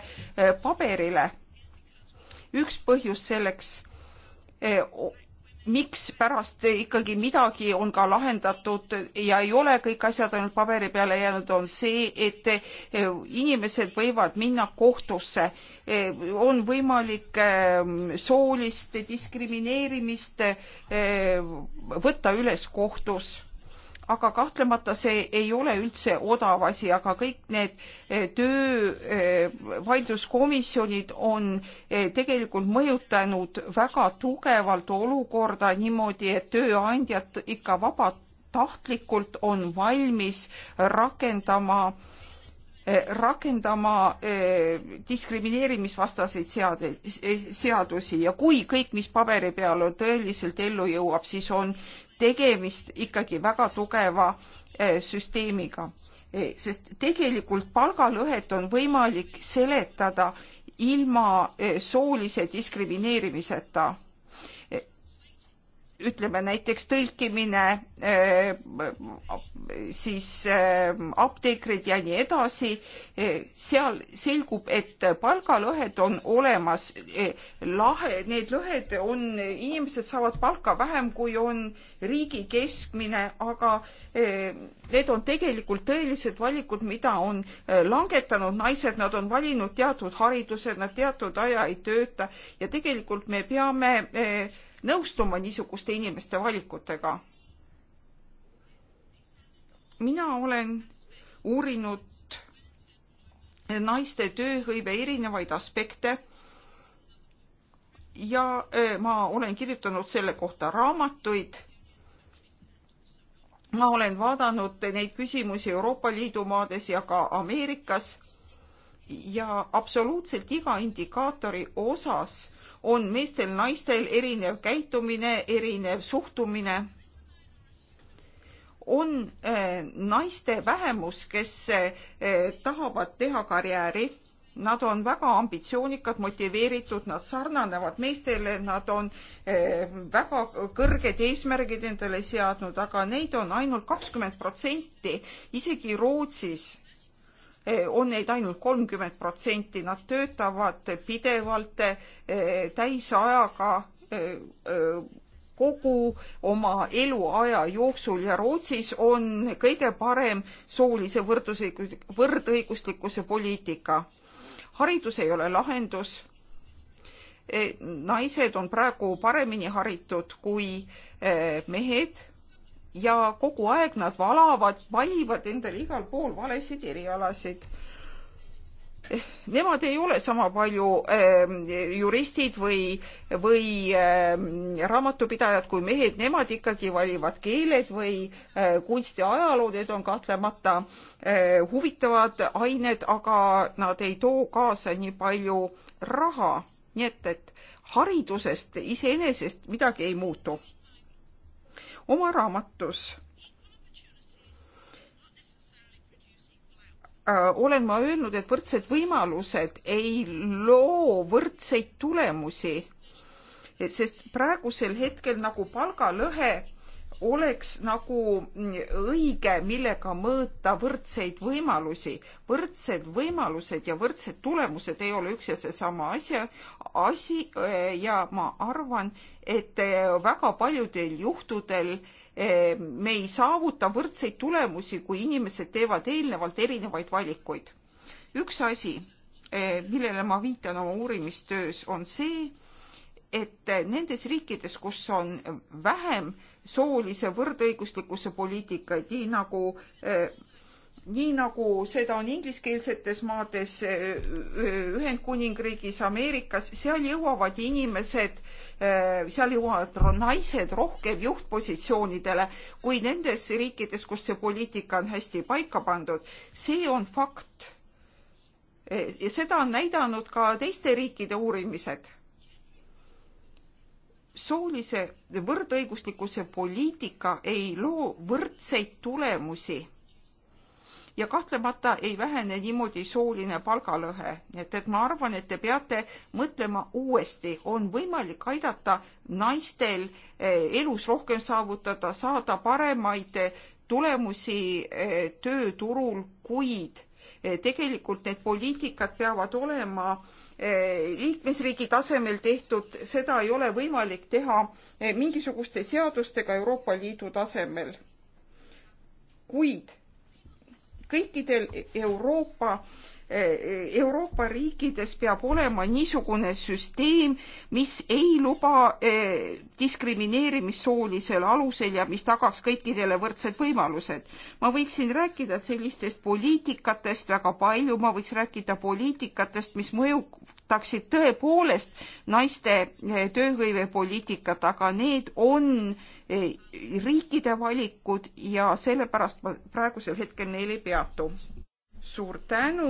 paberile. üks põhjus selleks miks pärast ikkagi midagi on ka lahendatud ja ei ole kõik asjad ainult paberi peale jäänud, on see, et eh, inimesed võivad minna kohtusse. Eh, on võimalik ehm, soolist diskrimineerimist eh, võtta üles kohtus aga kahtlemata see ei ole üldse odav asi, aga kõik need eh, töövaidluskomisjonid eh, on eh, tegelikult mõjutanud väga tugevalt olukorda niimoodi, et tööandjad ikka vabatahtlikult on valmis rakendama rakendama diskrimineerimisvastaseid seade, seadusi ja kui kõik, mis paberi peal on, tõeliselt ellu jõuab, siis on tegemist ikkagi väga tugeva eh, süsteemiga, eh, sest tegelikult palgalõhet on võimalik seletada ilma eh, soolise diskrimineerimiseta ütleme näiteks tõlkimine, eh, siis eh, apteekrid ja nii edasi, eh, seal selgub, et palgalõhed on olemas. lahe, need lõhed on, inimesed saavad palka vähem, kui on riigi keskmine, aga need on tegelikult tõelised valikud, mida on langetanud naised, nad on valinud teatud hariduse, nad teatud aja ei tööta ja tegelikult me peame nõustuma niisuguste inimeste valikutega. mina olen uurinud naiste tööhõive erinevaid aspekte ja ma olen kirjutanud selle kohta raamatuid. ma olen vaadanud neid küsimusi Euroopa Liidu maades ja ka Ameerikas ja absoluutselt iga indikaatori osas on meestel, naistel erinev käitumine, erinev suhtumine. on äh, naiste vähemus, kes äh, tahavad teha karjääri. Nad on väga ambitsioonikad, motiveeritud, nad sarnanevad meestele, nad on äh, väga kõrged eesmärgid endale seadnud, aga neid on ainult kakskümmend protsenti, isegi Rootsis Eh, on neid ainult kolmkümmend protsenti, nad töötavad pidevalt eh, täisajaga eh, kogu oma eluaja jooksul ja Rootsis on kõige parem soolise võrdõiguslikkuse poliitika. haridus ei ole lahendus. naised on praegu paremini haritud kui mehed ja kogu aeg nad valavad, valivad endale igal pool valesid erialasid. Nemad ei ole sama palju äh, juristid või, või äh, raamatupidajad kui mehed, nemad ikkagi valivad keeled või äh, kunstiajaloo, need on kahtlemata äh, huvitavad ained, aga nad ei too kaasa nii palju raha, nii et, et haridusest iseenesest midagi ei muutu oma raamatus äh, olen ma öelnud, et võrdsed võimalused ei loo võrdseid tulemusi, sest praegusel hetkel nagu palgalõhe oleks nagu mm, õige, millega mõõta võrdseid võimalusi. võrdsed võimalused ja võrdsed tulemused ei ole üks ja seesama asja, asi äh, ja ma arvan, et äh, väga paljudel juhtudel äh, me ei saavuta võrdseid tulemusi, kui inimesed teevad eelnevalt erinevaid valikuid. üks asi, millele ma viitan oma uurimistöös, on see, et nendes riikides, kus on vähem soolise võrdõiguslikkuse poliitikaid, nii nagu eh, nii nagu seda on ingliskeelsetes maades, eh, Ühendkuningriigis, Ameerikas, seal jõuavad inimesed, eh, seal jõuavad naised rohkem juhtpositsioonidele kui nendes riikides, kus see poliitika on hästi paika pandud. see on fakt. ja seda on näidanud ka teiste riikide uurimised soolise võrdõiguslikkuse poliitika ei loo võrdseid tulemusi ja kahtlemata ei vähene niimoodi sooline palgalõhe, et, et ma arvan, et te peate mõtlema uuesti, on võimalik aidata naistel eh, elus rohkem saavutada, saada paremaid eh, tulemusi eh, tööturul, kuid Eh, tegelikult need poliitikad peavad olema eh, liikmesriigi tasemel tehtud, seda ei ole võimalik teha eh, mingisuguste seadustega Euroopa Liidu tasemel. kuid kõikidel Euroopa Eh, Euroopa riikides peab olema niisugune süsteem, mis ei luba eh, diskrimineerimist soolisel alusel ja mis tagaks kõikidele võrdsed võimalused. ma võiksin rääkida sellistest poliitikatest väga palju, ma võiks rääkida poliitikatest, mis mõjutaksid tõepoolest naiste eh, tööhõivepoliitikat, aga need on riikide valikud ja sellepärast ma praegusel hetkel neil ei peatu. suur tänu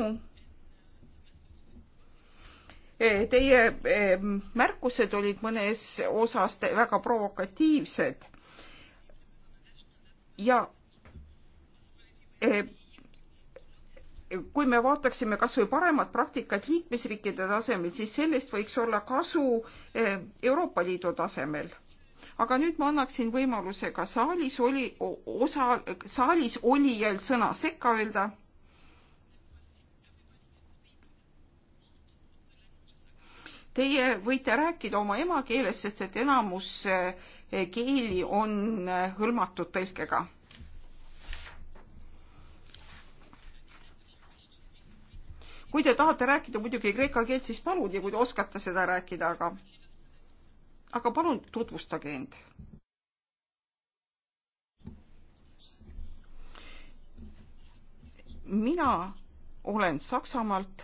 Eh, teie eh, märkused olid mõnes osas väga provokatiivsed ja eh, kui me vaataksime kas või paremat praktikat liikmesriikide tasemel, siis sellest võiks olla kasu Euroopa Liidu tasemel. aga nüüd ma annaksin võimaluse ka saalis oli, osa, saalis olijal sõna sekka öelda. Teie võite rääkida oma emakeeles, sest et enamus eh, keeli on eh, hõlmatud tõlkega. kui te tahate rääkida muidugi kreeka keelt, siis palun ja kui te oskate seda rääkida, aga, aga palun tutvustage end mina olen Saksamaalt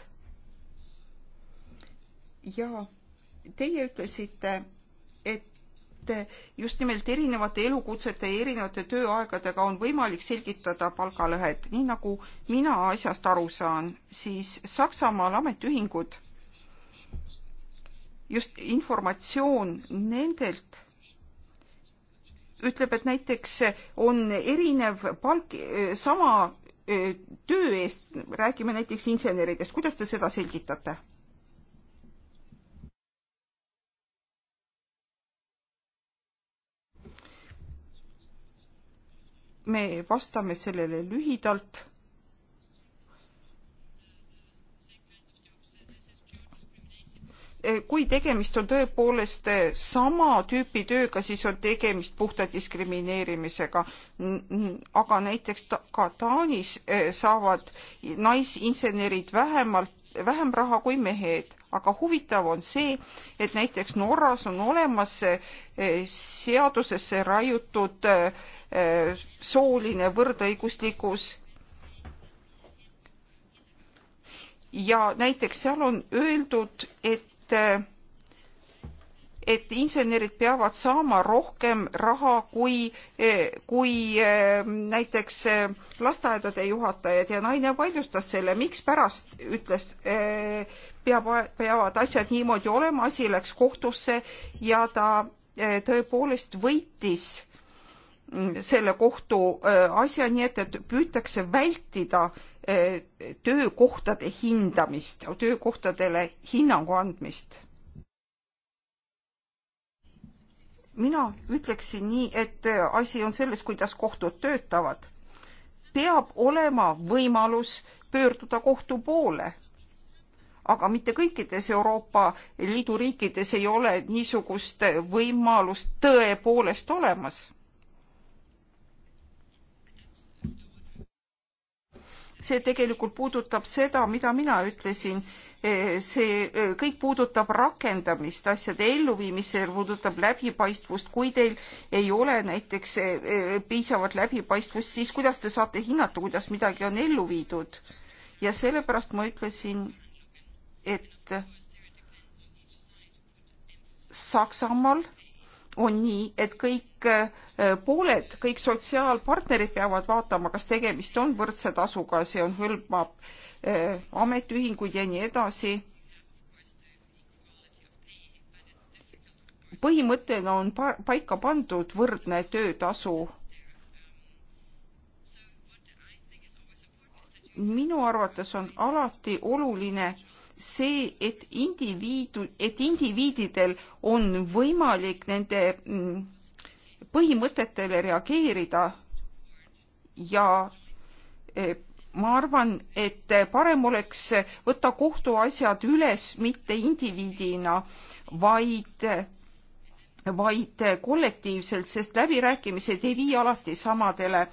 ja teie ütlesite, et just nimelt erinevate elukutsete ja erinevate tööaegadega on võimalik selgitada palgalõhet. nii nagu mina asjast aru saan, siis Saksamaal ametiühingud just informatsioon nendelt ütleb, et näiteks on erinev palk eh, sama eh, töö eest, räägime näiteks inseneridest, kuidas te seda selgitate? me vastame sellele lühidalt. kui tegemist on tõepoolest sama tüüpi tööga, siis on tegemist puhta diskrimineerimisega. aga näiteks ta, ka Taanis eh, saavad naisinsenerid vähemalt, vähem raha kui mehed, aga huvitav on see, et näiteks Norras on olemas eh, seadusesse raiutud äh, sooline võrdõiguslikkus. ja näiteks seal on öeldud, et et insenerid peavad saama rohkem raha kui, kui näiteks lasteaedade juhatajad ja naine vaidlustas selle, mikspärast ütles, peab, peavad asjad niimoodi olema, asi läks kohtusse ja ta tõepoolest võitis selle kohtu äh, asja, nii et, et püütakse vältida äh, töökohtade hindamist, töökohtadele hinnangu andmist. mina ütleksin nii, et äh, asi on selles, kuidas kohtud töötavad. peab olema võimalus pöörduda kohtu poole aga mitte kõikides Euroopa Liidu riikides ei ole niisugust võimalust tõepoolest olemas. see tegelikult puudutab seda, mida mina ütlesin, eh, see eh, kõik puudutab rakendamist, asjade elluviimist, see puudutab läbipaistvust, kui teil ei ole näiteks eh, piisavat läbipaistvust, siis kuidas te saate hinnata, kuidas midagi on ellu viidud? ja sellepärast ma ütlesin, et Saksamaal on nii, et kõik äh, pooled, kõik sotsiaalpartnerid peavad vaatama, kas tegemist on võrdse tasuga, see on, hõlmab äh, ametiühinguid ja nii edasi. põhimõttena on paika pandud võrdne töötasu. minu arvates on alati oluline see, et indiviidu, et indiviididel on võimalik nende mm, põhimõtetele reageerida ja eh, ma arvan, et parem oleks võtta kohtuasjad üles mitte indiviidina, vaid, vaid kollektiivselt, sest läbirääkimised ei vii alati samadele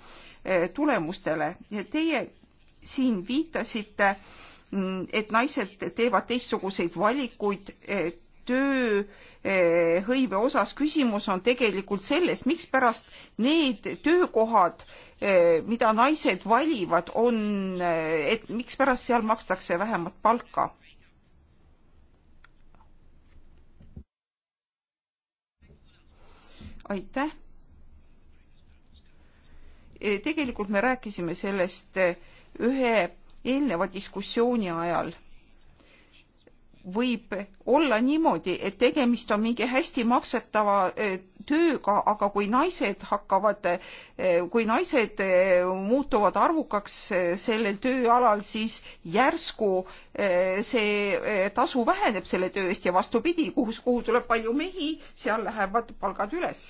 eh, tulemustele. Teie siin viitasite äh, et naised teevad teistsuguseid valikuid eh, töö eh, hõive osas. küsimus on tegelikult selles, mikspärast need töökohad, eh, mida naised valivad, on, et mikspärast seal makstakse vähemat palka aitäh. tegelikult me rääkisime sellest ühe eelneva diskussiooni ajal võib olla niimoodi, et tegemist on mingi hästi maksetava e, tööga, aga kui naised hakkavad, e, kui naised e, muutuvad arvukaks sellel tööalal, siis järsku see tasu väheneb selle töö eest ja vastupidi, kus, kuhu tuleb palju mehi, seal lähevad palgad üles.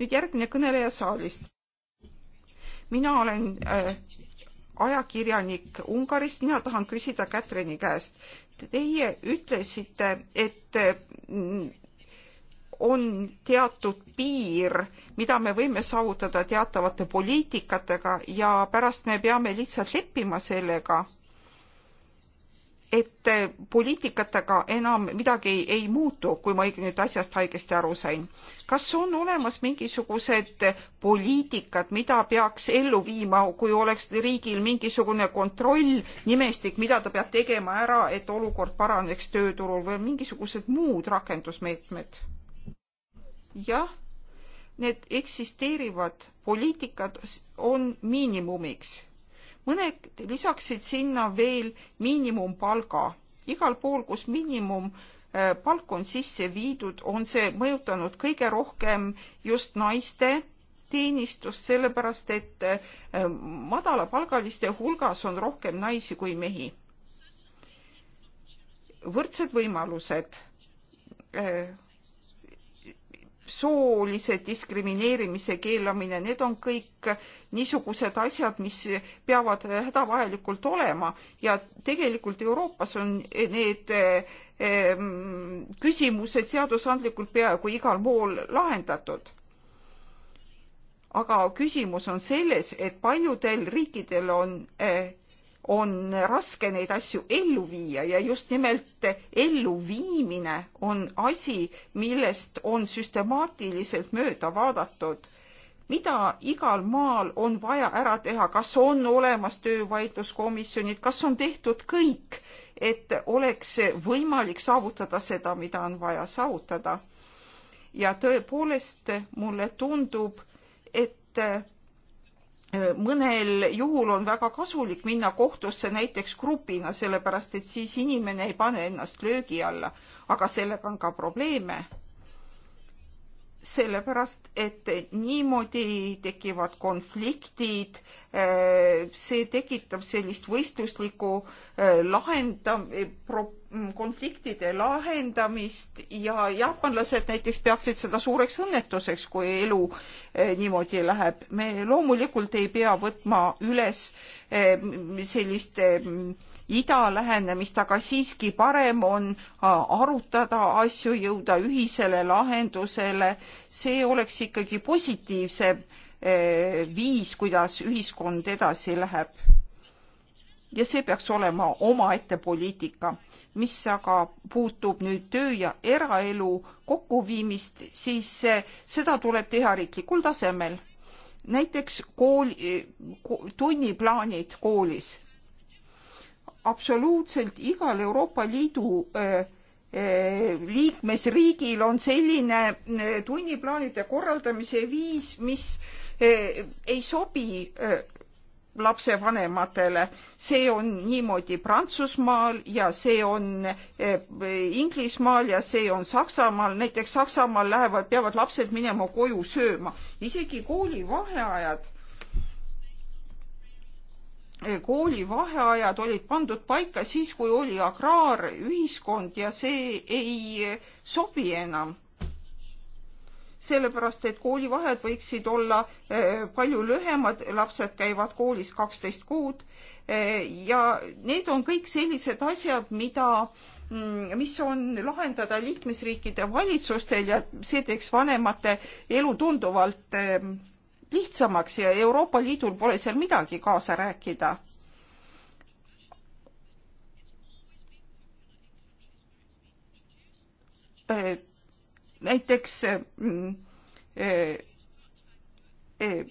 nüüd järgmine kõneleja saalist. mina olen äh, ajakirjanik Ungarist, mina tahan küsida Kätrini käest. Teie ütlesite, et mm, on teatud piir, mida me võime saavutada teatavate poliitikatega ja pärast me peame lihtsalt leppima sellega et poliitikatega enam midagi ei muutu, kui ma nüüd asjast haigesti aru sain. kas on olemas mingisugused poliitikad, mida peaks ellu viima, kui oleks riigil mingisugune kontroll, nimestik, mida ta peab tegema ära, et olukord paraneks tööturul või mingisugused muud rakendusmeetmed? jah, need eksisteerivad poliitikad on miinimumiks mõned lisaksid sinna veel miinimumpalga. igal pool, kus miinimumpalk äh, on sisse viidud, on see mõjutanud kõige rohkem just naiste teenistust, sellepärast et äh, madalapalgaliste hulgas on rohkem naisi kui mehi. võrdsed võimalused äh, soolise diskrimineerimise keelamine, need on kõik niisugused asjad, mis peavad hädavajalikult olema ja tegelikult Euroopas on need ehm, küsimused seadusandlikult peaaegu igal pool lahendatud. aga küsimus on selles, et paljudel riikidel on eh, on raske neid asju ellu viia ja just nimelt elluviimine on asi, millest on süstemaatiliselt mööda vaadatud. mida igal maal on vaja ära teha, kas on olemas töövaidluskomisjonid, kas on tehtud kõik, et oleks võimalik saavutada seda, mida on vaja saavutada. ja tõepoolest mulle tundub, et mõnel juhul on väga kasulik minna kohtusse näiteks grupina, sellepärast et siis inimene ei pane ennast löögi alla, aga sellega on ka probleeme. sellepärast, et niimoodi tekivad konfliktid, eh, see tekitab sellist võistluslikku eh, lahenda-, pro-, Mm, konfliktide lahendamist ja jaapanlased näiteks peaksid seda suureks õnnetuseks, kui elu eh, niimoodi läheb. me loomulikult ei pea võtma üles eh, sellist eh, ida lähenemist, aga siiski parem on arutada asju, jõuda ühisele lahendusele. see oleks ikkagi positiivsem viis, kuidas ühiskond edasi läheb ja see peaks olema omaette poliitika. mis aga puutub nüüd töö ja eraelu kokkuviimist, siis eh, seda tuleb teha riiklikul tasemel. näiteks kooli, tunniplaanid koolis. absoluutselt igal Euroopa Liidu eh, eh, liikmesriigil on selline tunniplaanide korraldamise viis, mis ei sobi lapsevanematele. see on niimoodi Prantsusmaal ja see on eh, Inglismaal ja see on Saksamaal. näiteks Saksamaal lähevad, peavad lapsed minema koju sööma, isegi koolivaheajad eh, koolivaheajad olid pandud paika siis, kui oli agraarühiskond ja see ei eh, sobi enam sellepärast et koolivahed võiksid olla eh, palju lühemad, lapsed käivad koolis kaksteist kuud eh, ja need on kõik sellised asjad, mida, mm, mis on lahendada liikmesriikide valitsustel ja see teeks vanemate elu tunduvalt eh, lihtsamaks ja Euroopa Liidul pole seal midagi kaasa rääkida näiteks äh, mm, äh, äh,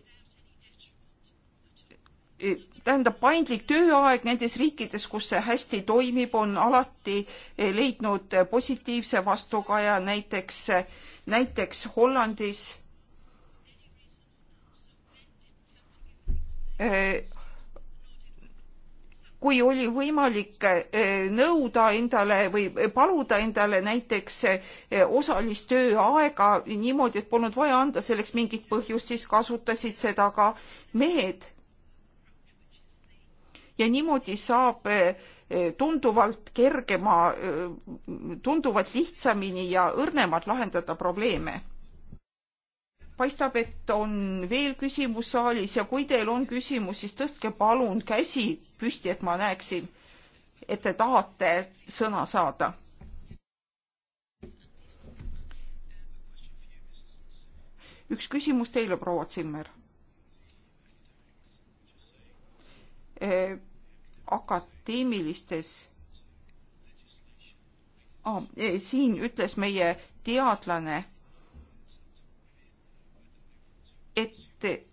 tähendab, paindlik tööaeg nendes riikides, kus see hästi toimib, on alati leidnud positiivse vastukaja, näiteks, näiteks Hollandis kui oli võimalik eh, nõuda endale või eh, paluda endale näiteks eh, osalist tööaega niimoodi, et polnud vaja anda selleks mingit põhjust, siis kasutasid seda ka mehed. ja niimoodi saab tunduvalt kergema, tunduvalt lihtsamini ja õrnemalt lahendada probleeme paistab, et on veel küsimus saalis ja kui teil on küsimus, siis tõstke palun käsi püsti, et ma näeksin, et te tahate sõna saada. üks küsimus teile, proua Zimmer e, akadeemilistes ah, e, siin ütles meie teadlane, et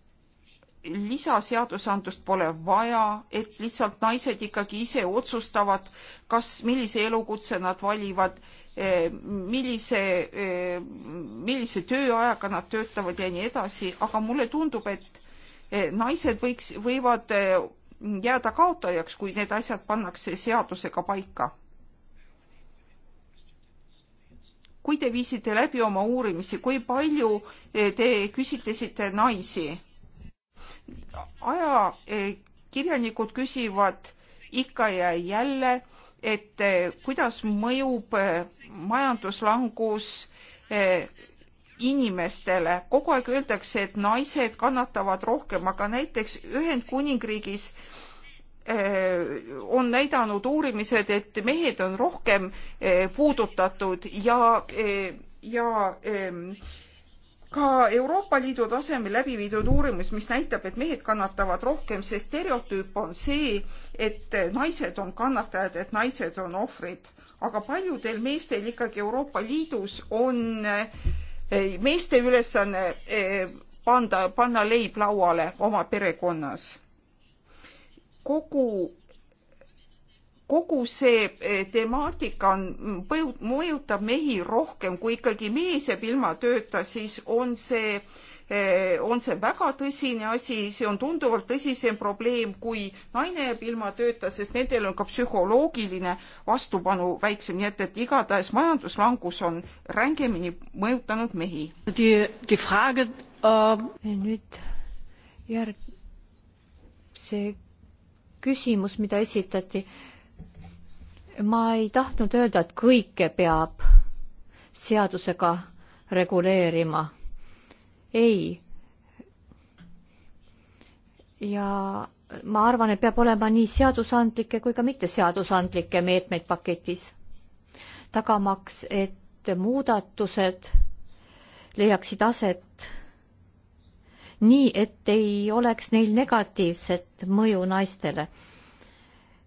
lisaseadusandlust pole vaja, et lihtsalt naised ikkagi ise otsustavad, kas, millise elukutse nad valivad, eh, millise, eh, millise tööajaga nad töötavad ja nii edasi, aga mulle tundub, et eh, naised võiks, võivad jääda kaotajaks, kui need asjad pannakse seadusega paika kui te viisite läbi oma uurimisi, kui palju eh, te küsitlesite naisi? ajakirjanikud eh, küsivad ikka ja jälle, et eh, kuidas mõjub majanduslangus inimestele. kogu aeg öeldakse, et naised kannatavad rohkem, aga näiteks Ühendkuningriigis Äh, on näidanud uurimised, et mehed on rohkem äh, puudutatud ja, äh, ja ähm, ka Euroopa Liidu tasemel läbi viidud uurimus, mis näitab, et mehed kannatavad rohkem, see stereotüüp on see, et naised on kannatajad, et naised on ohvrid. aga paljudel meestel ikkagi Euroopa Liidus on meeste ülesanne panda, panna leib lauale oma perekonnas kogu kogu see eh, temaatika on, mm, mõjutab mehi rohkem, kui ikkagi mees jääb ilma tööta, siis on see, eh, on see väga tõsine asi, see on tunduvalt tõsisem probleem, kui naine jääb ilma tööta, sest nendel on ka psühholoogiline vastupanu väiksem, nii et, et igatahes majanduslangus on rängemini mõjutanud mehi. Äh, nüüd järg, see küsimus, mida esitati. ma ei tahtnud öelda, et kõike peab seadusega reguleerima. ei. ja ma arvan, et peab olema nii seadusandlikke kui ka mitteseadusandlikke meetmeid paketis, tagamaks, et muudatused leiaksid aset nii, et ei oleks neil negatiivset mõju naistele.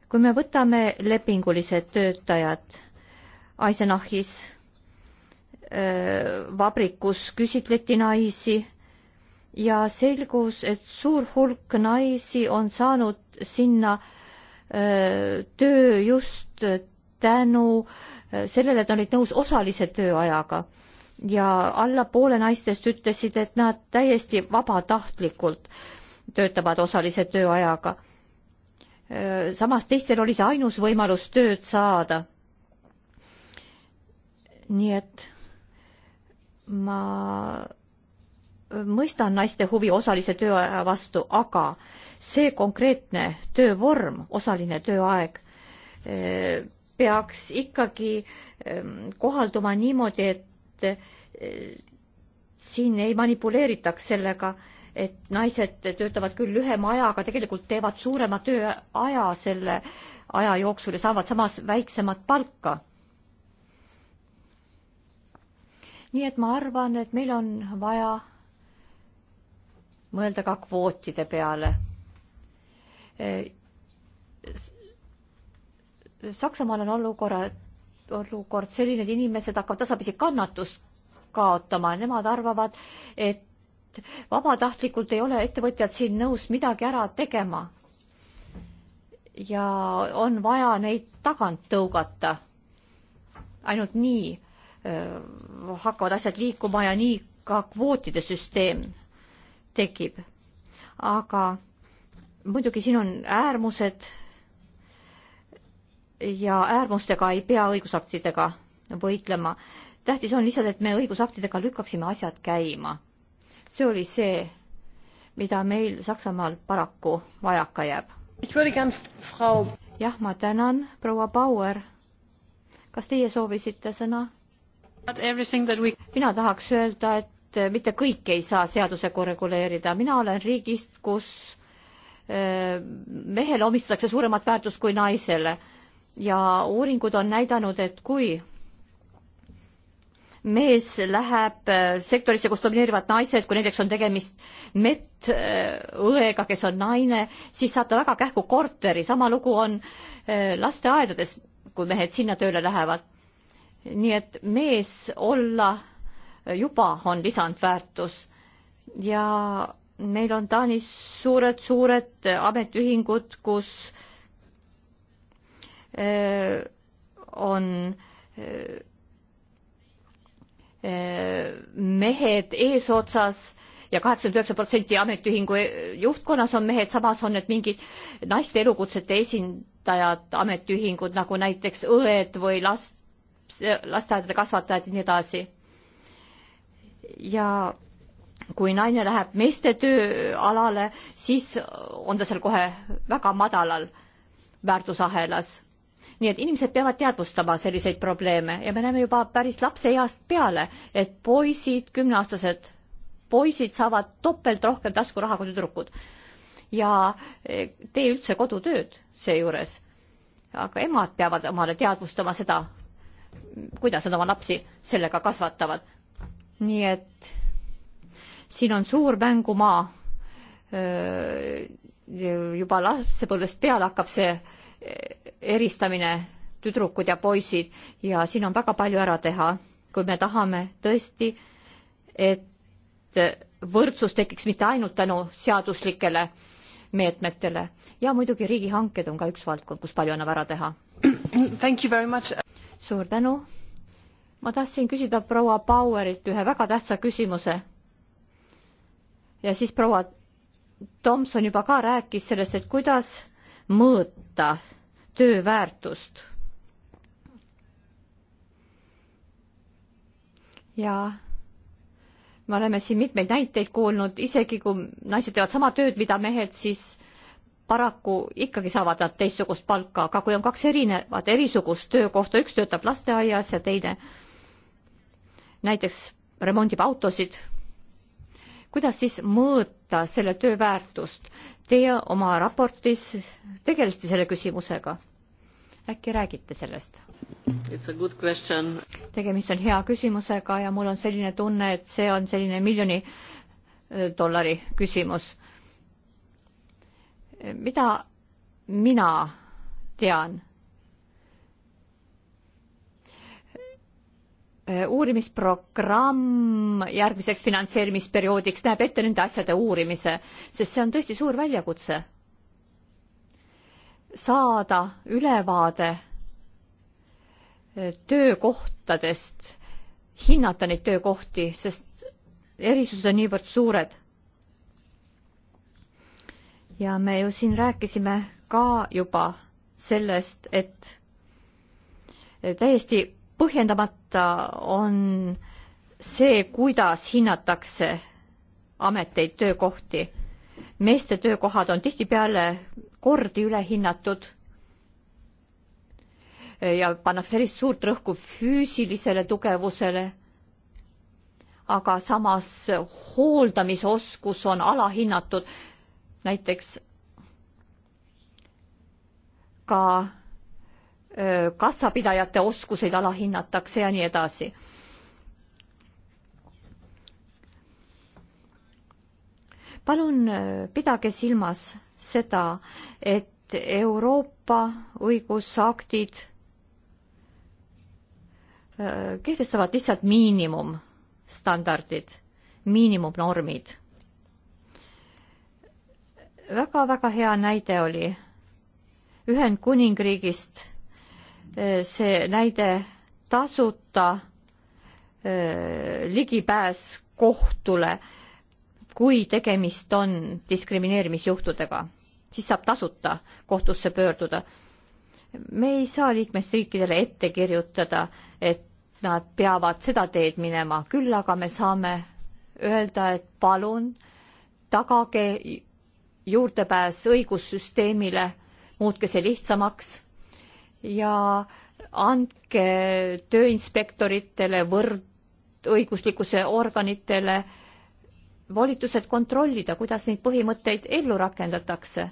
kui me võtame lepingulised töötajad Eisenachis vabrikus küsitleti naisi ja selgus, et suur hulk naisi on saanud sinna öö, töö just tänu sellele, et nad olid nõus osalise tööajaga ja alla poole naistest ütlesid, et nad täiesti vabatahtlikult töötavad osalise tööajaga. samas teistel oli see ainus võimalus tööd saada. nii et ma mõistan naiste huvi osalise tööaja vastu, aga see konkreetne töövorm, osaline tööaeg, eh, peaks ikkagi eh, kohalduma niimoodi, et et eh, siin ei manipuleeritaks sellega, et naised töötavad küll lühema ajaga, tegelikult teevad suurema tööaja selle aja jooksul ja saavad samas väiksemat palka. nii et ma arvan, et meil on vaja mõelda ka kvootide peale. Eh, Saksamaal on olukorrad olukord selline, et inimesed hakkavad tasapisi kannatust kaotama, nemad arvavad, et vabatahtlikult ei ole ettevõtjad siin nõus midagi ära tegema. ja on vaja neid tagant tõugata. ainult nii öö, hakkavad asjad liikuma ja nii ka kvootide süsteem tekib. aga muidugi siin on äärmused ja äärmustega ei pea õigusaktidega võitlema. tähtis on lihtsalt, et me õigusaktidega lükkaksime asjad käima. see oli see, mida meil Saksamaal paraku vajaka jääb. jah, ma tänan, proua Bauer. kas teie soovisite sõna? We... mina tahaks öelda, et äh, mitte kõike ei saa seadusega reguleerida, mina olen riigist, kus äh, mehele omistatakse suuremat väärtust kui naisele ja uuringud on näidanud, et kui mees läheb äh, sektorisse, kus domineerivad naised, kui näiteks on tegemist medõega, äh, kes on naine, siis saab ta väga kähku korteri, sama lugu on äh, lasteaedades, kui mehed sinna tööle lähevad. nii et mees olla juba on lisandväärtus ja meil on Taanis suured-suured ametiühingud, kus on mehed eesotsas ja kaheksakümmend üheksa protsenti ametiühingu juhtkonnas on mehed, samas on need mingid naiste elukutsete esindajad, ametiühingud nagu näiteks õed või last, lasteaedade kasvatajad ja nii edasi. ja kui naine läheb meeste tööalale, siis on ta seal kohe väga madalal väärtusahelas nii et inimesed peavad teadvustama selliseid probleeme ja me näeme juba päris lapseeast peale, et poisid, kümneaastased poisid saavad topelt rohkem taskuraha kui tüdrukud. ja e, tee üldse kodutööd seejuures. aga emad peavad omale teadvustama seda, kuidas nad oma lapsi sellega kasvatavad. nii et siin on suur mängumaa. juba lapsepõlvest peale hakkab see eristamine, tüdrukud ja poisid ja siin on väga palju ära teha, kui me tahame tõesti, et võrdsus tekiks mitte ainult tänu seaduslikele meetmetele ja muidugi riigihanked on ka üks valdkond, kus palju annab ära teha. <clears throat> suur tänu. ma tahtsin küsida proua Bauerilt ühe väga tähtsa küsimuse. ja siis proua Tomson juba ka rääkis sellest, et kuidas mõõta töö väärtust. ja me oleme siin mitmeid näiteid kuulnud, isegi kui naised teevad sama tööd, mida mehed, siis paraku ikkagi saavad nad teistsugust palka, aga kui on kaks erinevat, erisugust töökohta, üks töötab lasteaias ja teine näiteks remondib autosid, kuidas siis mõõta selle töö väärtust? Teie oma raportis tegelesite selle küsimusega. äkki räägite sellest? tegemist on hea küsimusega ja mul on selline tunne, et see on selline miljoni äh, dollari küsimus. mida mina tean Äh, uurimisprogramm järgmiseks finantseerimisperioodiks näeb ette nende asjade uurimise, sest see on tõesti suur väljakutse. saada ülevaade äh, töökohtadest, hinnata neid töökohti, sest erisused on niivõrd suured. ja me ju siin rääkisime ka juba sellest, et äh, täiesti põhjendamata on see, kuidas hinnatakse ameteid, töökohti. meeste töökohad on tihtipeale kordi üle hinnatud ja pannakse sellist suurt rõhku füüsilisele tugevusele. aga samas hooldamisoskus on alahinnatud. näiteks ka kassapidajate oskuseid alahinnatakse ja nii edasi. palun pidage silmas seda, et Euroopa õigusaktid kehtestavad lihtsalt miinimumstandardid, miinimumnormid. väga-väga hea näide oli Ühendkuningriigist Äh, see näide tasuta äh, ligipääs kohtule, kui tegemist on diskrimineerimisjuhtudega, siis saab tasuta kohtusse pöörduda. me ei saa liikmesriikidele ette kirjutada, et nad peavad seda teed minema, küll aga me saame öelda, et palun tagage juurdepääs õigussüsteemile, muutke see lihtsamaks ja andke tööinspektoritele, võrdõiguslikkuse organitele volitused kontrollida, kuidas neid põhimõtteid ellu rakendatakse.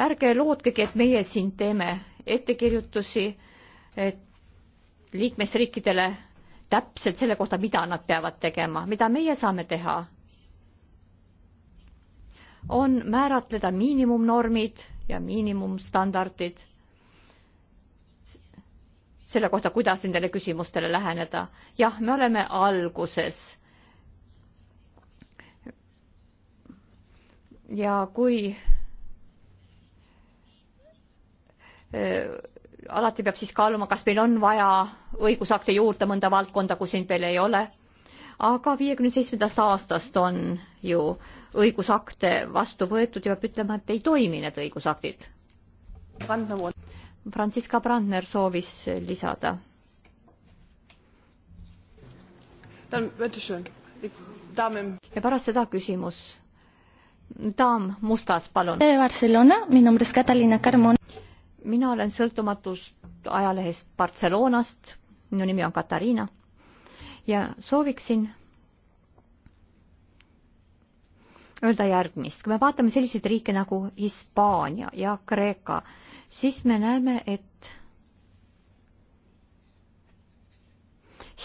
ärge lootkegi, et meie siin teeme ettekirjutusi et liikmesriikidele täpselt selle kohta, mida nad peavad tegema, mida meie saame teha on määratleda miinimumnormid ja miinimumstandardid selle kohta, kuidas nendele küsimustele läheneda. jah, me oleme alguses. ja kui äh, alati peab siis kaaluma, kas meil on vaja õigusakte juurde mõnda valdkonda, kus neid veel ei ole aga viiekümne seitsmendast aastast on ju õigusakte vastu võetud ja peab ütlema, et ei toimi need õigusaktid. Franziska Brandner soovis lisada. ja pärast seda küsimus. daam mustas, palun. Barcelona, minu nimi on Catalina Carmon. mina olen sõltumatust ajalehest Barcelonast, minu nimi on Katariina ja sooviksin öelda järgmist. kui me vaatame selliseid riike nagu Hispaania ja Kreeka, siis me näeme, et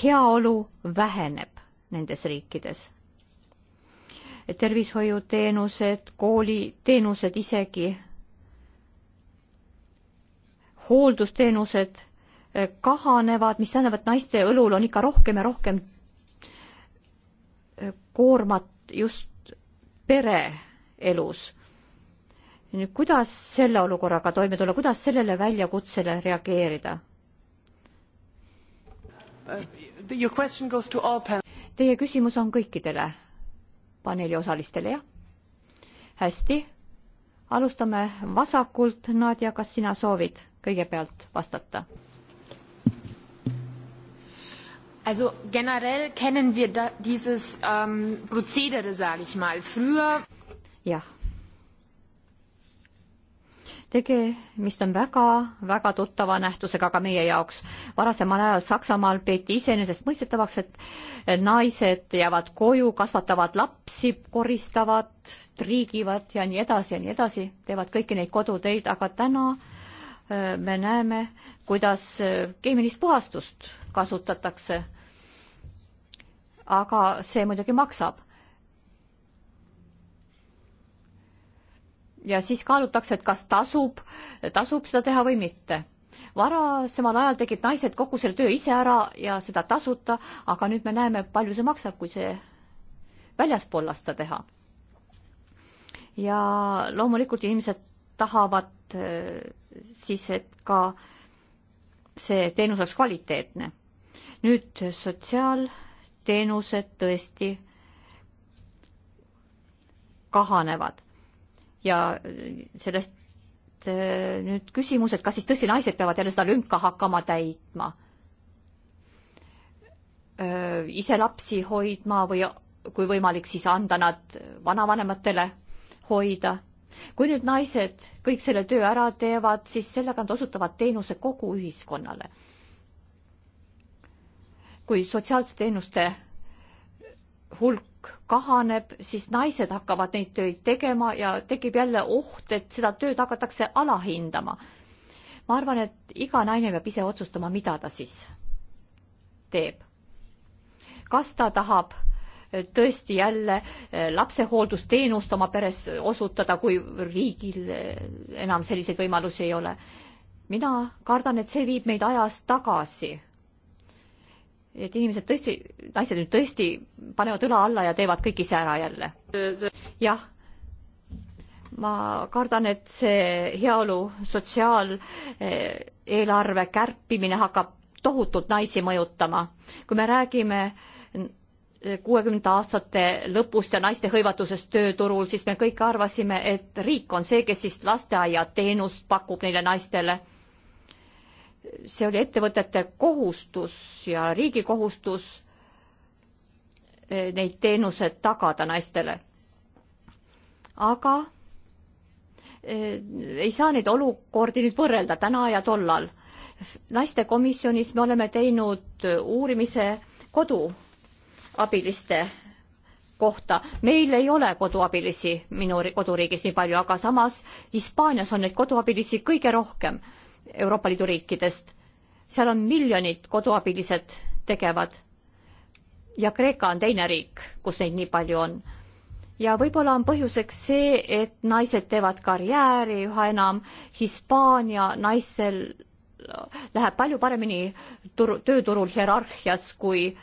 heaolu väheneb nendes riikides. tervishoiuteenused, kooliteenused isegi, hooldusteenused kahanevad, mis tähendab, et naiste õlul on ikka rohkem ja rohkem äh, koormat just pereelus. nüüd kuidas selle olukorraga toime tulla, kuidas sellele väljakutsele reageerida? Uh, Teie küsimus on kõikidele paneeli osalistele, jah? hästi, alustame vasakult, Nadja, kas sina soovid kõigepealt vastata? Also generell kennen wir da dieses ähm, Prozedere, sage ich mal. Früher jah. tegemist on väga-väga tuttava nähtusega ka meie jaoks. varasemal ajal Saksamaal peeti iseenesestmõistetavaks, et naised jäävad koju, kasvatavad lapsi, koristavad, triigivad ja nii edasi ja nii edasi, teevad kõiki neid kodutöid, aga täna äh, me näeme, kuidas äh, keemilist puhastust kasutatakse aga see muidugi maksab. ja siis kaalutakse, et kas tasub, tasub seda teha või mitte varasemal ajal tegid naised kogu selle töö ise ära ja seda tasuta, aga nüüd me näeme, palju see maksab, kui see väljaspool lasta teha. ja loomulikult inimesed tahavad äh, siis, et ka see teenus oleks kvaliteetne. nüüd sotsiaal teenused tõesti kahanevad. ja sellest äh, nüüd küsimus, et kas siis tõesti naised peavad jälle seda lünka hakkama täitma? Äh, ise lapsi hoidma või kui võimalik, siis anda nad vanavanematele hoida. kui nüüd naised kõik selle töö ära teevad, siis sellega nad osutavad teenuse kogu ühiskonnale kui sotsiaalsete teenuste hulk kahaneb, siis naised hakkavad neid töid tegema ja tekib jälle oht, et seda tööd hakatakse alahindama. ma arvan, et iga naine peab ise otsustama, mida ta siis teeb. kas ta tahab tõesti jälle eh, lapsehooldusteenust oma peres osutada, kui riigil eh, enam selliseid võimalusi ei ole. mina kardan, et see viib meid ajas tagasi et inimesed tõesti, naised nüüd tõesti panevad õla alla ja teevad kõik ise ära jälle. jah, ma kardan, et see heaolu sotsiaaleelarve kärpimine hakkab tohutult naisi mõjutama. kui me räägime kuuekümnenda aastate lõpust ja naiste hõivatusest tööturul, siis me kõik arvasime, et riik on see, kes siis lasteaiateenust pakub neile naistele see oli ettevõtete kohustus ja riigi kohustus eh, neid teenused tagada naistele. aga eh, ei saa neid olukordi nüüd võrrelda täna ja tollal. naistekomisjonis me oleme teinud eh, uurimise koduabiliste kohta. meil ei ole koduabilisi minu koduriigis nii palju, aga samas Hispaanias on neid koduabilisi kõige rohkem Euroopa Liidu riikidest. seal on miljonid koduabilised tegevad. ja Kreeka on teine riik, kus neid nii palju on. ja võib-olla on põhjuseks see, et naised teevad karjääri üha enam, Hispaania naistel läheb palju paremini tur-, tööturul hierarhias kui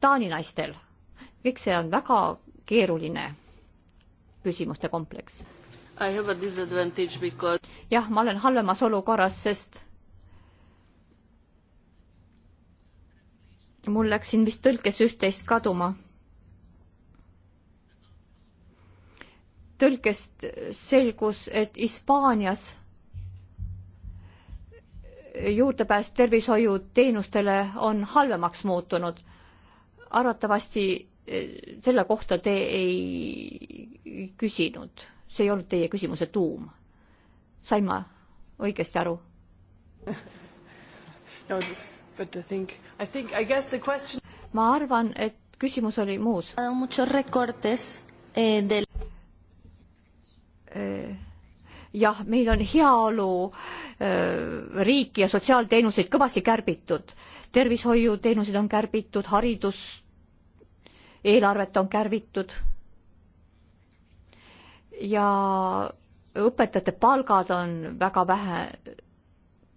Taani naistel. kõik see on väga keeruline küsimuste kompleks Because... jah, ma olen halvemas olukorras, sest mul läks siin vist tõlkes üht-teist kaduma. tõlkest selgus, et Hispaanias juurdepääs tervishoiuteenustele on halvemaks muutunud. arvatavasti eh, selle kohta te ei küsinud see ei olnud teie küsimuse tuum. sain ma õigesti aru <laughs> no,? Question... ma arvan, et küsimus oli muus. Eh, eh, jah, meil on heaolu eh, riiki ja sotsiaalteenuseid kõvasti kärbitud, tervishoiuteenuseid on kärbitud, haridus, eelarvet on kärbitud ja õpetajate palgad on väga vähe,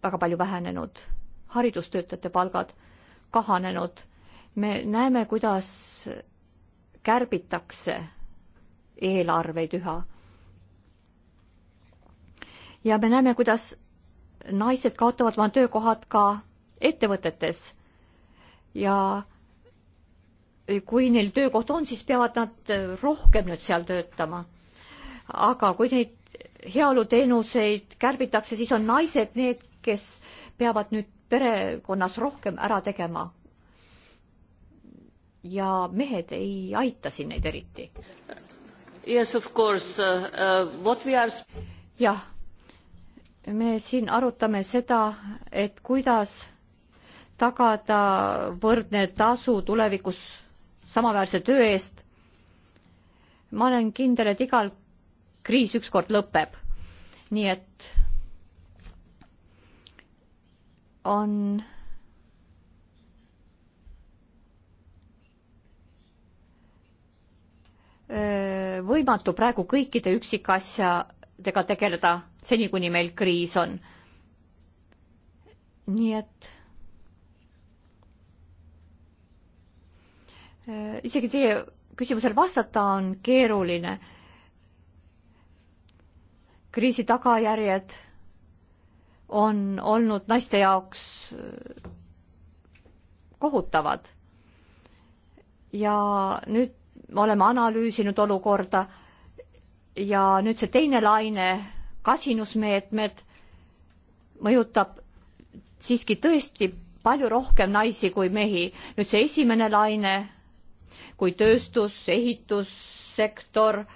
väga palju vähenenud, haridustöötajate palgad kahanenud. me näeme, kuidas kärbitakse eelarveid üha. ja me näeme, kuidas naised kaotavad oma töökohad ka ettevõtetes ja kui neil töökoht on, siis peavad nad rohkem nüüd seal töötama aga kui neid heaoluteenuseid kärbitakse, siis on naised need, kes peavad nüüd perekonnas rohkem ära tegema. ja mehed ei aita siin neid eriti. Yes, of course uh,. uh what we are. jah, me siin arutame seda, et kuidas tagada võrdne tasu tulevikus samaväärse töö eest. ma olen kindel, et igal kriis ükskord lõpeb. nii et on võimatu praegu kõikide üksikasjadega tegeleda seni, kuni meil kriis on. nii et isegi teie küsimusele vastata on keeruline kriisi tagajärjed on olnud naiste jaoks äh, kohutavad. ja nüüd me oleme analüüsinud olukorda ja nüüd see teine laine, kasinusmeetmed, mõjutab siiski tõesti palju rohkem naisi kui mehi. nüüd see esimene laine, kui tööstus, ehitussektor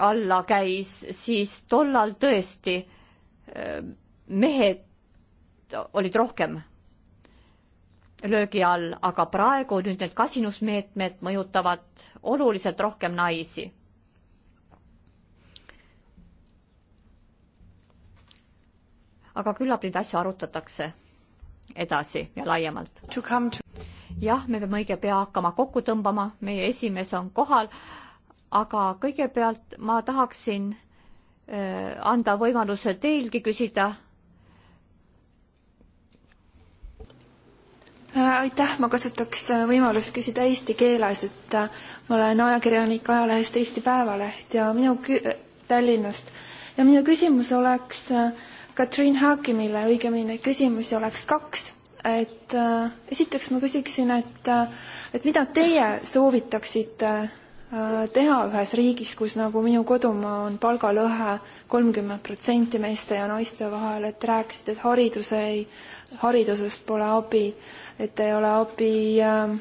alla käis, siis tollal tõesti äh, mehed olid rohkem löögi all, aga praegu nüüd need kasinusmeetmed mõjutavad oluliselt rohkem naisi. aga küllap neid asju arutatakse edasi ja laiemalt. jah, me peame õige pea hakkama kokku tõmbama, meie esimees on kohal aga kõigepealt ma tahaksin äh, anda võimaluse teilgi küsida. Äh, aitäh, ma kasutaks äh, võimalust küsida eesti keeles, et ma olen ajakirjanik ajalehest Eesti Päevaleht ja minu Tallinnast ja minu küsimus oleks Katrin Haakimile, õigemini neid küsimusi oleks kaks et äh, esiteks ma küsiksin, et äh,, et mida teie soovitaksite äh, Äh, teha ühes riigis, kus nagu minu kodumaa on palgalõhe kolmkümmend protsenti meeste ja naiste vahel, et rääkisid, et hariduse ei, haridusest pole abi, et ei ole abi ähm,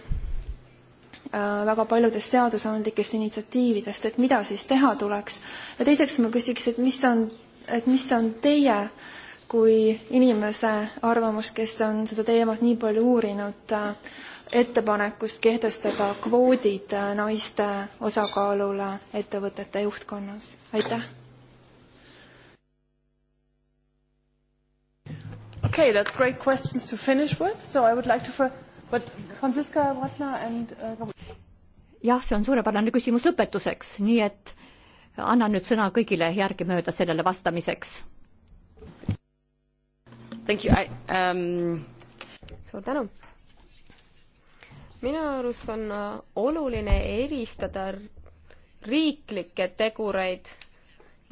äh, väga paljudest seadusandlikest initsiatiividest, et mida siis teha tuleks. ja teiseks ma küsiks, et mis on, et mis on teie kui inimese arvamus, kes on seda teemat nii palju uurinud äh,, ettepanekust kehtestada kvoodid äh, naiste osakaalule ettevõtete juhtkonnas, aitäh. Okay, that's great questions to finish with, so I would like to, but Franziska Ratna and uh, jah, see on suurepärane küsimus lõpetuseks, nii et annan nüüd sõna kõigile järgemööda sellele vastamiseks. Thank you, I um.... suur tänu minu arust on äh, oluline eristada riiklikke tegureid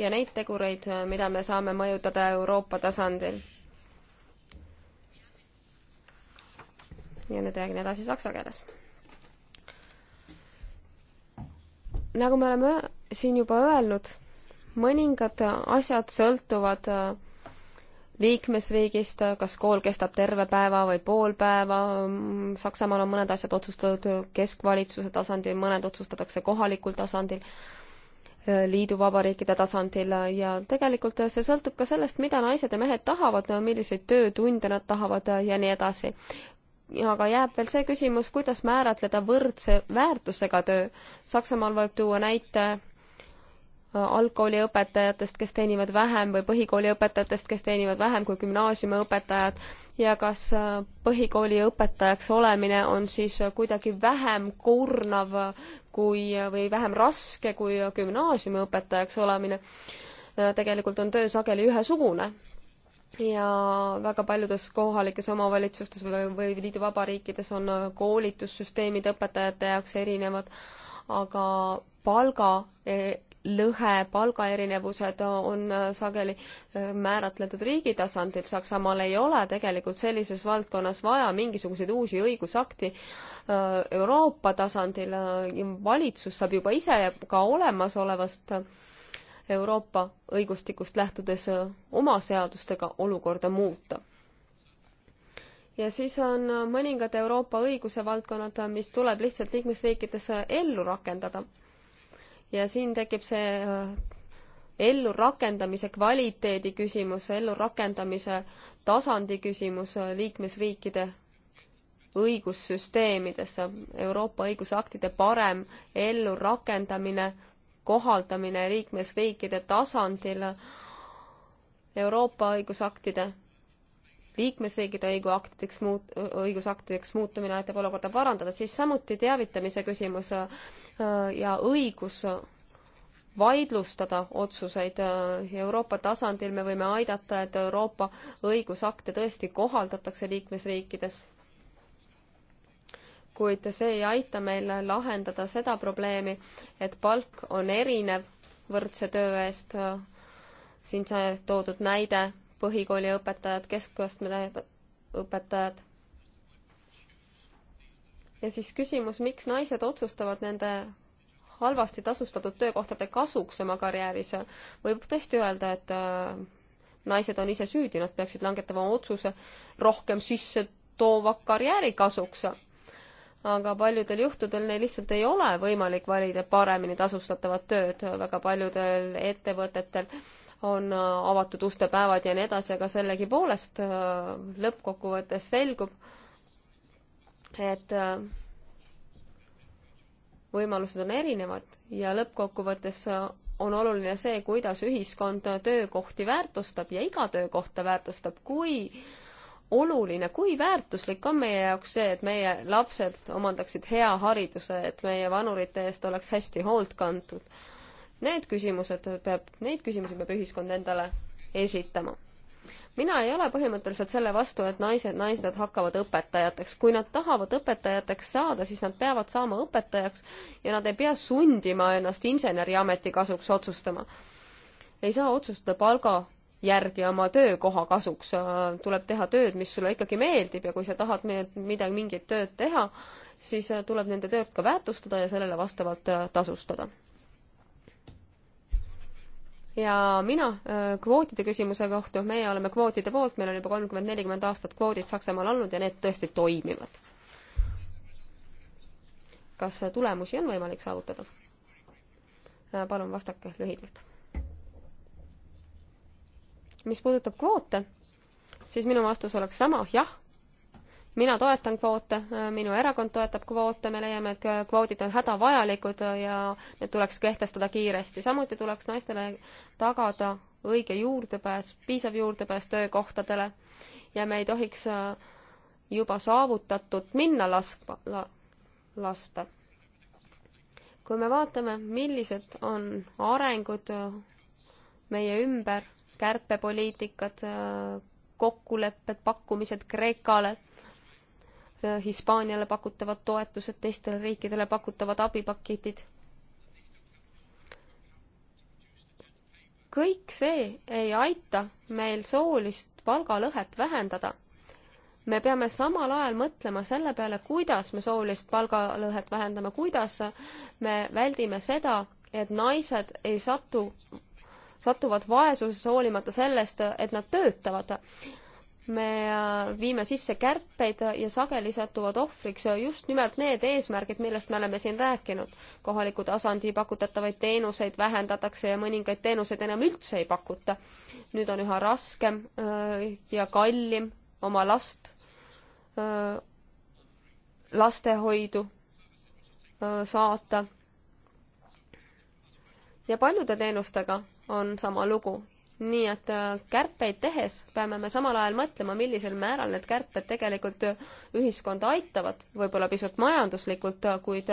ja neid tegureid, äh, mida me saame mõjutada Euroopa tasandil. ja nüüd räägin edasi saksa keeles. nagu me oleme siin juba öelnud, mõningad asjad sõltuvad äh, liikmesriigist, kas kool kestab terve päeva või pool päeva, mm, Saksamaal on mõned asjad otsustatud keskvalitsuse tasandil, mõned otsustatakse kohalikul tasandil, äh, liiduvabariikide tasandil ja tegelikult see sõltub ka sellest, mida naised ja mehed tahavad, milliseid töötunde nad tahavad ja nii edasi. aga jääb veel see küsimus, kuidas määratleda võrdse väärtusega töö. Saksamaal võib tuua näite algkooliõpetajatest, kes teenivad vähem või põhikooliõpetajatest, kes teenivad vähem kui gümnaasiumiõpetajad ja kas äh, põhikooliõpetajaks olemine on siis äh, kuidagi vähem kurnav kui, äh, või vähem raske kui gümnaasiumiõpetajaks olemine. tegelikult on töö sageli ühesugune ja väga paljudes kohalikes omavalitsustes või, või liiduvabariikides on koolitussüsteemid õpetajate jaoks erinevad, aga palga e, lõhe, palgaerinevused on sageli äh, määratletud riigi tasandil, Saksamaal ei ole tegelikult sellises valdkonnas vaja mingisuguseid uusi õigusakti äh, Euroopa tasandil, äh, valitsus saab juba ise ka olemasolevast Euroopa õigustikust lähtudes oma seadustega olukorda muuta ja siis on mõningad Euroopa õiguse valdkonnad, mis tuleb lihtsalt liikmesriikides ellu rakendada ja siin tekib see äh, ellurakendamise kvaliteedi küsimus, ellurakendamise tasandi küsimus äh, liikmesriikide õigussüsteemidesse, Euroopa õigusaktide parem ellurakendamine, kohaldamine liikmesriikide tasandil, Euroopa õigusaktide liikmesriigide õiguaktideks muut-, õigusaktideks muutumine aitab olukorda parandada, siis samuti teavitamise küsimus äh, ja õigus vaidlustada otsuseid äh, Euroopa tasandil, me võime aidata, et Euroopa õigusakte tõesti kohaldatakse liikmesriikides. kuid see ei aita meil lahendada seda probleemi, et palk on erinev võrdse töö eest siin see toodud näide põhikooli õpetajad, keskastme õpetajad. ja siis küsimus, miks naised otsustavad nende halvasti tasustatud töökohtade kasuks oma karjääris, võib tõesti öelda, et äh, naised on ise süüdi, nad peaksid langetama otsuse rohkem sisse toova karjääri kasuks. aga paljudel juhtudel neil lihtsalt ei ole võimalik valida paremini tasustatavat tööd, väga paljudel ettevõtetel on äh, avatud uste päevad ja nii edasi, aga sellegipoolest äh, lõppkokkuvõttes selgub, et äh, võimalused on erinevad ja lõppkokkuvõttes on oluline see, kuidas ühiskond töökohti väärtustab ja iga töökohta väärtustab, kui oluline, kui väärtuslik on meie jaoks see, et meie lapsed omandaksid hea hariduse, et meie vanurite eest oleks hästi hoolt kantud Need küsimused peab, neid küsimusi peab ühiskond endale esitama. mina ei ole põhimõtteliselt selle vastu, et naised, naised hakkavad õpetajateks. kui nad tahavad õpetajateks saada, siis nad peavad saama õpetajaks ja nad ei pea sundima ennast inseneriameti kasuks otsustama. ei saa otsustada palga järgi oma töökoha kasuks, tuleb teha tööd, mis sulle ikkagi meeldib ja kui sa tahad midagi, mingit tööd teha, siis tuleb nende tööd ka väärtustada ja sellele vastavalt tasustada ja mina äh, kvootide küsimuse kohta, meie oleme kvootide poolt, meil on juba kolmkümmend, nelikümmend aastat kvoodid Saksamaal olnud ja need tõesti toimivad. kas äh, tulemusi on võimalik saavutada? Äh, palun vastake lühidalt. mis puudutab kvoote, siis minu vastus oleks sama, jah mina toetan kvoote, minu erakond toetab kvoote, me leiame, et kvoodid on hädavajalikud ja need tuleks kehtestada kiiresti. samuti tuleks naistele tagada õige juurdepääs, piisav juurdepääs töökohtadele ja me ei tohiks äh, juba saavutatut minna laskma la,, lasta. kui me vaatame, millised on arengud äh, meie ümber, kärpepoliitikad, äh, kokkulepped, pakkumised Kreekale, Äh, Hispaaniale pakutavad toetused, teistele riikidele pakutavad abipaketid. kõik see ei aita meil soolist palgalõhet vähendada. me peame samal ajal mõtlema selle peale, kuidas me soolist palgalõhet vähendame, kuidas me väldime seda, et naised ei satu, satuvad vaesusesse hoolimata sellest, et nad töötavad me äh, viime sisse kärpeid ja sageli satuvad ohvriks just nimelt need eesmärgid, millest me oleme siin rääkinud. kohaliku tasandi pakutatavaid teenuseid vähendatakse ja mõningaid teenuseid enam üldse ei pakuta. nüüd on üha raskem äh, ja kallim oma last, äh, lastehoidu saata. ja paljude teenustega on sama lugu nii et äh, kärpeid tehes peame me samal ajal mõtlema, millisel määral need kärped tegelikult äh, ühiskonda aitavad, võib-olla pisut majanduslikult, äh, kuid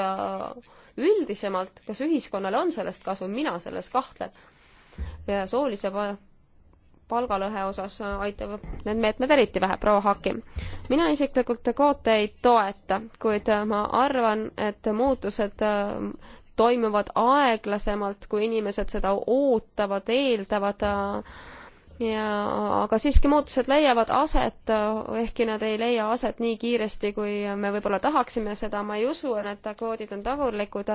üldisemalt, kas ühiskonnale on sellest kasu, mina selles kahtlen. ja soolise palgalõhe osas aitavad need meetmed eriti vähe, proua Hakim. mina isiklikult kvoote ei toeta, kuid ma arvan, et muutused toimuvad aeglasemalt, kui inimesed seda ootavad, eeldavad ja aga siiski muutused leiavad aset, ehkki nad ei leia aset nii kiiresti, kui me võib-olla tahaksime seda, ma ei usu, et kvoodid on tagurlikud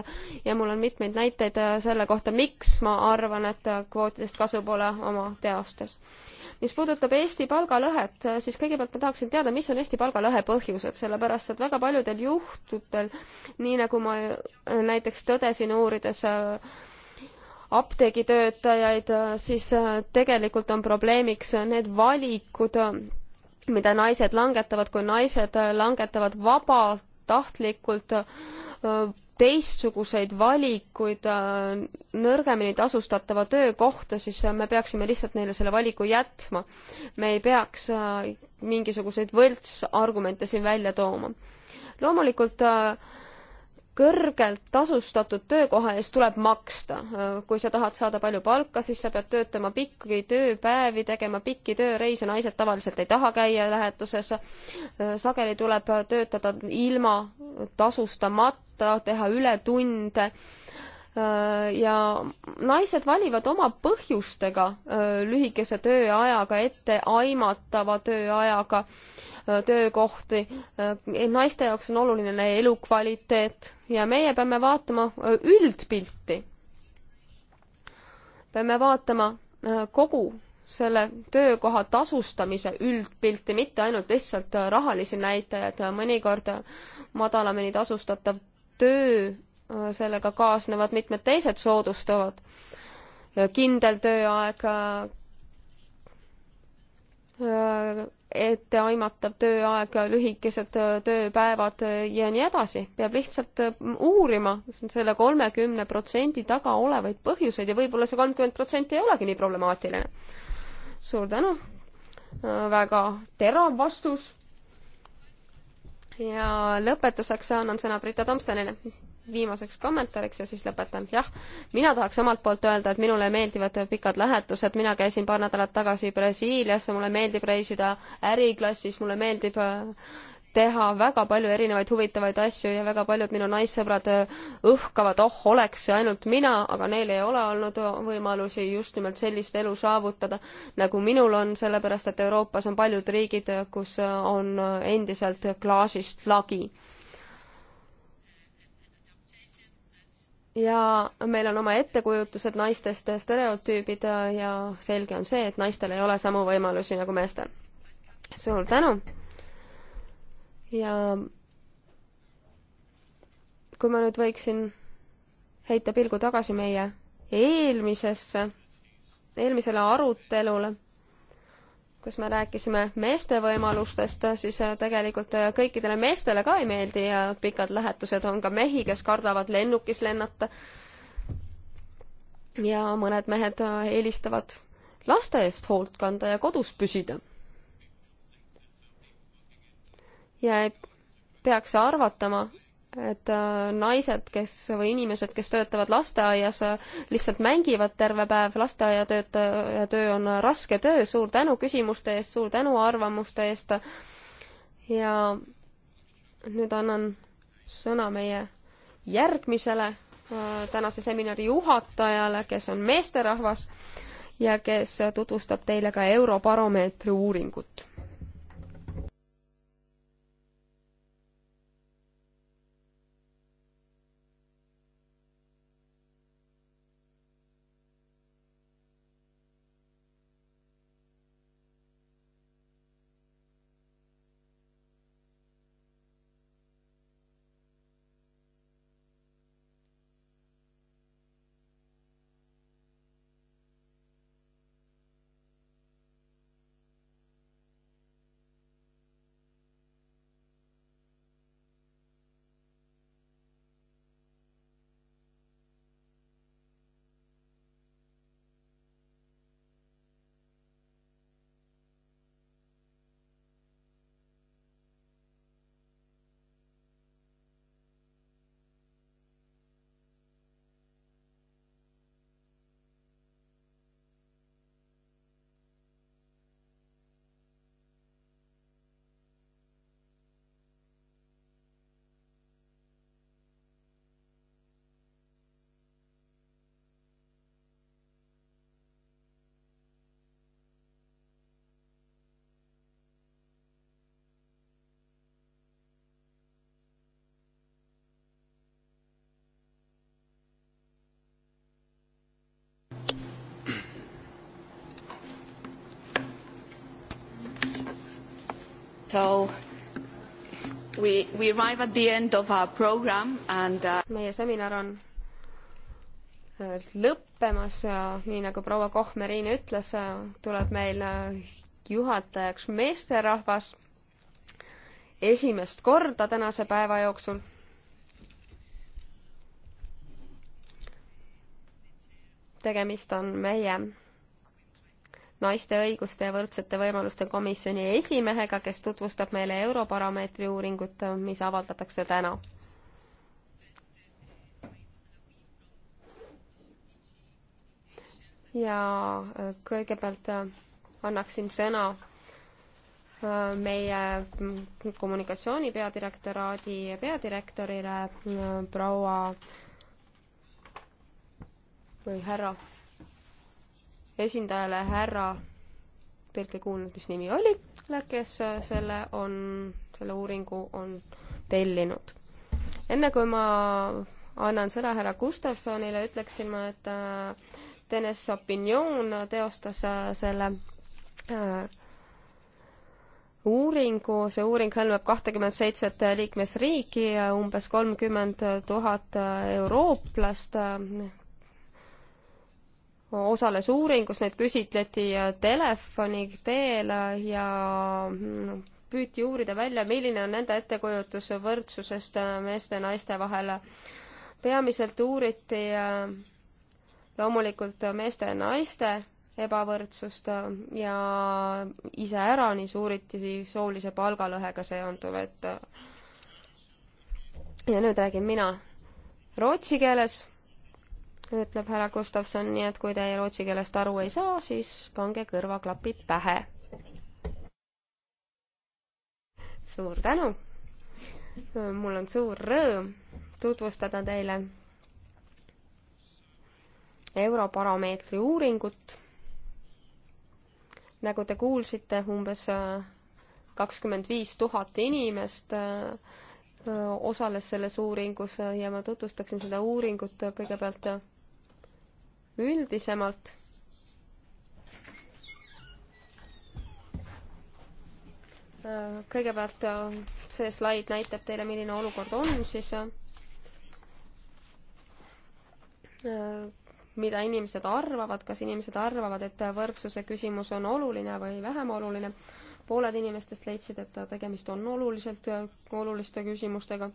ja mul on mitmeid näiteid selle kohta, miks ma arvan, et kvootidest kasu pole oma teostes mis puudutab Eesti palgalõhet, siis kõigepealt ma tahaksin teada, mis on Eesti palgalõhe põhjuseks, sellepärast et väga paljudel juhtudel, nii nagu ma näiteks tõdesin uurides äh, apteegitöötajaid, äh, siis äh, tegelikult on probleemiks need valikud, mida naised langetavad, kui naised langetavad vabatahtlikult teistsuguseid valikuid äh, nõrgemini tasustatava töökohta, siis äh, me peaksime lihtsalt neile selle valiku jätma. me ei peaks äh, mingisuguseid võltsargumente siin välja tooma. loomulikult äh, kõrgelt tasustatud töökoha eest tuleb maksta. kui sa tahad saada palju palka, siis sa pead töötama pikki tööpäevi, tegema pikki tööreise, naised tavaliselt ei taha käia lähetuses. sageli tuleb töötada ilma tasustamata, teha ületunde Äh, ja naised valivad oma põhjustega äh, lühikese tööajaga, etteaimatava tööajaga äh, töökohti. naiste jaoks on oluline elukvaliteet ja meie peame vaatama üldpilti. peame vaatama kogu selle töökoha tasustamise üldpilti, mitte ainult lihtsalt rahalisi näitajaid, mõnikord madalamini tasustatav töö sellega kaasnevad mitmed teised soodustavad. kindel tööaeg, etteaimatav tööaeg, lühikesed tööpäevad ja nii edasi. peab lihtsalt mm, uurima selle kolmekümne protsendi taga olevaid põhjuseid ja võib-olla see kolmkümmend protsenti ei olegi nii problemaatiline. suur tänu, väga terav vastus. ja lõpetuseks annan sõna Brita Tomsonile viimaseks kommentaariks ja siis lõpetan. jah, mina tahaks omalt poolt öelda, et minule meeldivad pikad lähetused, mina käisin paar nädalat tagasi Brasiilias, mulle meeldib reisida äriklassis, mulle meeldib äh, teha väga palju erinevaid huvitavaid asju ja väga paljud minu naissõbrad äh, õhkavad, oh, oleks see ainult mina, aga neil ei ole olnud võimalusi just nimelt sellist elu saavutada, nagu minul on, sellepärast et Euroopas on paljud riigid, kus on äh, endiselt klaasist lagi ja meil on oma ettekujutused naistest, stereotüübid ja selge on see, et naistel ei ole samu võimalusi nagu meestel. suur tänu ja kui ma nüüd võiksin heita pilgu tagasi meie eelmisesse, eelmisele arutelule kus me rääkisime meeste võimalustest, siis äh, tegelikult äh, kõikidele meestele ka ei meeldi ja pikad lähetused on ka mehi, kes kardavad lennukis lennata. ja mõned mehed äh, eelistavad laste eest hoolt kanda ja kodus püsida. ja ei peaks arvatama, et äh, naised, kes või inimesed, kes töötavad lasteaias, äh, lihtsalt mängivad terve päev, lasteaiatöötaja töö on äh, raske töö, suur tänu küsimuste eest, suur tänu arvamuste eest. ja nüüd annan sõna meie järgmisele tänase seminari juhatajale, kes on meesterahvas ja kes tutvustab teile ka Eurobaromeetri uuringut So we, we arrive at the end of our program and uh... meie seminar on äh, lõppemas ja nii nagu proua Kohmeriin ütles, äh, tuleb meil äh, juhatajaks meesterahvas esimest korda tänase päeva jooksul. tegemist on meie naiste õiguste ja võrdsete võimaluste komisjoni esimehega, kes tutvustab meile Europarameetri uuringut, mis avaldatakse täna. ja äh, kõigepealt äh, annaksin sõna äh, meie mm, kommunikatsiooni peadirektoraadi peadirektorile proua või härra esindajale härra, tõlke kuulnud, mis nimi oli, kes selle on, selle uuringu on tellinud. enne kui ma annan sõna härra Gustavsonile, ütleksin ma, et Tenes äh, Opinion teostas äh, selle äh, uuringu, see uuring hõlmab kahtekümmet seitset liikmesriiki ja umbes kolmkümmend tuhat äh, eurooplast osales uuringus, neid küsitleti telefoni teel ja mm, püüti uurida välja, milline on nende ettekujutus võrdsusest meeste ja naiste vahel. peamiselt uuriti äh, loomulikult meeste ja naiste ebavõrdsust äh, ja iseäranis uuriti soolise palgalõhega seonduvat. Äh, ja nüüd räägin mina rootsi keeles ütleb härra Gustavson, nii et kui teie rootsi keelest aru ei saa, siis pange kõrvaklapid pähe. suur tänu! mul on suur rõõm tutvustada teile Eurobaromeetri uuringut. nagu te kuulsite, umbes äh, kakskümmend viis tuhat inimest äh, osales selles uuringus ja ma tutvustaksin seda uuringut kõigepealt äh, üldisemalt kõigepealt see slaid näitab teile, milline olukord on siis, mida inimesed arvavad, kas inimesed arvavad, et võrdsuse küsimus on oluline või vähem oluline. pooled inimestest leidsid, et tegemist on oluliselt, oluliste küsimustega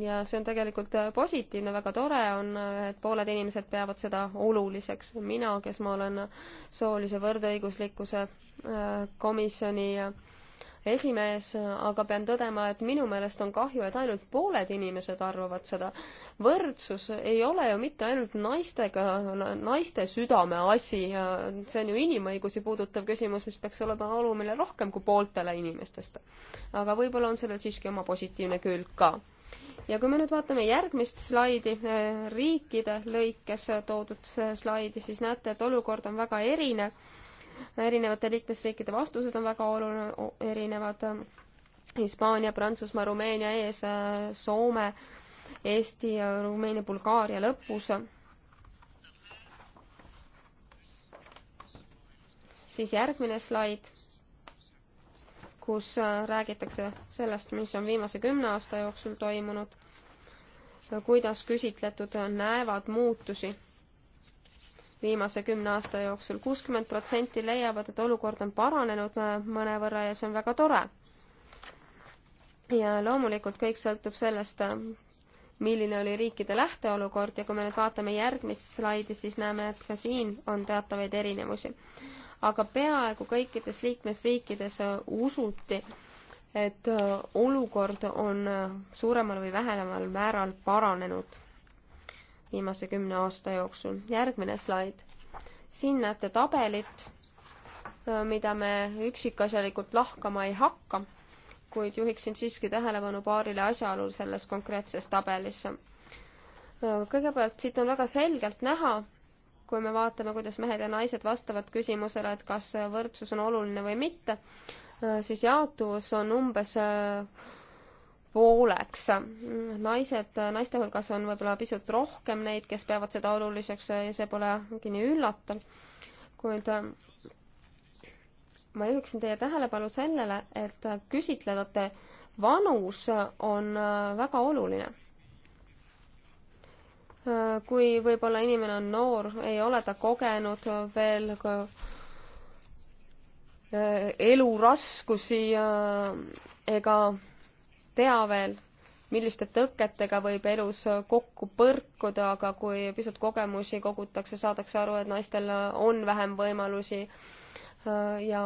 ja see on tegelikult äh, positiivne, väga tore on, äh, et pooled inimesed peavad seda oluliseks. mina, kes ma olen soolise võrdõiguslikkuse äh, komisjoni esimees, aga pean tõdema, et minu meelest on kahju, et ainult pooled inimesed arvavad seda. võrdsus ei ole ju mitte ainult naistega, naiste südame asi ja see on ju inimõigusi puudutav küsimus, mis peaks olema olumine rohkem kui pooltele inimestest. aga võib-olla on sellel siiski oma positiivne külg ka ja kui me nüüd vaatame järgmist slaidi, eh, riikide lõikes toodud eh, slaidi, siis näete, et olukord on väga erinev. erinevate liikmesriikide vastused on väga oluline, erinevad. Hispaania, Prantsusmaa, Rumeenia ees, eh, Soome, Eesti ja Rumeenia, Bulgaaria lõpus. siis järgmine slaid kus äh, räägitakse sellest, mis on viimase kümne aasta jooksul toimunud, kuidas küsitletud näevad muutusi viimase kümne aasta jooksul. kuuskümmend protsenti leiavad, et olukord on paranenud äh, mõnevõrra ja see on väga tore. ja loomulikult kõik sõltub sellest, äh, milline oli riikide lähteolukord ja kui me nüüd vaatame järgmist slaidi, siis näeme, et ka siin on teatavaid erinevusi aga peaaegu kõikides liikmesriikides äh, usuti, et äh, olukord on äh, suuremal või vähenemal määral paranenud viimase kümne aasta jooksul. järgmine slaid. siin näete tabelit, mida me üksikasjalikult lahkama ei hakka, kuid juhiksin siiski tähelepanu paarile asjaolul selles konkreetses tabelis. kõigepealt siit on väga selgelt näha, kui me vaatame, kuidas mehed ja naised vastavad küsimusele, et kas võrdsus on oluline või mitte, siis jaotuvus on umbes äh, pooleks. naised, naiste hulgas on võib-olla pisut rohkem neid, kes peavad seda oluliseks ja see polegi nii üllatav, kuid äh, ma juhiksin teie tähelepanu sellele, et äh, küsitlevate vanus on väga oluline kui võib-olla inimene on noor, ei ole ta kogenud veel äh, elu raskusi ega tea veel, milliste tõketega võib elus kokku põrkuda, aga kui pisut kogemusi kogutakse, saadakse aru, et naistel on vähem võimalusi äh, ja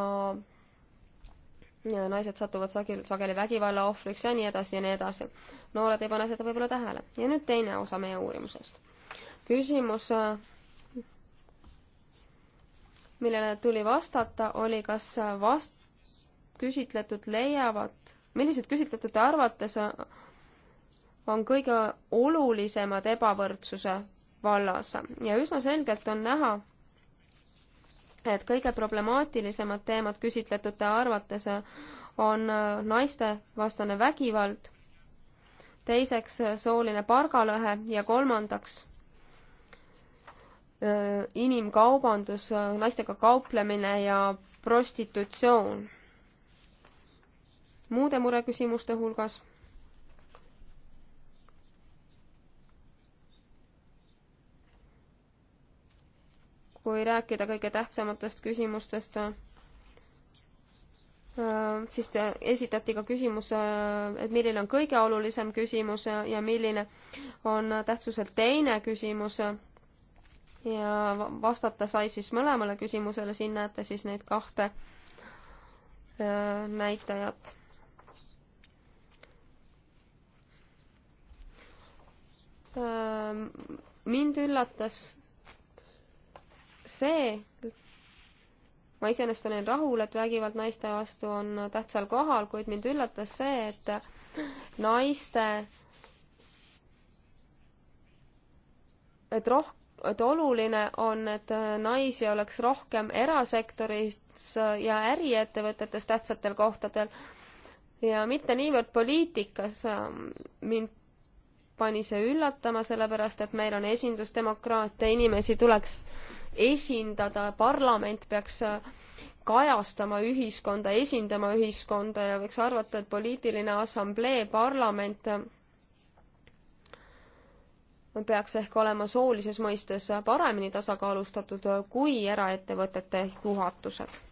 naised satuvad sageli, sageli vägivalla ohvriks ja nii edasi ja nii edasi. noored ei pane seda võib-olla tähele. ja nüüd teine osa meie uurimusest. küsimus, äh, millele tuli vastata, oli kas äh, vast-, küsitletud leiavad, millised küsitletute arvates äh, on kõige olulisemad ebavõrdsuse vallas ja üsna selgelt on näha, et kõige problemaatilisemad teemad küsitletute arvates on äh, naistevastane vägivald, teiseks äh, sooline palgalõhe ja kolmandaks äh, inimkaubandus, naistega kauplemine ja prostitutsioon. muude mureküsimuste hulgas kui rääkida kõige tähtsamatest küsimustest, äh, siis esitati ka küsimus, äh, et milline on kõige olulisem küsimus ja milline on tähtsuselt teine küsimus. ja vastata sai siis mõlemale küsimusele, siin näete siis neid kahte äh, näitajat mind üllatas see, ma iseenesest olin rahul, et vägivald naiste vastu on tähtsal kohal, kuid mind üllatas see, et naiste, et roh-, et oluline on, et naisi oleks rohkem erasektoris ja äriettevõtetes tähtsatel kohtadel ja mitte niivõrd poliitikas. mind pani see üllatama, sellepärast et meil on esindusdemokraatia, inimesi tuleks esindada, parlament peaks äh, kajastama ühiskonda, esindama ühiskonda ja võiks arvata, et poliitiline assamblee, parlament äh, peaks ehk olema soolises mõistes paremini tasakaalustatud kui eraettevõtete juhatused.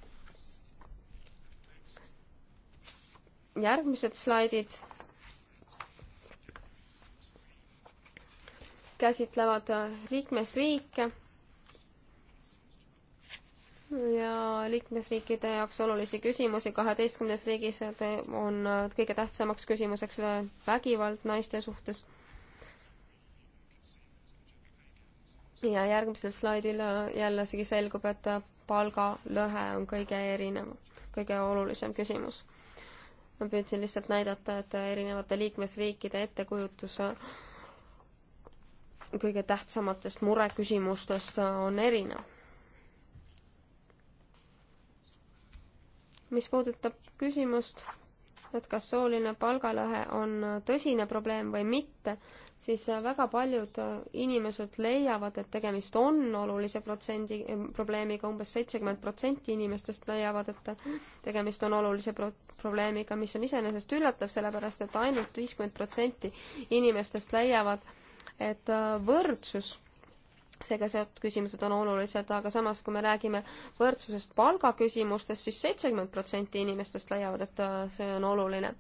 järgmised slaidid käsitlevad äh, liikmesriike ja liikmesriikide jaoks olulisi küsimusi kaheteistkümnes riigis on kõige tähtsamaks küsimuseks vägivald naiste suhtes. ja järgmisel slaidil äh, jällegi selgub, et palgalõhe on kõige erinev, kõige olulisem küsimus. ma püüdsin lihtsalt näidata, et erinevate liikmesriikide ettekujutus äh, kõige tähtsamatest mureküsimustest äh, on erinev mis puudutab küsimust, et kas sooline palgalõhe on tõsine probleem või mitte, siis väga paljud inimesed leiavad, et tegemist on olulise protsendi, eh, probleemiga umbes, umbes seitsekümmend protsenti inimestest leiavad, et tegemist on olulise pro-, probleemiga, mis on iseenesest üllatav, sellepärast et ainult viiskümmend protsenti inimestest leiavad, et võrdsus seega seotud küsimused on olulised, aga samas, kui me räägime võrdsusest palgaküsimustest siis, siis seitsekümmend protsenti inimestest leiavad, et äh, see on oluline.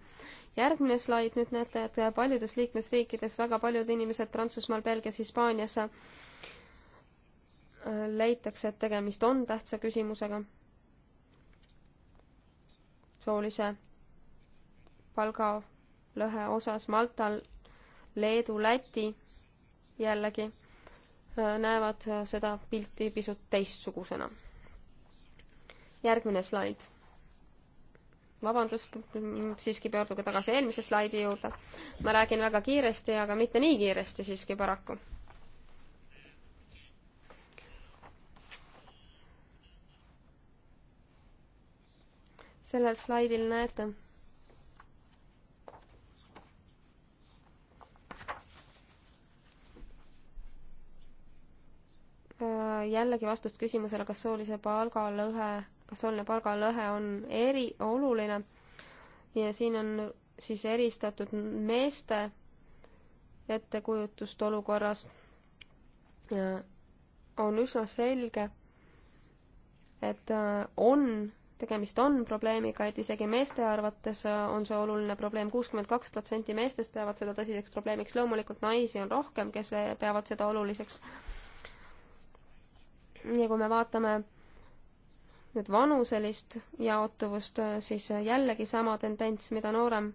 järgmine slaid, nüüd näete, et paljudes liikmesriikides väga paljud inimesed Prantsusmaal, Belgias, Hispaanias äh, leitakse, et tegemist on tähtsa küsimusega, soolise palgalõhe osas Maltal, Leedu, Läti jällegi näevad seda pilti pisut teistsugusena. järgmine slaid. vabandust, siiski pöörduge tagasi eelmise slaidi juurde. ma räägin väga kiiresti, aga mitte nii kiiresti siiski paraku. sellel slaidil näete Äh, jällegi vastust küsimusele, kas soolise palgalõhe, kas sooline palgalõhe on eri, oluline ja siin on siis eristatud meeste ettekujutust olukorrast ja on üsna selge, et äh, on, tegemist on probleemiga, et isegi meeste arvates äh, on see oluline probleem, kuuskümmend kaks protsenti meestest peavad seda tõsiseks probleemiks, loomulikult naisi on rohkem, kes peavad seda oluliseks ja kui me vaatame nüüd vanuselist jaotuvust, siis jällegi sama tendents, mida noorem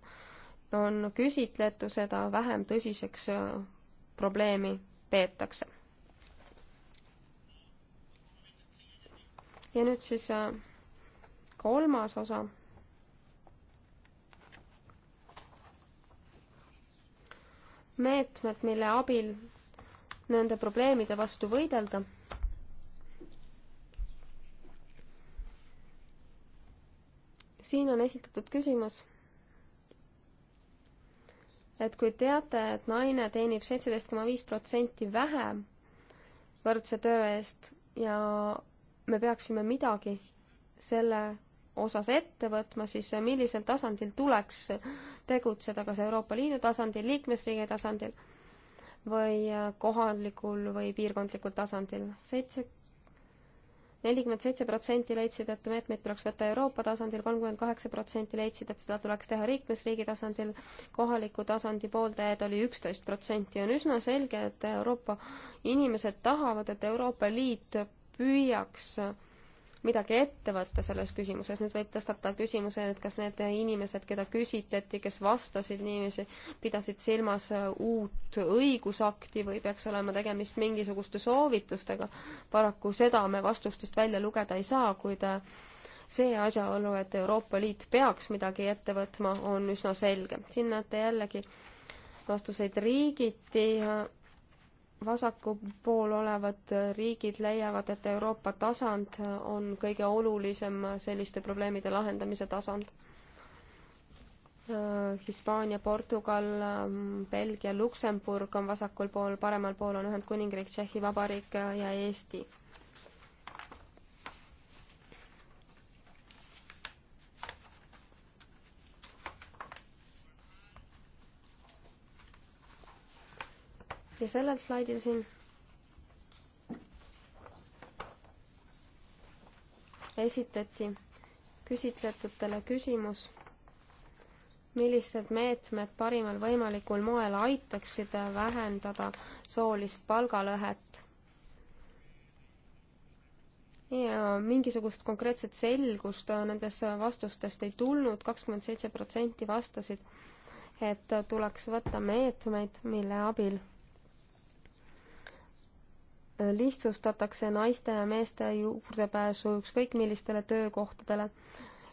on küsitletu, seda vähem tõsiseks probleemi peetakse. ja nüüd siis äh, kolmas osa. meetmed, mille abil nende probleemide vastu võidelda siin on esitatud küsimus, et kui teate, et naine teenib seitseteist koma viis protsenti vähem võrdse töö eest ja me peaksime midagi selle osas ette võtma, siis millisel tasandil tuleks tegutseda, kas Euroopa Liidu tasandil, liikmesriigi tasandil või kohalikul või piirkondlikul tasandil. seitse nelikümmend seitse protsenti leidsid, et meetmeid tuleks võtta Euroopa tasandil, kolmkümmend kaheksa protsenti leidsid, et seda tuleks teha liikmesriigi tasandil, kohaliku tasandi pooldajaid oli üksteist protsenti. on üsna selge, et Euroopa inimesed tahavad, et Euroopa Liit püüaks midagi ette võtta selles küsimuses. nüüd võib tõstata küsimuse, et kas need inimesed, keda küsitleti, kes vastasid niiviisi, pidasid silmas äh, uut õigusakti või peaks olema tegemist mingisuguste soovitustega. paraku seda me vastustest välja lugeda ei saa, kuid äh, see asjaolu, et Euroopa Liit peaks midagi ette võtma, on üsna selge. siin näete jällegi vastuseid riigiti äh, vasakul pool olevad riigid leiavad, et Euroopa tasand on kõige olulisem selliste probleemide lahendamise tasand. Hispaania, Portugal, Belgia, Luksemburg on vasakul pool, paremal pool on Ühendkuningriik, Tšehhi Vabariik ja Eesti. ja sellel slaidil siin esitati küsitletutele küsimus, millised meetmed parimal võimalikul moel aitaksid vähendada soolist palgalõhet. ja mingisugust konkreetset selgust nendes vastustest ei tulnud, kakskümmend seitse protsenti vastasid, et tuleks võtta meetmeid, mille abil lihtsustatakse naiste ja meeste juurdepääsu ükskõik millistele töökohtadele.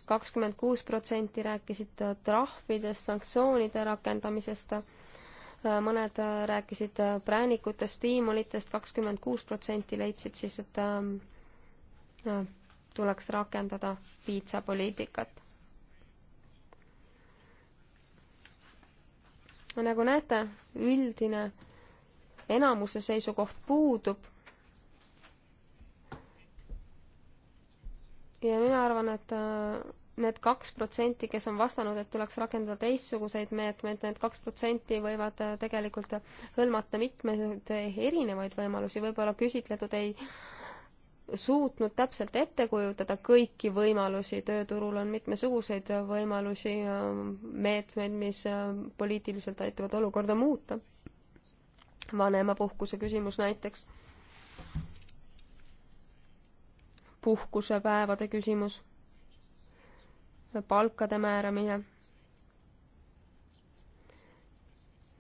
kakskümmend kuus protsenti rääkisid trahvidest, sanktsioonide rakendamisest, mõned rääkisid präänikutest, stiimulitest, kakskümmend kuus protsenti leidsid siis, et ähm, tuleks rakendada piitsapoliitikat nagu näete, üldine enamuse seisukoht puudub ja mina arvan, et äh, need kaks protsenti, kes on vastanud, et tuleks rakendada teistsuguseid meetmeid, need kaks protsenti võivad äh, tegelikult hõlmata mitmeid erinevaid võimalusi, võib-olla küsitletud ei suutnud täpselt ette kujutada kõiki võimalusi, tööturul on mitmesuguseid võimalusi, äh, meetmeid, mis poliitiliselt aitavad olukorda muuta. vanemapuhkuse küsimus näiteks puhkusepäevade küsimus, palkade määramine.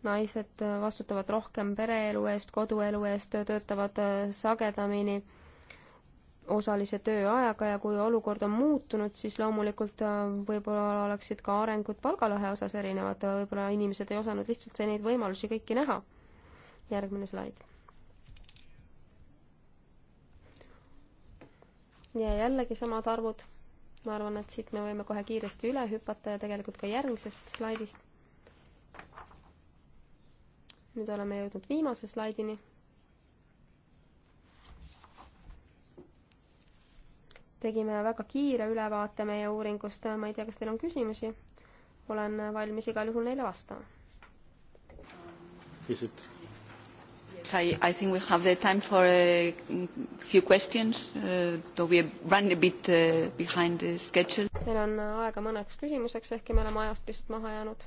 naised vastutavad rohkem pereelu eest, koduelu eest, töötavad äh, sagedamini osalise tööajaga ja kui olukord on muutunud, siis loomulikult äh, võib-olla oleksid ka arengud palgalõhe osas erinevad, äh, võib-olla inimesed ei osanud lihtsalt neid võimalusi kõiki näha. järgmine slaid ja jällegi samad arvud. ma arvan, et siit me võime kohe kiiresti üle hüpata ja tegelikult ka järgmisest slaidist. nüüd oleme jõudnud viimase slaidini. tegime väga kiire ülevaate meie uuringust, ma ei tea, kas teil on küsimusi? olen valmis igal juhul neile vastama. Is it colleagues, I, I think we have the time for a mm, few questions, uh, though we run a bit uh, behind the schedule. Meil on aega mõneks küsimuseks, ehkki me oleme ajast pisut maha jäänud.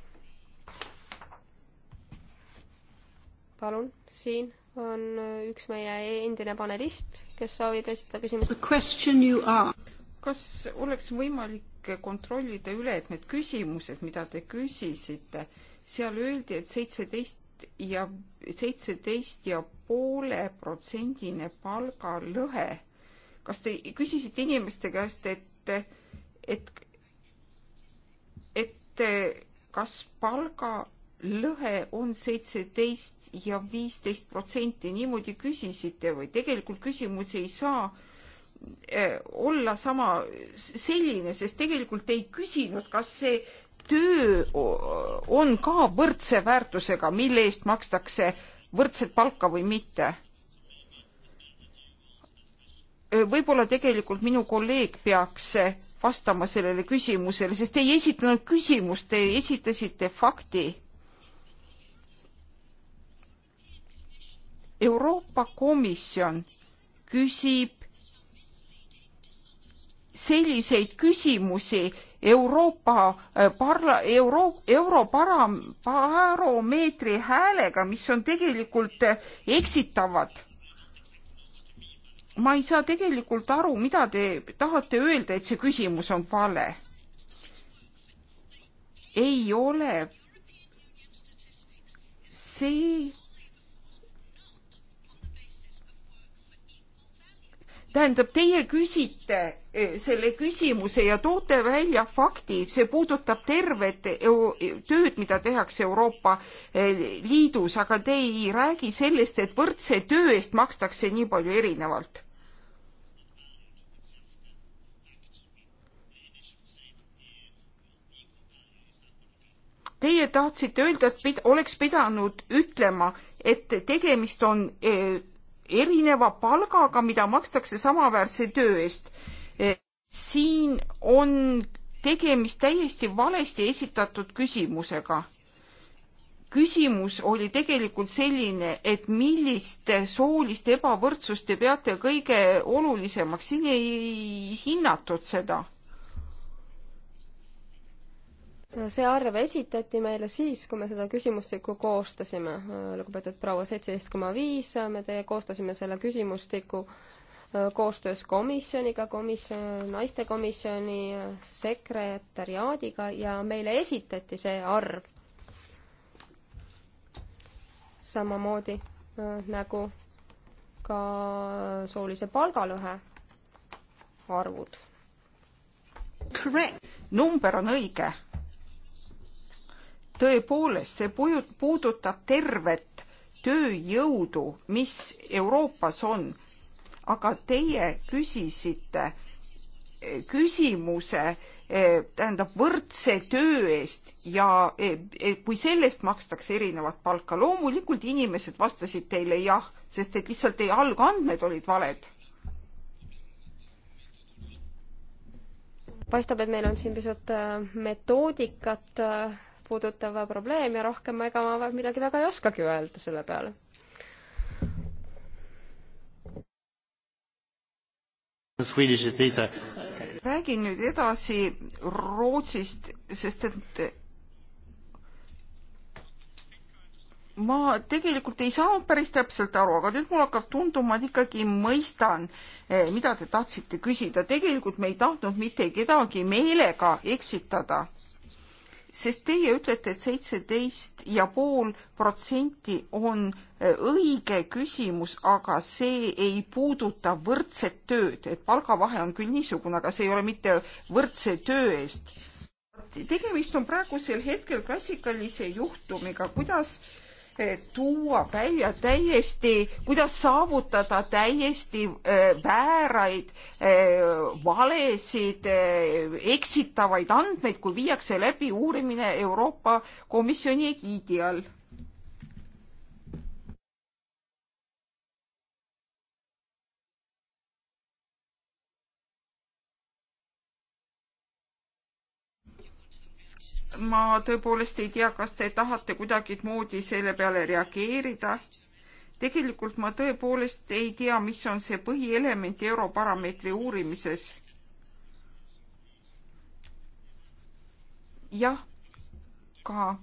Palun, siin on äh, üks meie e-, endine panelist, kes soovib esitada küsimust. The question you are. Kas oleks võimalik natuke kontrollida üle, et need küsimused, mida te küsisite, seal öeldi, et seitseteist tuhat ja seitseteist ja poole protsendine palgalõhe. kas te küsisite inimeste käest, et, et, et kas palgalõhe on seitseteist ja viisteist protsenti, niimoodi küsisite või tegelikult küsimus ei saa eh, olla sama selline, sest tegelikult ei küsinud, kas see töö on ka võrdse väärtusega, mille eest makstakse võrdset palka või mitte. võib-olla tegelikult minu kolleeg peaks vastama sellele küsimusele, sest te ei esitanud küsimust, te esitasite fakti. Euroopa Komisjon küsib selliseid küsimusi Euroopa eh, parla-, euro, eurobaromeetri häälega, mis on tegelikult eh, eksitavad. ma ei saa tegelikult aru, mida te tahate öelda, et see küsimus on vale. ei ole see tähendab, teie küsite eh, selle küsimuse ja toote välja fakti, see puudutab tervet tööd, mida tehakse Euroopa eh, Liidus, aga te ei räägi sellest, et võrdse töö eest makstakse nii palju erinevalt. Teie tahtsite öelda, et pid, oleks pidanud ütlema, et tegemist on öö, eh, erineva palgaga, mida makstakse samaväärse töö eest. E, siin on tegemist täiesti valesti esitatud küsimusega. küsimus oli tegelikult selline, et millist soolist ebavõrdsust te peate kõige olulisemaks, siin ei hinnatud seda see arv esitati meile siis, kui me seda küsimustikku koostasime, lugupeetud proua, seitseteist koma viis, me teie koostasime selle küsimustiku äh, koostöös komisjoniga, komisjon, naistekomisjoni äh, sekretäriaadiga ja meile esitati see arv. samamoodi äh, nagu ka soolise palgalõhe arvud. number on õige tõepoolest, see puudutab tervet tööjõudu, mis Euroopas on. aga teie küsisite eh, küsimuse, eh, tähendab võrdse töö eest ja eh, kui selle eest makstakse erinevat palka, loomulikult inimesed vastasid teile jah, sest et lihtsalt teie algandmed olid valed. paistab, et meil on siin pisut metoodikat puudutav probleem ja rohkem ega ma midagi väga ei oskagi öelda selle peale. räägin nüüd edasi Rootsist, sest et ma tegelikult ei saanud päris täpselt aru, aga nüüd mul hakkab tunduma, et ikkagi mõistan, eh, mida te tahtsite küsida. tegelikult me ei tahtnud mitte kedagi meelega eksitada sest teie ütlete et, et seitseteist ja pool protsenti on e, õige küsimus, aga see ei puuduta võrdset tööd, et palgavahe on küll niisugune, aga see ei ole mitte võrdse töö eest. tegemist on praegusel hetkel klassikalise juhtumiga, kuidas Eh, tuua välja täiesti, kuidas saavutada täiesti eh, vääraid eh, valesid, eksitavaid andmeid, kui viiakse läbi uurimine Euroopa Komisjoni egiidi all ma tõepoolest ei tea, kas te tahate kuidagimoodi selle peale reageerida. tegelikult ma tõepoolest ei tea, mis on see põhielement Europarameetri uurimises. jah, ka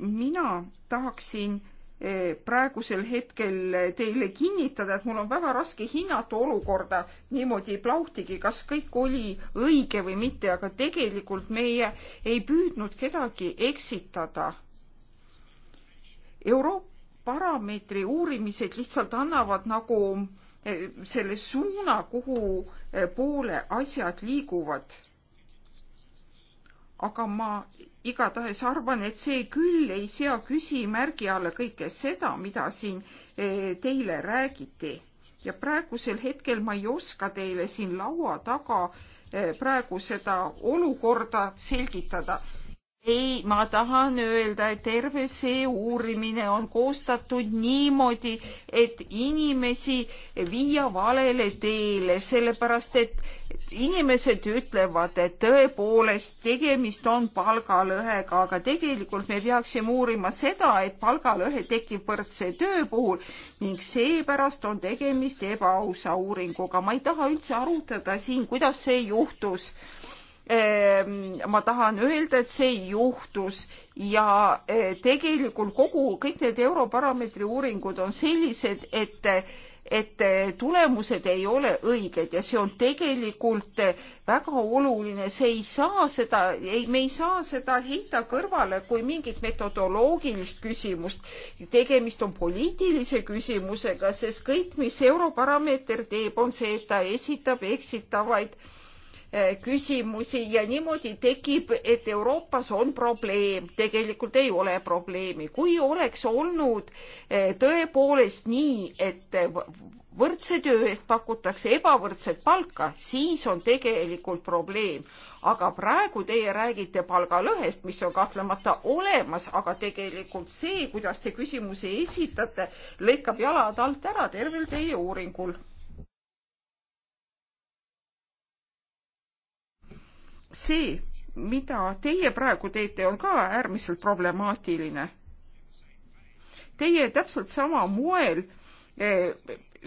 mina tahaksin praegusel hetkel teile kinnitada, et mul on väga raske hinnata olukorda niimoodi plahtigi, kas kõik oli õige või mitte, aga tegelikult meie ei püüdnud kedagi eksitada. Europarameetri uurimised lihtsalt annavad nagu eh, selle suuna, kuhu eh, poole asjad liiguvad aga ma igatahes arvan, et see küll ei sea küsimärgi alla kõike seda, mida siin eh, teile räägiti. ja praegusel hetkel ma ei oska teile siin laua taga eh, praegu seda olukorda selgitada. ei, ma tahan öelda, et terve see uurimine on koostatud niimoodi, et inimesi viia valele teele, sellepärast et inimesed ütlevad, et tõepoolest tegemist on palgalõhega, aga tegelikult me peaksime uurima seda, et palgalõhe tekib võrdse töö puhul ning seepärast on tegemist ebaausa uuringuga. ma ei taha üldse arutada siin, kuidas see juhtus ehm, ma tahan öelda, et see juhtus ja eh, tegelikult kogu, kõik need Europarameetri uuringud on sellised, et eh, et eh, tulemused ei ole õiged ja see on tegelikult eh, väga oluline, see ei saa seda, ei, me ei saa seda heita kõrvale kui mingit metodoloogilist küsimust. tegemist on poliitilise küsimusega, sest kõik, mis Europarameeter teeb, on see, et ta esitab eksitavaid Eh, küsimusi ja niimoodi tekib, et Euroopas on probleem, tegelikult ei ole probleemi. kui oleks olnud eh, tõepoolest nii, et eh, võrdse töö eest pakutakse ebavõrdset palka, siis on tegelikult probleem. aga praegu teie räägite palgalõhest, mis on kahtlemata olemas, aga tegelikult see, kuidas te küsimusi esitate, lõikab jalad alt ära tervel teie uuringul see, mida teie praegu teete, on ka äärmiselt problemaatiline. Teie täpselt sama moel eh,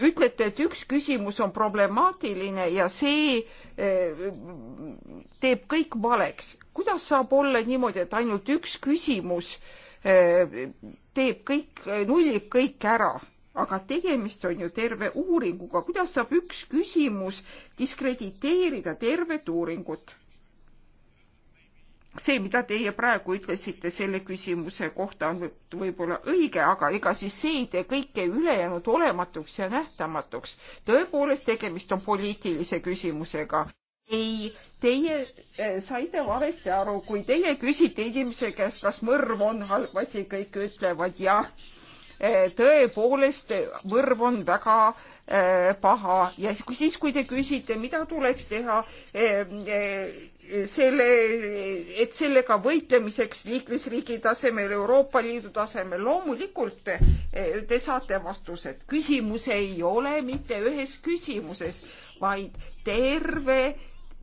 ütlete, et üks küsimus on problemaatiline ja see eh, teeb kõik valeks. kuidas saab olla niimoodi, et ainult üks küsimus eh, teeb kõik, nullib kõik ära? aga tegemist on ju terve uuringuga, kuidas saab üks küsimus diskrediteerida tervet uuringut? see, mida teie praegu ütlesite selle küsimuse kohta, on võib-olla õige, aga ega siis see ei tee kõike ülejäänud olematuks ja nähtamatuks. tõepoolest, tegemist on poliitilise küsimusega. ei, teie eh, saite valesti aru, kui teie küsite inimese käest, kas mõrv on halb asi, kõik ütlevad jah. Eh, tõepoolest, mõrv on väga eh, paha ja siis, kui te küsite, mida tuleks teha selle, et sellega võitlemiseks liikmesriigi tasemel, Euroopa Liidu tasemel, loomulikult eh, te saate vastused. küsimus ei ole mitte ühes küsimuses, vaid terve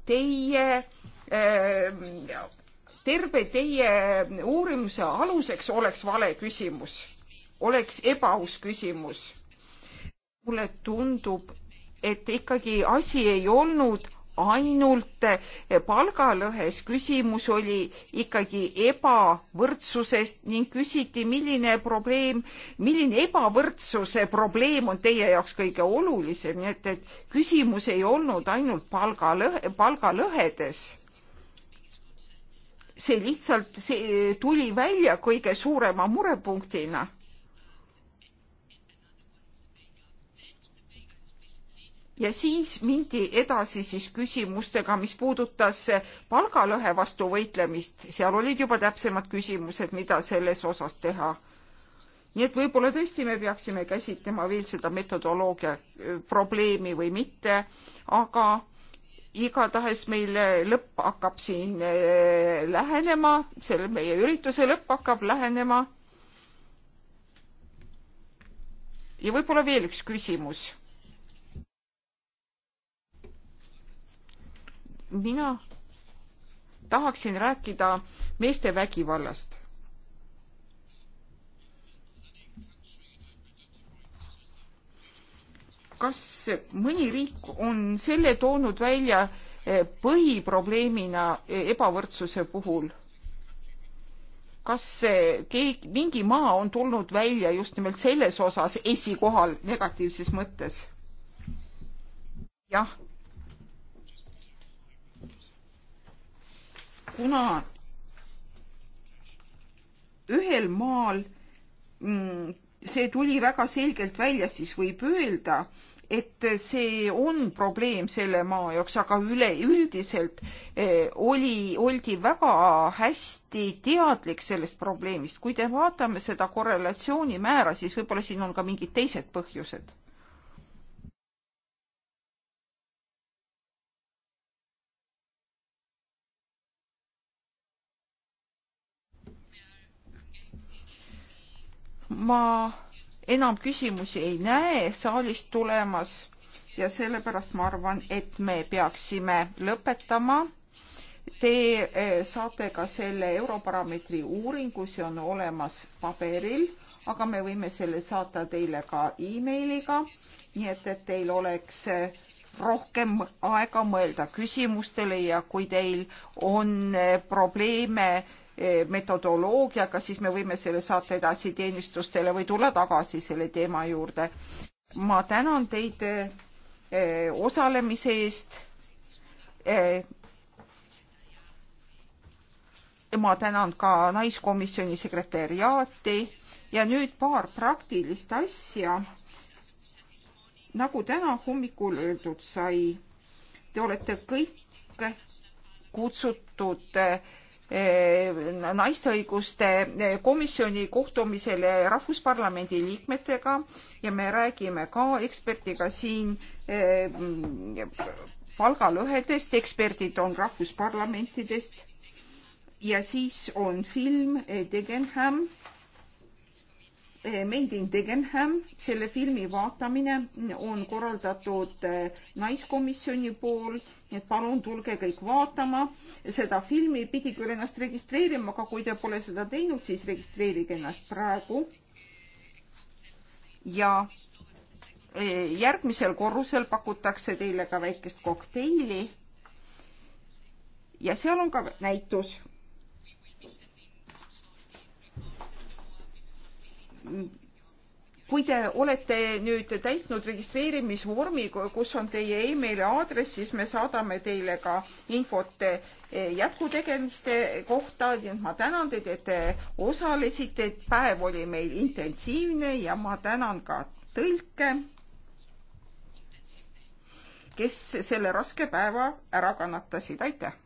teie eh, terve teie uurimuse aluseks oleks vale küsimus, oleks ebaaus küsimus. mulle tundub, et ikkagi asi ei olnud ainult palgalõhes, küsimus oli ikkagi ebavõrdsusest ning küsiti, milline probleem, milline ebavõrdsuse probleem on teie jaoks kõige olulisem, nii et, et küsimus ei olnud ainult palgalõhe, palgalõhedes see lihtsalt see tuli välja kõige suurema murepunktina ja siis mindi edasi siis küsimustega, mis puudutas palgalõhe vastu võitlemist, seal olid juba täpsemad küsimused, mida selles osas teha. nii et võib-olla tõesti me peaksime käsitlema veel seda metodoloogia äh, probleemi või mitte, aga igatahes meil lõpp hakkab siin äh, lähenema, selle meie ürituse lõpp hakkab lähenema. ja võib-olla veel üks küsimus mina tahaksin rääkida meeste vägivallast. kas mõni riik on selle toonud välja eh, põhiprobleemina eh, ebavõrdsuse puhul? kas eh, keegi, mingi maa on tulnud välja just nimelt selles osas esikohal negatiivses mõttes? jah kuna ühel maal mm, see tuli väga selgelt välja, siis võib öelda, et see on probleem selle maa jaoks, aga üleüldiselt eh, oli, oldi väga hästi teadlik sellest probleemist. kui te vaatame seda korrelatsioonimäära, siis võib-olla siin on ka mingid teised põhjused. ma enam küsimusi ei näe saalist tulemas ja sellepärast ma arvan, et me peaksime lõpetama. Te eh, saate ka selle Europarameetri uuringu, see on olemas paberil, aga me võime selle saata teile ka emailiga, nii et, et teil oleks eh, rohkem aega mõelda küsimustele ja kui teil on eh, probleeme Eh, metodoloogiaga, siis me võime selle saata edasi teenistustele või tulla tagasi selle teema juurde. ma tänan teid eh, osalemise eest. Eh, ma tänan ka Naiskomisjoni sekretäriaati ja nüüd paar praktilist asja. nagu täna hommikul öeldud sai, te olete kõik kutsutud Eh, naiste õiguste eh, komisjoni kohtumisele Rahvusparlamendi liikmetega ja me räägime ka ekspertiga siin eh, palgalõhedest, eksperdid on rahvusparlamentidest ja siis on film Degenham Eh, Made in Degenham, selle filmi vaatamine on korraldatud eh, naiskomisjoni pool, nii et palun tulge kõik vaatama seda filmi, pidi küll ennast registreerima, aga kui te pole seda teinud, siis registreerige ennast praegu. ja eh, järgmisel korrusel pakutakse teile ka väikest kokteili. ja seal on ka näitus kui te olete nüüd täitnud registreerimisvormi, kus on teie emaili aadress, siis me saadame teile ka infot eh, jätkutegemiste kohta, nii et ma tänan teid, et te osalesite, et päev oli meil intensiivne ja ma tänan ka tõlke, kes selle raske päeva ära kannatasid, aitäh!